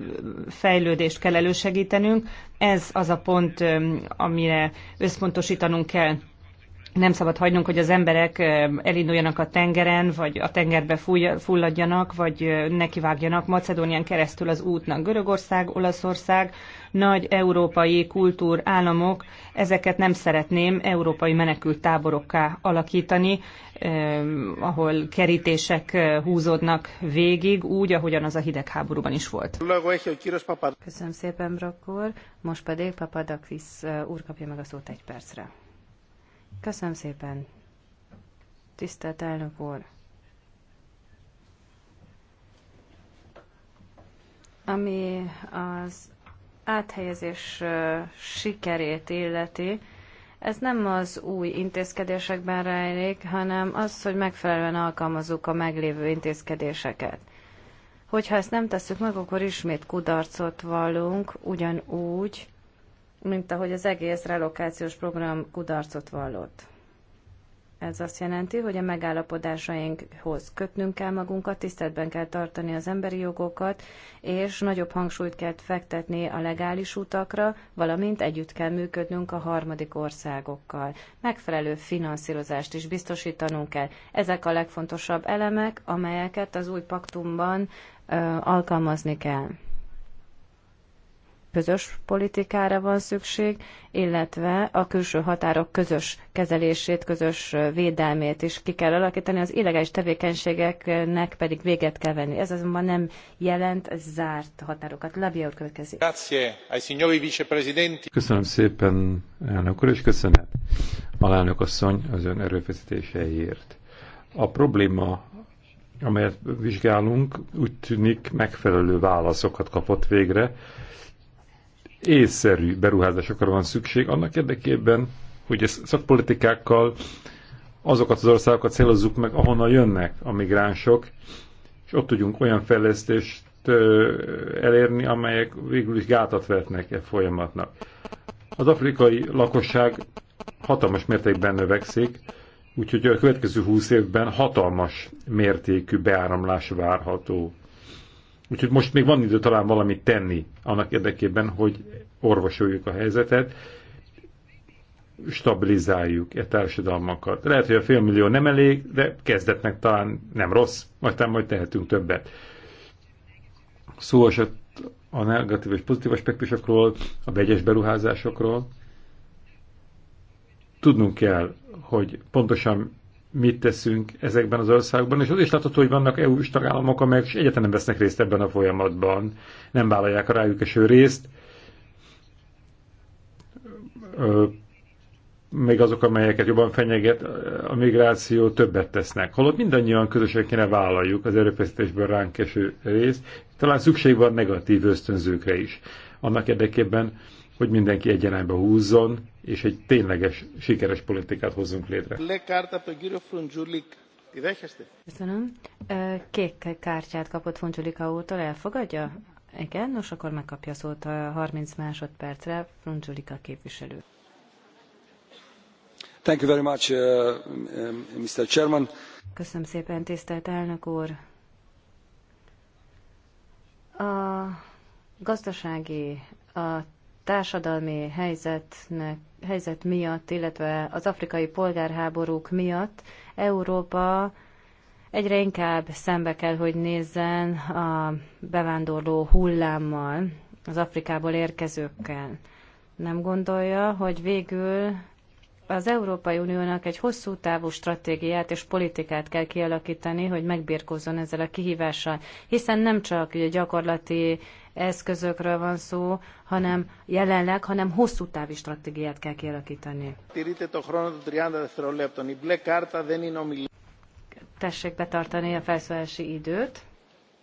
fejlődést kell elősegítenünk, ez az a pont, amire összpontosítanunk kell nem szabad hagynunk, hogy az emberek elinduljanak a tengeren, vagy a tengerbe fulladjanak, vagy nekivágjanak Macedónián keresztül az útnak. Görögország, Olaszország, nagy európai kultúr, államok, ezeket nem szeretném európai menekült táborokká alakítani, ahol kerítések húzódnak végig, úgy, ahogyan az a hidegháborúban is volt. Köszönöm szépen, Brokkor. Most pedig Papadakis úr kapja meg a szót egy percre. Köszönöm szépen. Tisztelt elnök úr. Ami az áthelyezés sikerét illeti, ez nem az új intézkedésekben rejlik, hanem az, hogy megfelelően alkalmazzuk a meglévő intézkedéseket. Hogyha ezt nem tesszük meg, akkor ismét kudarcot vallunk, ugyanúgy, mint ahogy az egész relokációs program kudarcot vallott. Ez azt jelenti, hogy a megállapodásainkhoz kötnünk kell magunkat, tiszteletben kell tartani az emberi jogokat, és nagyobb hangsúlyt kell fektetni a legális utakra, valamint együtt kell működnünk a harmadik országokkal. Megfelelő finanszírozást is biztosítanunk kell. Ezek a legfontosabb elemek, amelyeket az új paktumban ö, alkalmazni kell közös politikára van szükség, illetve a külső határok közös kezelését, közös védelmét is ki kell alakítani, az illegális tevékenységeknek pedig véget kell venni. Ez azonban nem jelent zárt határokat. Labia úr következik. Köszönöm szépen, elnök úr, és köszönet alelnök asszony az ön erőfeszítéseiért. A probléma amelyet vizsgálunk, úgy tűnik megfelelő válaszokat kapott végre, észszerű beruházásokra van szükség annak érdekében, hogy ezt szakpolitikákkal azokat az országokat célozzuk meg, ahonnan jönnek a migránsok, és ott tudjunk olyan fejlesztést elérni, amelyek végül is gátat vetnek e folyamatnak. Az afrikai lakosság hatalmas mértékben növekszik, úgyhogy a következő húsz évben hatalmas mértékű beáramlás várható. Úgyhogy most még van idő talán valamit tenni annak érdekében, hogy orvosoljuk a helyzetet, stabilizáljuk e társadalmakat. Lehet, hogy a félmillió nem elég, de kezdetnek talán nem rossz, aztán majd tehetünk többet. Szó esett a negatív és pozitív aspektusokról, a vegyes beruházásokról. Tudnunk kell, hogy pontosan mit teszünk ezekben az országokban, és az is látható, hogy vannak EU-s tagállamok, amelyek egyáltalán nem vesznek részt ebben a folyamatban, nem vállalják a rájuk eső részt. Még azok, amelyeket jobban fenyeget, a migráció többet tesznek. Holott mindannyian közösen kéne vállaljuk az erőfeszítésből ránk eső részt, talán szükség van negatív ösztönzőkre is. Annak érdekében, hogy mindenki egy húzzon, és egy tényleges, sikeres politikát hozzunk létre. Köszönöm. Kék kártyát kapott Funculika úrtól, elfogadja? Igen, nos akkor megkapja szót a 30 másodpercre Funculika képviselő. Thank you very much, uh, uh Mr. Chairman. Köszönöm szépen, tisztelt elnök úr. A gazdasági, a társadalmi helyzetnek, helyzet miatt, illetve az afrikai polgárháborúk miatt Európa egyre inkább szembe kell, hogy nézzen a bevándorló hullámmal, az Afrikából érkezőkkel. Nem gondolja, hogy végül az Európai Uniónak egy hosszú távú stratégiát és politikát kell kialakítani, hogy megbirkózzon ezzel a kihívással, hiszen nem csak ugye, gyakorlati eszközökről van szó, hanem jelenleg, hanem hosszú távú stratégiát kell kialakítani. Tessék betartani a felszólási időt.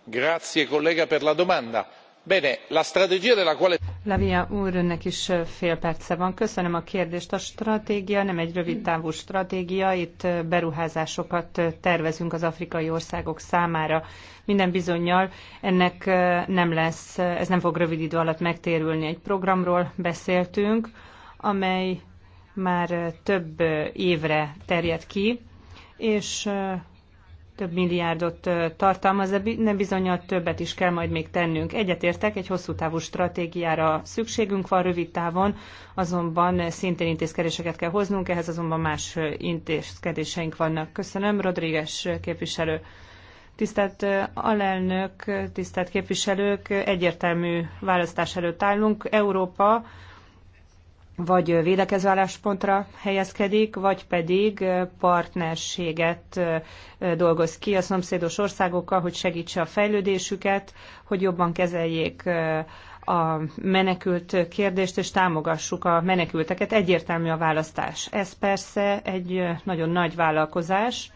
Grazie, collega, per la domanda. La Via úr, is fél perce van. Köszönöm a kérdést. A stratégia nem egy rövid távú stratégia, itt beruházásokat tervezünk az afrikai országok számára. Minden bizonnyal ennek nem lesz, ez nem fog rövid idő alatt megtérülni. Egy programról beszéltünk, amely már több évre terjed ki, és több milliárdot tartalmaz, de nem bizonyal többet is kell majd még tennünk. Egyetértek, egy hosszú távú stratégiára szükségünk van rövid távon, azonban szintén intézkedéseket kell hoznunk, ehhez azonban más intézkedéseink vannak. Köszönöm, Rodríguez képviselő. Tisztelt alelnök, tisztelt képviselők, egyértelmű választás előtt állunk. Európa vagy védekező álláspontra helyezkedik, vagy pedig partnerséget dolgoz ki a szomszédos országokkal, hogy segítse a fejlődésüket, hogy jobban kezeljék a menekült kérdést, és támogassuk a menekülteket. Egyértelmű a választás. Ez persze egy nagyon nagy vállalkozás,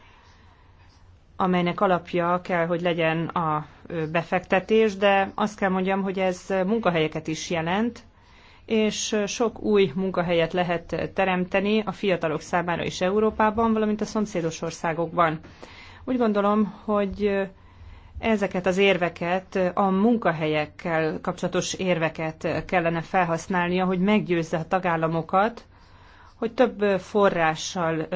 amelynek alapja kell, hogy legyen a befektetés, de azt kell mondjam, hogy ez munkahelyeket is jelent, és sok új munkahelyet lehet teremteni a fiatalok számára is Európában, valamint a szomszédos országokban. Úgy gondolom, hogy ezeket az érveket, a munkahelyekkel kapcsolatos érveket kellene felhasználnia, hogy meggyőzze a tagállamokat, hogy több forrással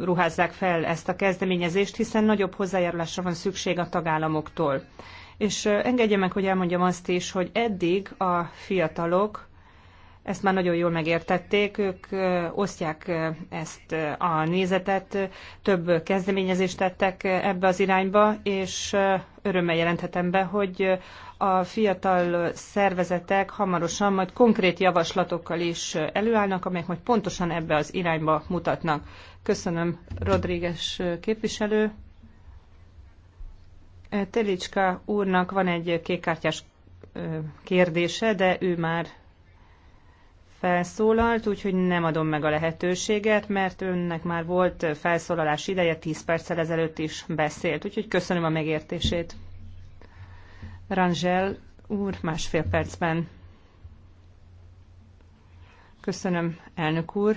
ruházzák fel ezt a kezdeményezést, hiszen nagyobb hozzájárulásra van szükség a tagállamoktól. És engedje meg, hogy elmondjam azt is, hogy eddig a fiatalok ezt már nagyon jól megértették, ők osztják ezt a nézetet, több kezdeményezést tettek ebbe az irányba, és örömmel jelenthetem be, hogy a fiatal szervezetek hamarosan majd konkrét javaslatokkal is előállnak, amelyek majd pontosan ebbe az irányba mutatnak. Köszönöm, Rodríguez képviselő. Telicska úrnak van egy kékkártyás kérdése, de ő már felszólalt, úgyhogy nem adom meg a lehetőséget, mert önnek már volt felszólalás ideje, 10 perccel ezelőtt is beszélt, úgyhogy köszönöm a megértését. Rangel úr, másfél percben. Köszönöm, elnök úr.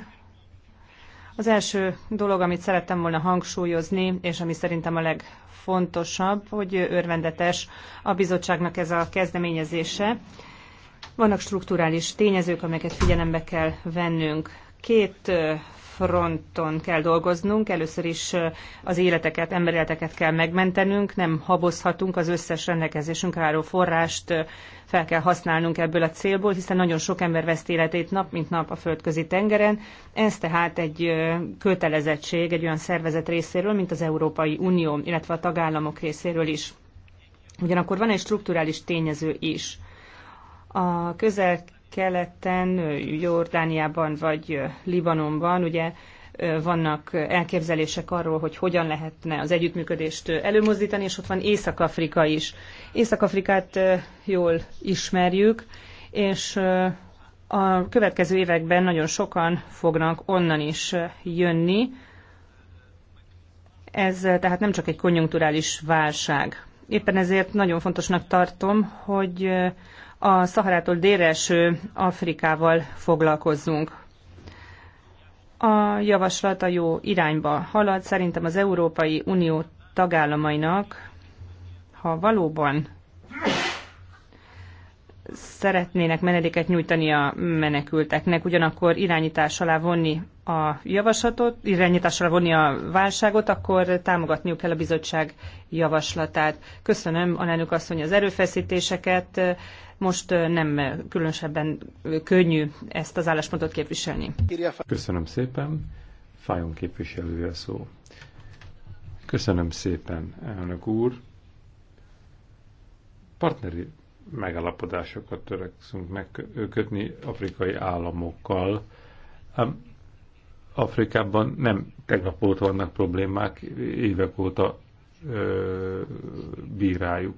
Az első dolog, amit szerettem volna hangsúlyozni, és ami szerintem a legfontosabb, hogy örvendetes a bizottságnak ez a kezdeményezése vannak strukturális tényezők, amelyeket figyelembe kell vennünk. Két fronton kell dolgoznunk. Először is az életeket, emberéleteket kell megmentenünk, nem habozhatunk az összes rendelkezésünk álló forrást, fel kell használnunk ebből a célból, hiszen nagyon sok ember veszt életét nap mint nap a földközi tengeren. Ez tehát egy kötelezettség egy olyan szervezet részéről, mint az Európai Unió, illetve a tagállamok részéről is. Ugyanakkor van egy strukturális tényező is a közel-keleten, Jordániában vagy Libanonban ugye vannak elképzelések arról, hogy hogyan lehetne az együttműködést előmozdítani, és ott van Észak-Afrika is. Észak-Afrikát jól ismerjük, és a következő években nagyon sokan fognak onnan is jönni. Ez tehát nem csak egy konjunkturális válság. Éppen ezért nagyon fontosnak tartom, hogy a Szaharától délre eső Afrikával foglalkozzunk. A javaslat a jó irányba halad. Szerintem az Európai Unió tagállamainak, ha valóban szeretnének menedéket nyújtani a menekülteknek, ugyanakkor irányítás alá vonni a javaslatot, irányítás alá vonni a válságot, akkor támogatniuk kell a bizottság javaslatát. Köszönöm, alelnök asszony, az erőfeszítéseket most nem különösebben könnyű ezt az álláspontot képviselni. Köszönöm szépen. Fájon képviselője a szó. Köszönöm szépen, elnök úr. Partneri megalapodásokat törekszünk megkötni afrikai államokkal. Afrikában nem tegnap óta vannak problémák, évek óta ö, bíráljuk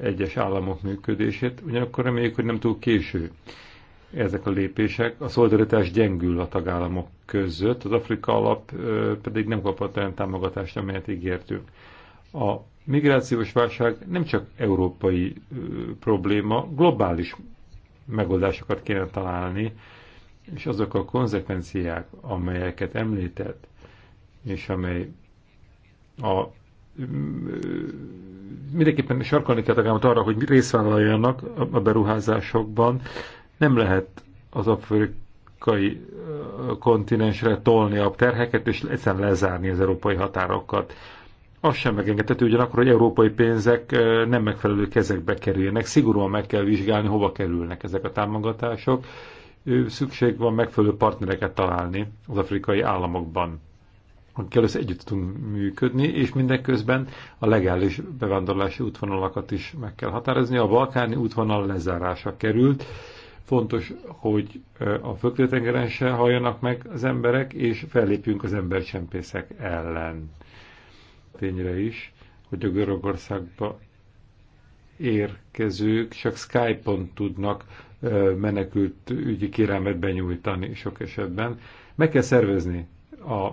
egyes államok működését, ugyanakkor reméljük, hogy nem túl késő ezek a lépések. A szolidaritás gyengül a tagállamok között, az Afrika alap pedig nem kapott olyan támogatást, amelyet ígértünk. A migrációs válság nem csak európai probléma, globális megoldásokat kéne találni, és azok a konzekvenciák, amelyeket említett, és amely a mindenképpen sarkalni kell tagámat arra, hogy részvállaljanak a beruházásokban. Nem lehet az afrikai kontinensre tolni a terheket, és egyszerűen lezárni az európai határokat. Az sem megengedhető ugyanakkor, hogy európai pénzek nem megfelelő kezekbe kerüljenek. Szigorúan meg kell vizsgálni, hova kerülnek ezek a támogatások. Szükség van megfelelő partnereket találni az afrikai államokban akikkel össze együtt tudunk működni, és mindeközben a legális bevándorlási útvonalakat is meg kell határozni. A balkáni útvonal lezárása került. Fontos, hogy a földtengeren se halljanak meg az emberek, és fellépjünk az embercsempészek ellen. Tényre is, hogy a Görögországba érkezők csak Skype-on tudnak menekült ügyi kérelmet benyújtani sok esetben. Meg kell szervezni a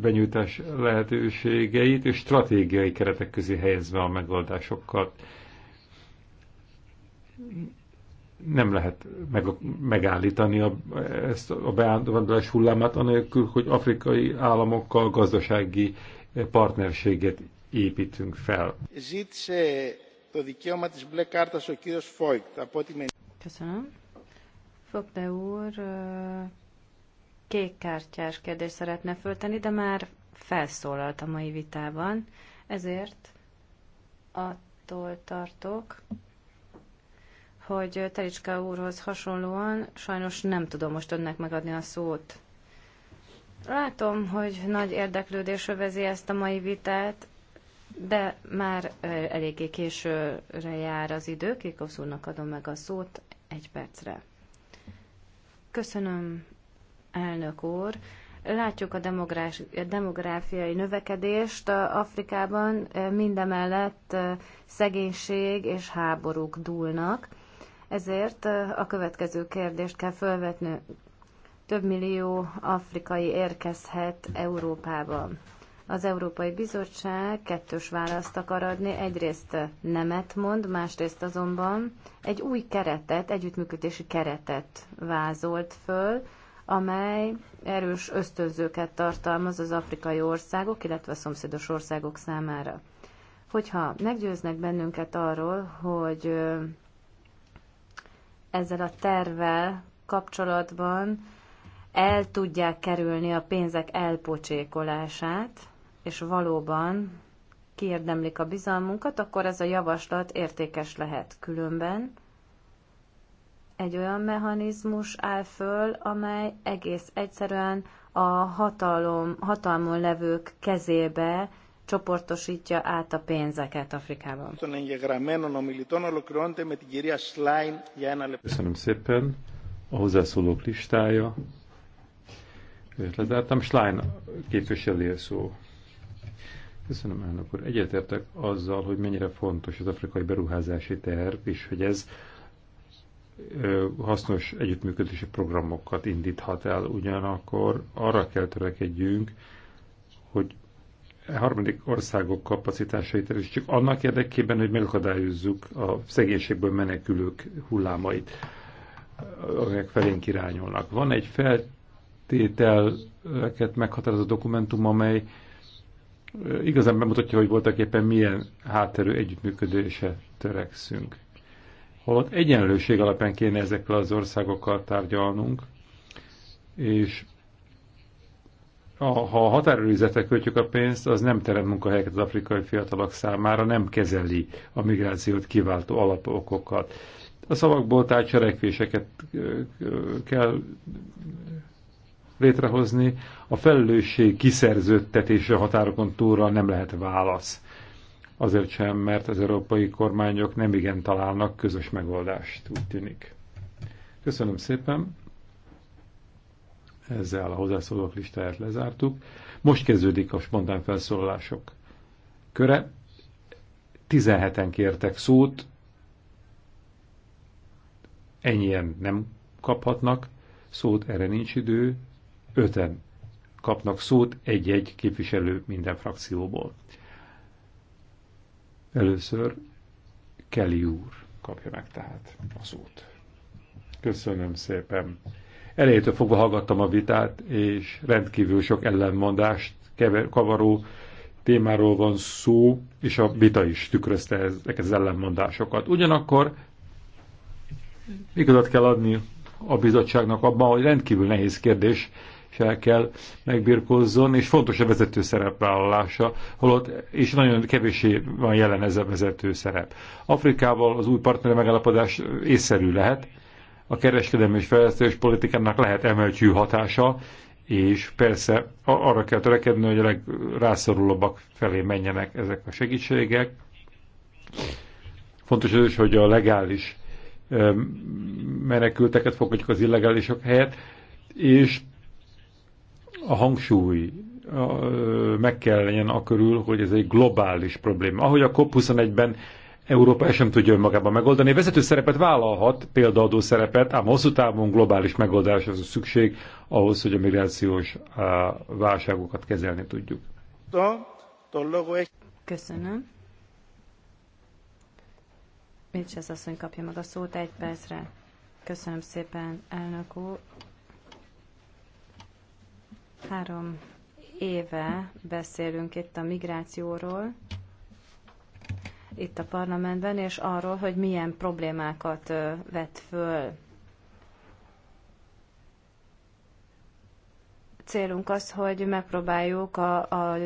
benyújtás lehetőségeit, és stratégiai keretek közé helyezve a megoldásokat. Nem lehet meg, megállítani a, ezt a beállítás hullámát, anélkül, hogy afrikai államokkal gazdasági partnerséget építünk fel. Köszönöm. Fogta úr kékkártyás kérdést szeretne föltenni, de már felszólalt a mai vitában, ezért attól tartok, hogy Telicska úrhoz hasonlóan sajnos nem tudom most önnek megadni a szót. Látom, hogy nagy érdeklődés övezi ezt a mai vitát, de már eléggé későre jár az idő. Kirkosz úrnak adom meg a szót egy percre. Köszönöm, elnök úr. Látjuk a demográfiai növekedést eh, Afrikában, eh, mindemellett eh, szegénység és háborúk dúlnak. Ezért a következő kérdést kell felvetni. Több millió afrikai érkezhet Európába. Az Európai Bizottság kettős választ akar adni, egyrészt nemet mond, másrészt azonban egy új keretet, együttműködési keretet vázolt föl, amely erős ösztönzőket tartalmaz az afrikai országok, illetve a szomszédos országok számára. Hogyha meggyőznek bennünket arról, hogy ezzel a tervvel kapcsolatban el tudják kerülni a pénzek elpocsékolását, és valóban kiérdemlik a bizalmunkat, akkor ez a javaslat értékes lehet különben egy olyan mechanizmus áll föl, amely egész egyszerűen a hatalom, hatalmon levők kezébe csoportosítja át a pénzeket Afrikában. Köszönöm szépen. A hozzászólók listája. Lezártam. Schlein képviselő szó. Köszönöm, elnök úr. Egyetértek azzal, hogy mennyire fontos az afrikai beruházási terv, és hogy ez hasznos együttműködési programokat indíthat el. Ugyanakkor arra kell törekedjünk, hogy a harmadik országok kapacitásait is csak annak érdekében, hogy megakadályozzuk a szegénységből menekülők hullámait, amelyek felénk irányulnak. Van egy feltételeket meghatározó dokumentum, amely igazán bemutatja, hogy voltak éppen milyen hátterű együttműködése törekszünk holott egyenlőség alapján kéne ezekkel az országokkal tárgyalnunk, és a, ha a határőrizetre költjük a pénzt, az nem teremt munkahelyeket az afrikai fiatalok számára, nem kezeli a migrációt kiváltó alapokokat. A szavakból tehát cselekvéseket kell létrehozni. A felelősség kiszerződtetése határokon túlra nem lehet válasz azért sem, mert az európai kormányok nem igen találnak közös megoldást, úgy tűnik. Köszönöm szépen. Ezzel a hozzászólók listáját lezártuk. Most kezdődik a spontán felszólalások köre. 17-en kértek szót, ennyien nem kaphatnak szót, erre nincs idő, öten kapnak szót egy-egy képviselő minden frakcióból. Először Kelly úr kapja meg tehát a szót. Köszönöm szépen. Elejétől fogva hallgattam a vitát, és rendkívül sok ellenmondást kever, kavaró témáról van szó, és a vita is tükrözte ezeket az ellenmondásokat. Ugyanakkor igazat kell adni a bizottságnak abban, hogy rendkívül nehéz kérdés fel kell megbirkózzon, és fontos a vezető szerepvállalása, holott és nagyon kevésé van jelen ez a vezető szerep. Afrikával az új partneri megállapodás észszerű lehet, a kereskedelmi és fejlesztés politikának lehet emeltyű hatása, és persze arra kell törekedni, hogy a legrászorulóbbak felé menjenek ezek a segítségek. Fontos az is, hogy a legális menekülteket fogadjuk az illegálisok helyett, és a hangsúly meg kell legyen a körül, hogy ez egy globális probléma. Ahogy a COP21-ben Európa ezt sem tudja önmagában megoldani. Vezető szerepet vállalhat, példaadó szerepet, ám hosszú távon globális megoldás az a szükség ahhoz, hogy a migrációs válságokat kezelni tudjuk. Köszönöm. Mit az asszony kapja meg a szót egy percre. Köszönöm szépen, elnök úr. Három éve beszélünk itt a migrációról, itt a parlamentben, és arról, hogy milyen problémákat vet föl. Célunk az, hogy megpróbáljuk a, a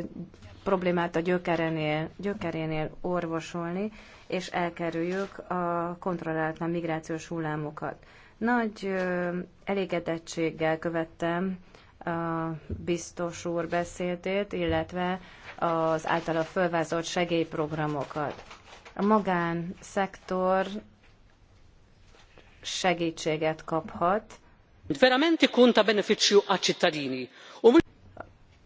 problémát a gyökerenél, gyökerénél orvosolni, és elkerüljük a kontrolláltan migrációs hullámokat. Nagy elégedettséggel követtem a biztos úr beszédét, illetve az általa fölvázolt segélyprogramokat. A magánszektor segítséget kaphat. Veramente conta beneficio a cittadini.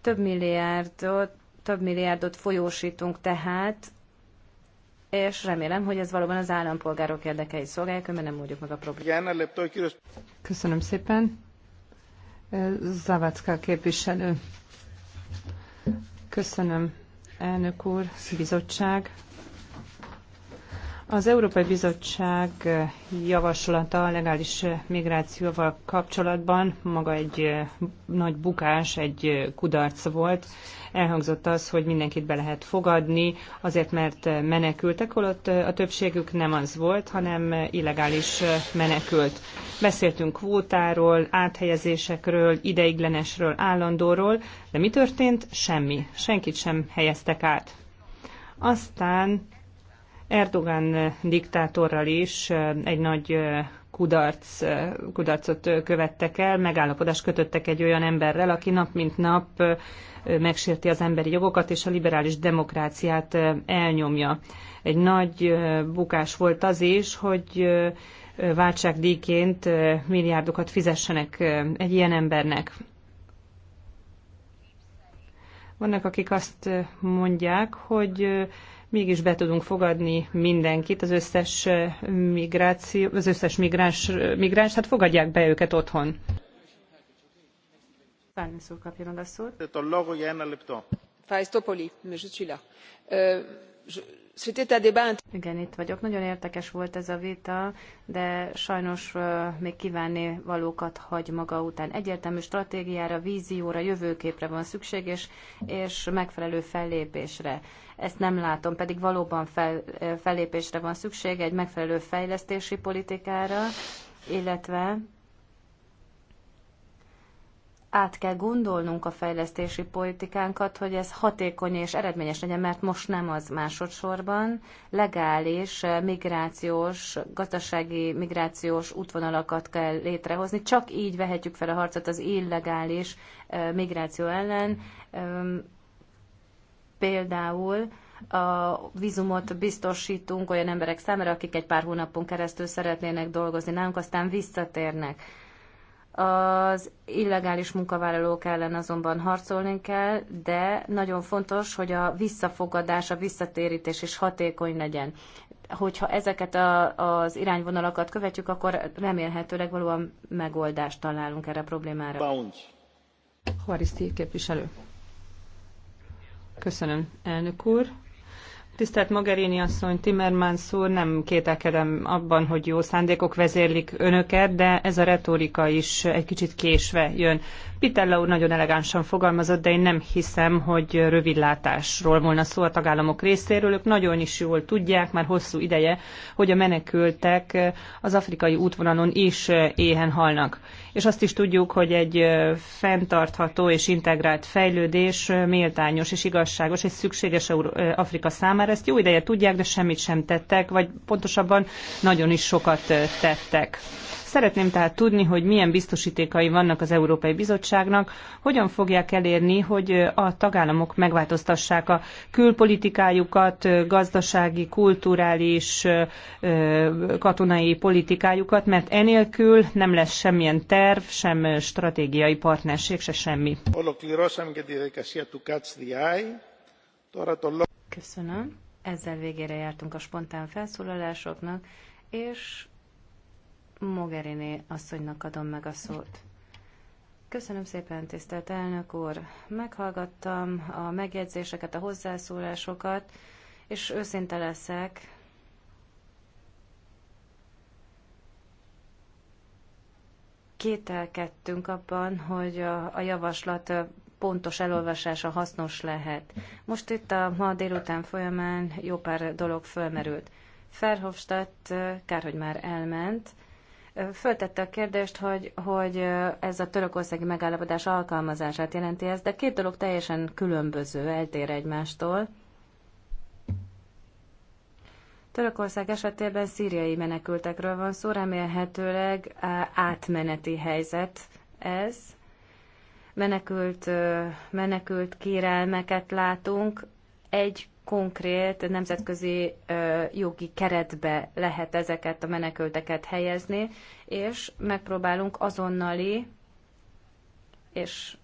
Több milliárdot, több milliárdot folyósítunk tehát, és remélem, hogy ez valóban az állampolgárok érdekeit szolgálja, mert nem mondjuk meg a problémát. Köszönöm szépen. Zavacka képviselő. Köszönöm, elnök úr, bizottság. Az Európai Bizottság javaslata a legális migrációval kapcsolatban maga egy eh, nagy bukás, egy eh, kudarc volt. Elhangzott az, hogy mindenkit be lehet fogadni, azért mert eh, menekültek, holott a többségük nem az volt, hanem illegális menekült. Beszéltünk kvótáról, áthelyezésekről, ideiglenesről, állandóról, de mi történt? Semmi. Senkit sem helyeztek át. Aztán Erdogan diktátorral is eh, egy nagy eh, kudarc, eh, kudarcot követtek el, megállapodást kötöttek egy olyan emberrel, aki nap mint nap megsérti az emberi jogokat és a liberális demokráciát elnyomja. Egy nagy bukás volt az is, hogy váltságdíjként milliárdokat fizessenek egy ilyen embernek. Vannak, akik azt mondják, hogy mégis be tudunk fogadni mindenkit, az összes, migráció, az összes migráns, migráns, hát fogadják be őket otthon. a euh, Igen, itt vagyok. Nagyon érdekes volt ez a vita, de sajnos még kívánni valókat hagy maga után. Egyértelmű stratégiára, vízióra, jövőképre van szükség, és, és megfelelő fellépésre ezt nem látom, pedig valóban fel, fellépésre van szükség, egy megfelelő fejlesztési politikára, illetve át kell gondolnunk a fejlesztési politikánkat, hogy ez hatékony és eredményes legyen, mert most nem az másodszorban. Legális, migrációs, gazdasági migrációs útvonalakat kell létrehozni. Csak így vehetjük fel a harcot az illegális migráció ellen Például a vízumot biztosítunk olyan emberek számára, akik egy pár hónapon keresztül szeretnének dolgozni nálunk, aztán visszatérnek. Az illegális munkavállalók ellen azonban harcolni kell, de nagyon fontos, hogy a visszafogadás, a visszatérítés is hatékony legyen. Hogyha ezeket a, az irányvonalakat követjük, akkor remélhetőleg valóan megoldást találunk erre a problémára. Bounce. Hariszti képviselő. Köszönöm, elnök úr. Tisztelt Mogherini asszony, Timmermans úr, nem kételkedem abban, hogy jó szándékok vezérlik önöket, de ez a retorika is egy kicsit késve jön. Pitella úr nagyon elegánsan fogalmazott, de én nem hiszem, hogy rövidlátásról volna szó a tagállamok részéről. Ők nagyon is jól tudják, már hosszú ideje, hogy a menekültek az afrikai útvonalon is éhen halnak. És azt is tudjuk, hogy egy fenntartható és integrált fejlődés méltányos és igazságos és szükséges Afrika számára. Ezt jó ideje tudják, de semmit sem tettek, vagy pontosabban nagyon is sokat tettek Szeretném tehát tudni, hogy milyen biztosítékai vannak az Európai Bizottságnak, hogyan fogják elérni, hogy a tagállamok megváltoztassák a külpolitikájukat, gazdasági, kulturális, katonai politikájukat, mert enélkül nem lesz semmilyen terv, sem stratégiai partnerség, se semmi. Köszönöm. Ezzel végére jártunk a spontán felszólalásoknak, és Mogherini asszonynak adom meg a szót. Köszönöm szépen, tisztelt elnök úr. Meghallgattam a megjegyzéseket, a hozzászólásokat, és őszinte leszek. Kételkedtünk abban, hogy a, a javaslat pontos elolvasása hasznos lehet. Most itt a ma délután folyamán jó pár dolog fölmerült. Ferhofstadt, kár, hogy már elment, Föltette a kérdést, hogy, hogy ez a törökországi megállapodás alkalmazását jelenti ez, de két dolog teljesen különböző, eltér egymástól. Törökország esetében szíriai menekültekről van szó, remélhetőleg átmeneti helyzet ez. Menekült, menekült kérelmeket látunk. Egy konkrét nemzetközi jogi keretbe lehet ezeket a menekülteket helyezni, és megpróbálunk azonnali és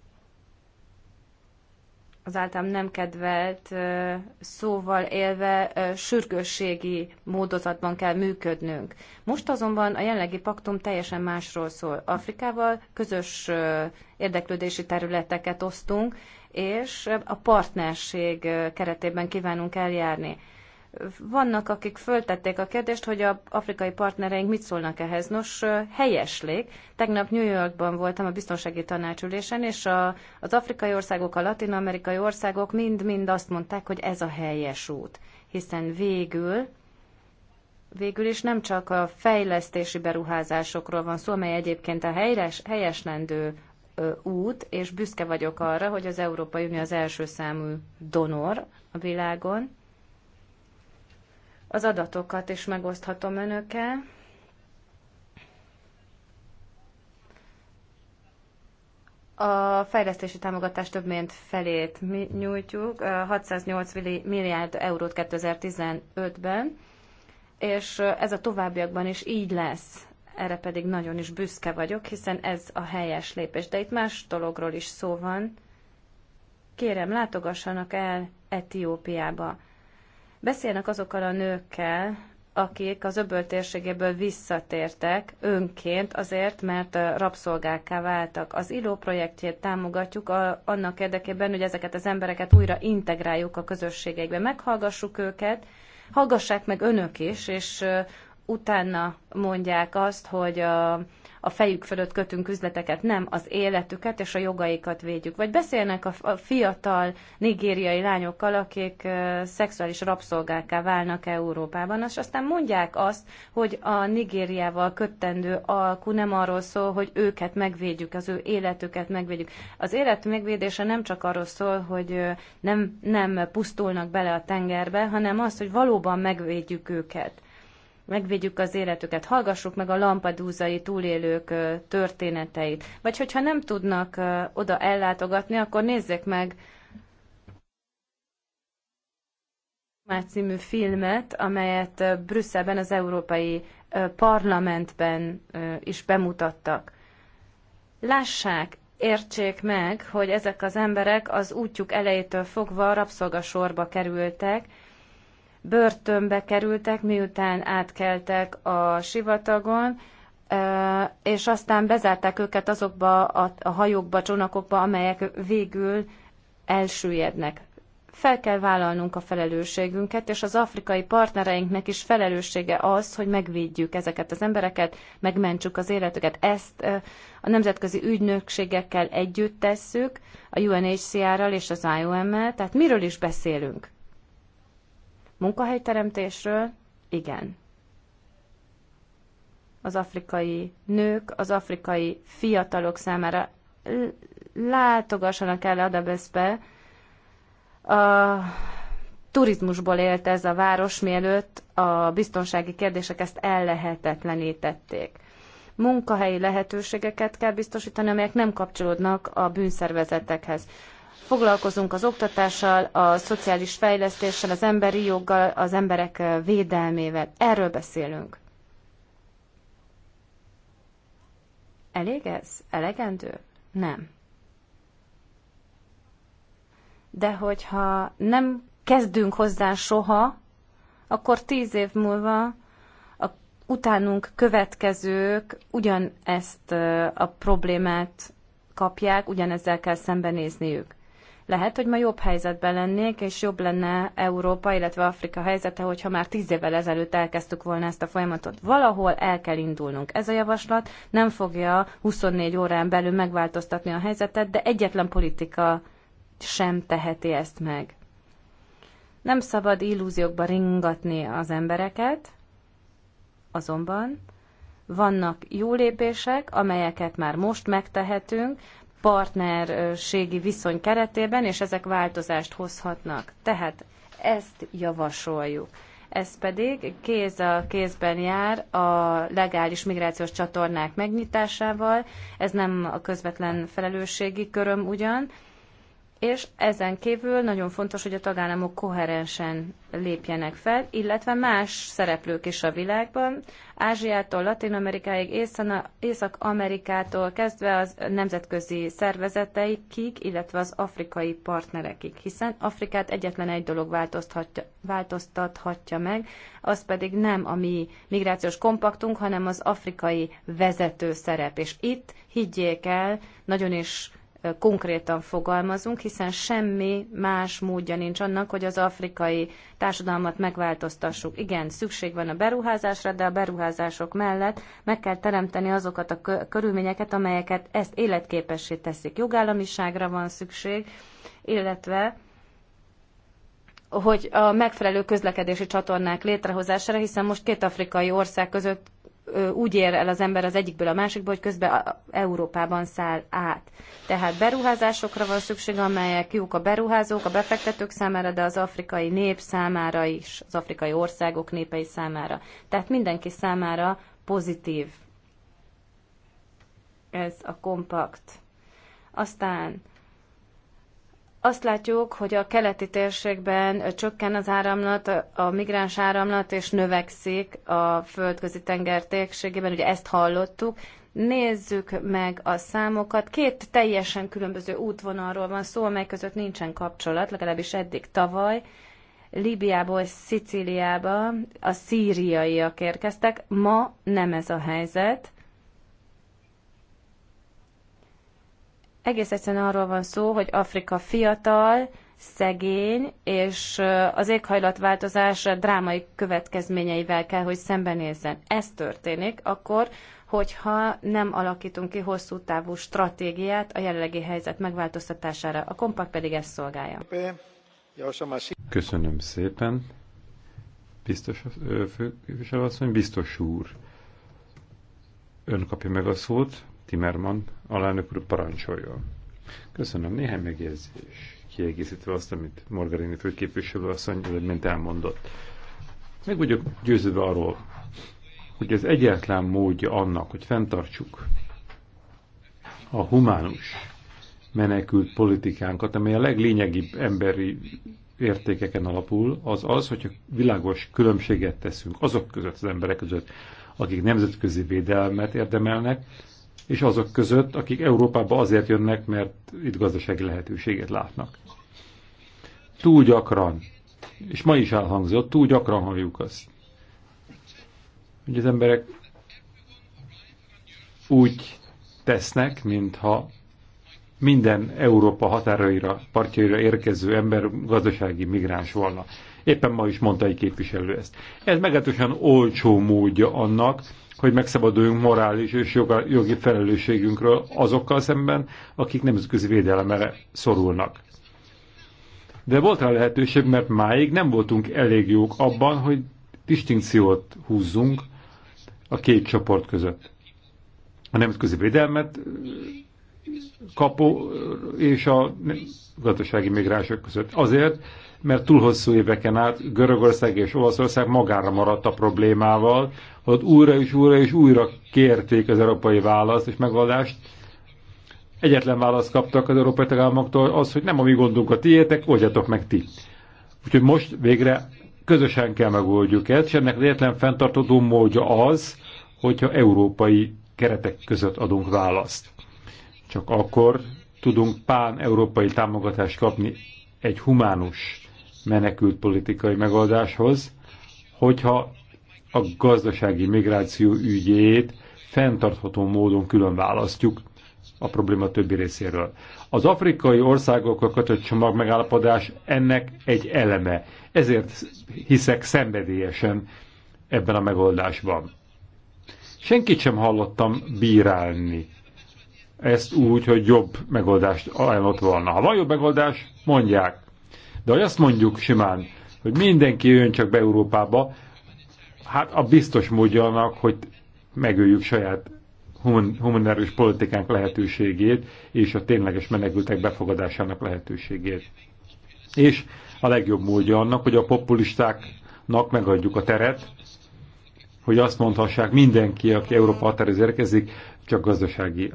az általam nem kedvelt szóval élve sürgősségi módozatban kell működnünk. Most azonban a jelenlegi paktum teljesen másról szól. Afrikával közös érdeklődési területeket osztunk, és a partnerség keretében kívánunk eljárni. Vannak, akik föltették a kérdést, hogy a afrikai partnereink mit szólnak ehhez. Nos, helyeslék. Tegnap New Yorkban voltam a biztonsági tanácsülésen, és a, az afrikai országok, a latin-amerikai országok mind-mind azt mondták, hogy ez a helyes út. Hiszen végül végül is nem csak a fejlesztési beruházásokról van szó, amely egyébként a helyes, helyeslendő út, és büszke vagyok arra, hogy az Európai Unió az első számú donor a világon. Az adatokat is megoszthatom önökkel. A fejlesztési támogatás több mint felét mi nyújtjuk, 608 milliárd eurót 2015-ben, és ez a továbbiakban is így lesz erre pedig nagyon is büszke vagyok, hiszen ez a helyes lépés. De itt más dologról is szó van. Kérem, látogassanak el Etiópiába. Beszélnek azokkal a nőkkel, akik az öböl térségéből visszatértek önként azért, mert rabszolgákká váltak. Az ILO projektjét támogatjuk a, annak érdekében, hogy ezeket az embereket újra integráljuk a közösségekbe. Meghallgassuk őket, hallgassák meg önök is, és utána mondják azt, hogy a, a fejük fölött kötünk üzleteket, nem az életüket és a jogaikat védjük. Vagy beszélnek a, a fiatal nigériai lányokkal, akik ö, szexuális rabszolgákká válnak Európában, és aztán mondják azt, hogy a Nigériával köttendő alkú nem arról szól, hogy őket megvédjük, az ő életüket megvédjük. Az élet megvédése nem csak arról szól, hogy ö, nem, nem pusztulnak bele a tengerbe, hanem az, hogy valóban megvédjük őket megvédjük az életüket, hallgassuk meg a lampadúzai túlélők történeteit. Vagy hogyha nem tudnak oda ellátogatni, akkor nézzék meg a című filmet, amelyet Brüsszelben az Európai Parlamentben is bemutattak. Lássák, értsék meg, hogy ezek az emberek az útjuk elejétől fogva rabszolgasorba kerültek, börtönbe kerültek, miután átkeltek a sivatagon, és aztán bezárták őket azokba a hajókba, csónakokba, amelyek végül elsüllyednek. Fel kell vállalnunk a felelősségünket, és az afrikai partnereinknek is felelőssége az, hogy megvédjük ezeket az embereket, megmentsük az életüket. Ezt a nemzetközi ügynökségekkel együtt tesszük, a UNHCR-ral és az IOM-mel, tehát miről is beszélünk? Munkahelyteremtésről? Igen. Az afrikai nők, az afrikai fiatalok számára látogassanak el Adabeszbe. A turizmusból élt ez a város, mielőtt a biztonsági kérdések ezt ellehetetlenítették munkahelyi lehetőségeket kell biztosítani, amelyek nem kapcsolódnak a bűnszervezetekhez. Foglalkozunk az oktatással, a szociális fejlesztéssel, az emberi joggal, az emberek védelmével. Erről beszélünk. Elég ez? Elegendő? Nem. De hogyha nem kezdünk hozzá soha, akkor tíz év múlva a utánunk következők ugyanezt a problémát kapják, ugyanezzel kell szembenézniük. Lehet, hogy ma jobb helyzetben lennék, és jobb lenne Európa, illetve Afrika helyzete, hogyha már tíz évvel ezelőtt elkezdtük volna ezt a folyamatot. Valahol el kell indulnunk. Ez a javaslat nem fogja 24 órán belül megváltoztatni a helyzetet, de egyetlen politika sem teheti ezt meg. Nem szabad illúziókba ringatni az embereket, azonban vannak jó lépések, amelyeket már most megtehetünk, partnerségi viszony keretében, és ezek változást hozhatnak. Tehát ezt javasoljuk. Ez pedig kéz a kézben jár a legális migrációs csatornák megnyitásával. Ez nem a közvetlen felelősségi köröm ugyan, és ezen kívül nagyon fontos, hogy a tagállamok koherensen lépjenek fel, illetve más szereplők is a világban, Ázsiától, Latin Amerikáig, Észak-Amerikától kezdve az nemzetközi szervezeteikig, illetve az afrikai partnerekig, hiszen Afrikát egyetlen egy dolog változtathatja, változtathatja meg, az pedig nem a mi migrációs kompaktunk, hanem az afrikai vezető szerep. És itt higgyék el, nagyon is konkrétan fogalmazunk, hiszen semmi más módja nincs annak, hogy az afrikai társadalmat megváltoztassuk. Igen, szükség van a beruházásra, de a beruházások mellett meg kell teremteni azokat a körülményeket, amelyeket ezt életképessé teszik. Jogállamiságra van szükség, illetve hogy a megfelelő közlekedési csatornák létrehozására, hiszen most két afrikai ország között úgy ér el az ember az egyikből a másikba, hogy közben Európában száll át. Tehát beruházásokra van szükség, amelyek jók a beruházók, a befektetők számára, de az afrikai nép számára is, az afrikai országok népei számára. Tehát mindenki számára pozitív ez a kompakt. Aztán azt látjuk, hogy a keleti térségben csökken az áramlat, a migráns áramlat, és növekszik a földközi tenger térségében, ugye ezt hallottuk. Nézzük meg a számokat. Két teljesen különböző útvonalról van szó, amely között nincsen kapcsolat, legalábbis eddig tavaly. Líbiából Szicíliába a szíriaiak érkeztek. Ma nem ez a helyzet. Egész egyszerűen arról van szó, hogy Afrika fiatal, szegény, és az éghajlatváltozás drámai következményeivel kell, hogy szembenézzen. Ez történik akkor, hogyha nem alakítunk ki hosszú távú stratégiát a jelenlegi helyzet megváltoztatására. A kompakt pedig ezt szolgálja. Köszönöm szépen. Biztos fő, biztos úr. Ön kapja meg a szót, Timmerman alelnök úr parancsolja. Köszönöm. Néhány megjegyzés kiegészítve azt, amit Margarini főképviselő asszony mint elmondott. Meg vagyok győződve arról, hogy az egyetlen módja annak, hogy fenntartsuk a humánus menekült politikánkat, amely a leglényegibb emberi értékeken alapul, az az, hogyha világos különbséget teszünk azok között, az emberek között, akik nemzetközi védelmet érdemelnek, és azok között, akik Európába azért jönnek, mert itt gazdasági lehetőséget látnak. Túl gyakran, és ma is elhangzott, túl gyakran halljuk azt, hogy az emberek úgy tesznek, mintha minden Európa határaira, partjaira érkező ember gazdasági migráns volna. Éppen ma is mondta egy képviselő ezt. Ez megetősen olcsó módja annak, hogy megszabaduljunk morális és jogi felelősségünkről azokkal szemben, akik nemzetközi védelemre szorulnak. De volt rá lehetőség, mert máig nem voltunk elég jók abban, hogy distinkciót húzzunk a két csoport között. A nemzetközi védelmet kapó és a gazdasági migránsok között. Azért, mert túl hosszú éveken át Görögország és Olaszország magára maradt a problémával, ott újra és újra és újra kérték az európai választ és megoldást. Egyetlen választ kaptak az európai tagállamoktól az, hogy nem a mi gondunk a tiétek, oldjatok meg ti. Úgyhogy most végre közösen kell megoldjuk ezt, és ennek egyetlen fenntartató módja az, hogyha európai keretek között adunk választ. Csak akkor tudunk pán-európai támogatást kapni egy humánus menekült politikai megoldáshoz, hogyha a gazdasági migráció ügyét fenntartható módon külön választjuk a probléma többi részéről. Az afrikai országokkal kötött csomag megállapodás ennek egy eleme. Ezért hiszek szenvedélyesen ebben a megoldásban. Senkit sem hallottam bírálni ezt úgy, hogy jobb megoldást ajánlott volna. Ha van jobb megoldás, mondják. De hogy azt mondjuk simán, hogy mindenki jön csak be Európába, hát a biztos módja annak, hogy megöljük saját humanitárius politikánk lehetőségét, és a tényleges menekültek befogadásának lehetőségét. És a legjobb módja annak, hogy a populistáknak megadjuk a teret, hogy azt mondhassák mindenki, aki Európa határoz érkezik, csak gazdasági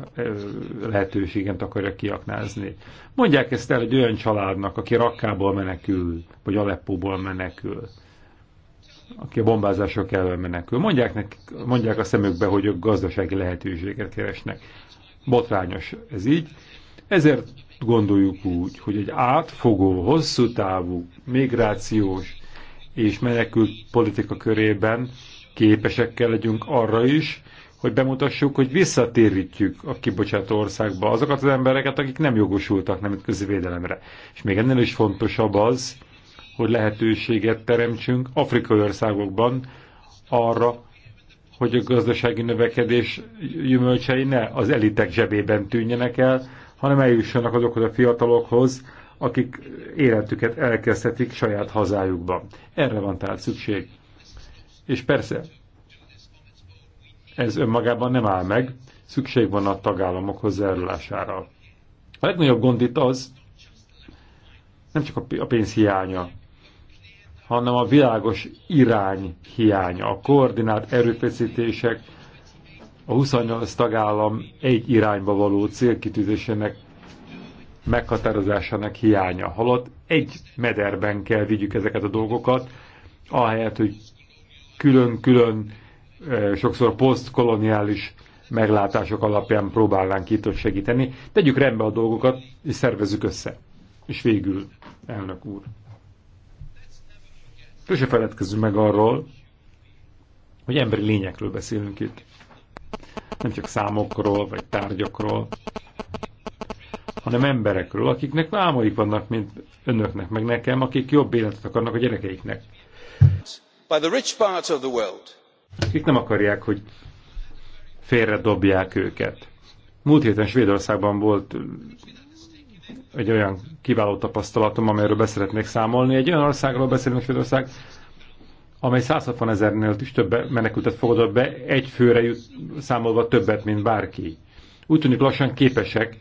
lehetőséget akarja kiaknázni. Mondják ezt el egy olyan családnak, aki Rakkából menekül, vagy Aleppóból menekül aki a bombázások elől menekül. Mondják, nekik, mondják a szemükbe, hogy ők gazdasági lehetőséget keresnek. Botrányos ez így. Ezért gondoljuk úgy, hogy egy átfogó, hosszú távú, migrációs és menekült politika körében képesek legyünk arra is, hogy bemutassuk, hogy visszatérítjük a kibocsátó országba azokat az embereket, akik nem jogosultak nemzetközi védelemre. És még ennél is fontosabb az, hogy lehetőséget teremtsünk afrikai országokban arra, hogy a gazdasági növekedés gyümölcsei ne az elitek zsebében tűnjenek el, hanem eljussanak azokhoz a fiatalokhoz, akik életüket elkezdhetik saját hazájukban. Erre van tehát szükség. És persze, ez önmagában nem áll meg, szükség van a tagállamok hozzájárulására. A legnagyobb gond itt az, nem csak a pénz hiánya, hanem a világos irány hiánya, a koordinált erőfeszítések, a 28 tagállam egy irányba való célkitűzésének meghatározásának hiánya. Halott egy mederben kell vigyük ezeket a dolgokat, ahelyett, hogy külön-külön, sokszor posztkoloniális meglátások alapján próbálnánk itt ott segíteni. Tegyük rendbe a dolgokat, és szervezzük össze. És végül, elnök úr. Sose feledkezzünk meg arról, hogy emberi lényekről beszélünk itt. Nem csak számokról, vagy tárgyakról, hanem emberekről, akiknek álmaik vannak, mint önöknek, meg nekem, akik jobb életet akarnak a gyerekeiknek. By the rich part of the world. Akik nem akarják, hogy félredobják őket. Múlt héten Svédországban volt egy olyan kiváló tapasztalatom, amelyről beszeretnék számolni. Egy olyan országról beszélünk, Svédország, amely 160 ezernél is több menekültet fogadott be, egy főre jut, számolva többet, mint bárki. Úgy tűnik lassan képesek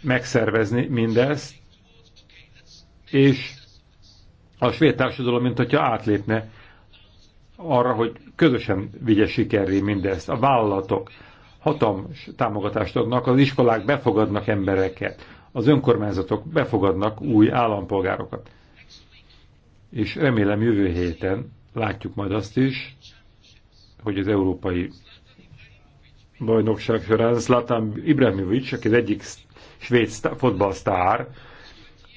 megszervezni mindezt, és a svéd társadalom, mint hogyha átlépne arra, hogy közösen vigye sikerré mindezt. A vállalatok hatalmas támogatást adnak, az iskolák befogadnak embereket, az önkormányzatok befogadnak új állampolgárokat. És remélem jövő héten látjuk majd azt is, hogy az európai bajnokság során Zlatan Ibrahimovic, aki az egyik svéd fotballsztár,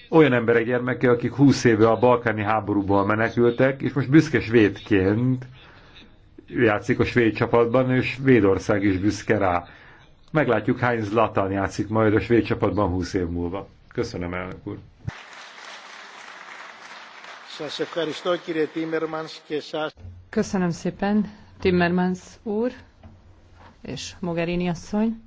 olyan emberek gyermeke, akik 20 éve a balkáni háborúból menekültek, és most büszke svédként játszik a svéd csapatban, és Svédország is büszke rá. Meglátjuk, hány Zlatan játszik majd a svéd csapatban 20 év múlva. Köszönöm, elnök úr. Köszönöm szépen, Timmermans úr és Mogherini asszony.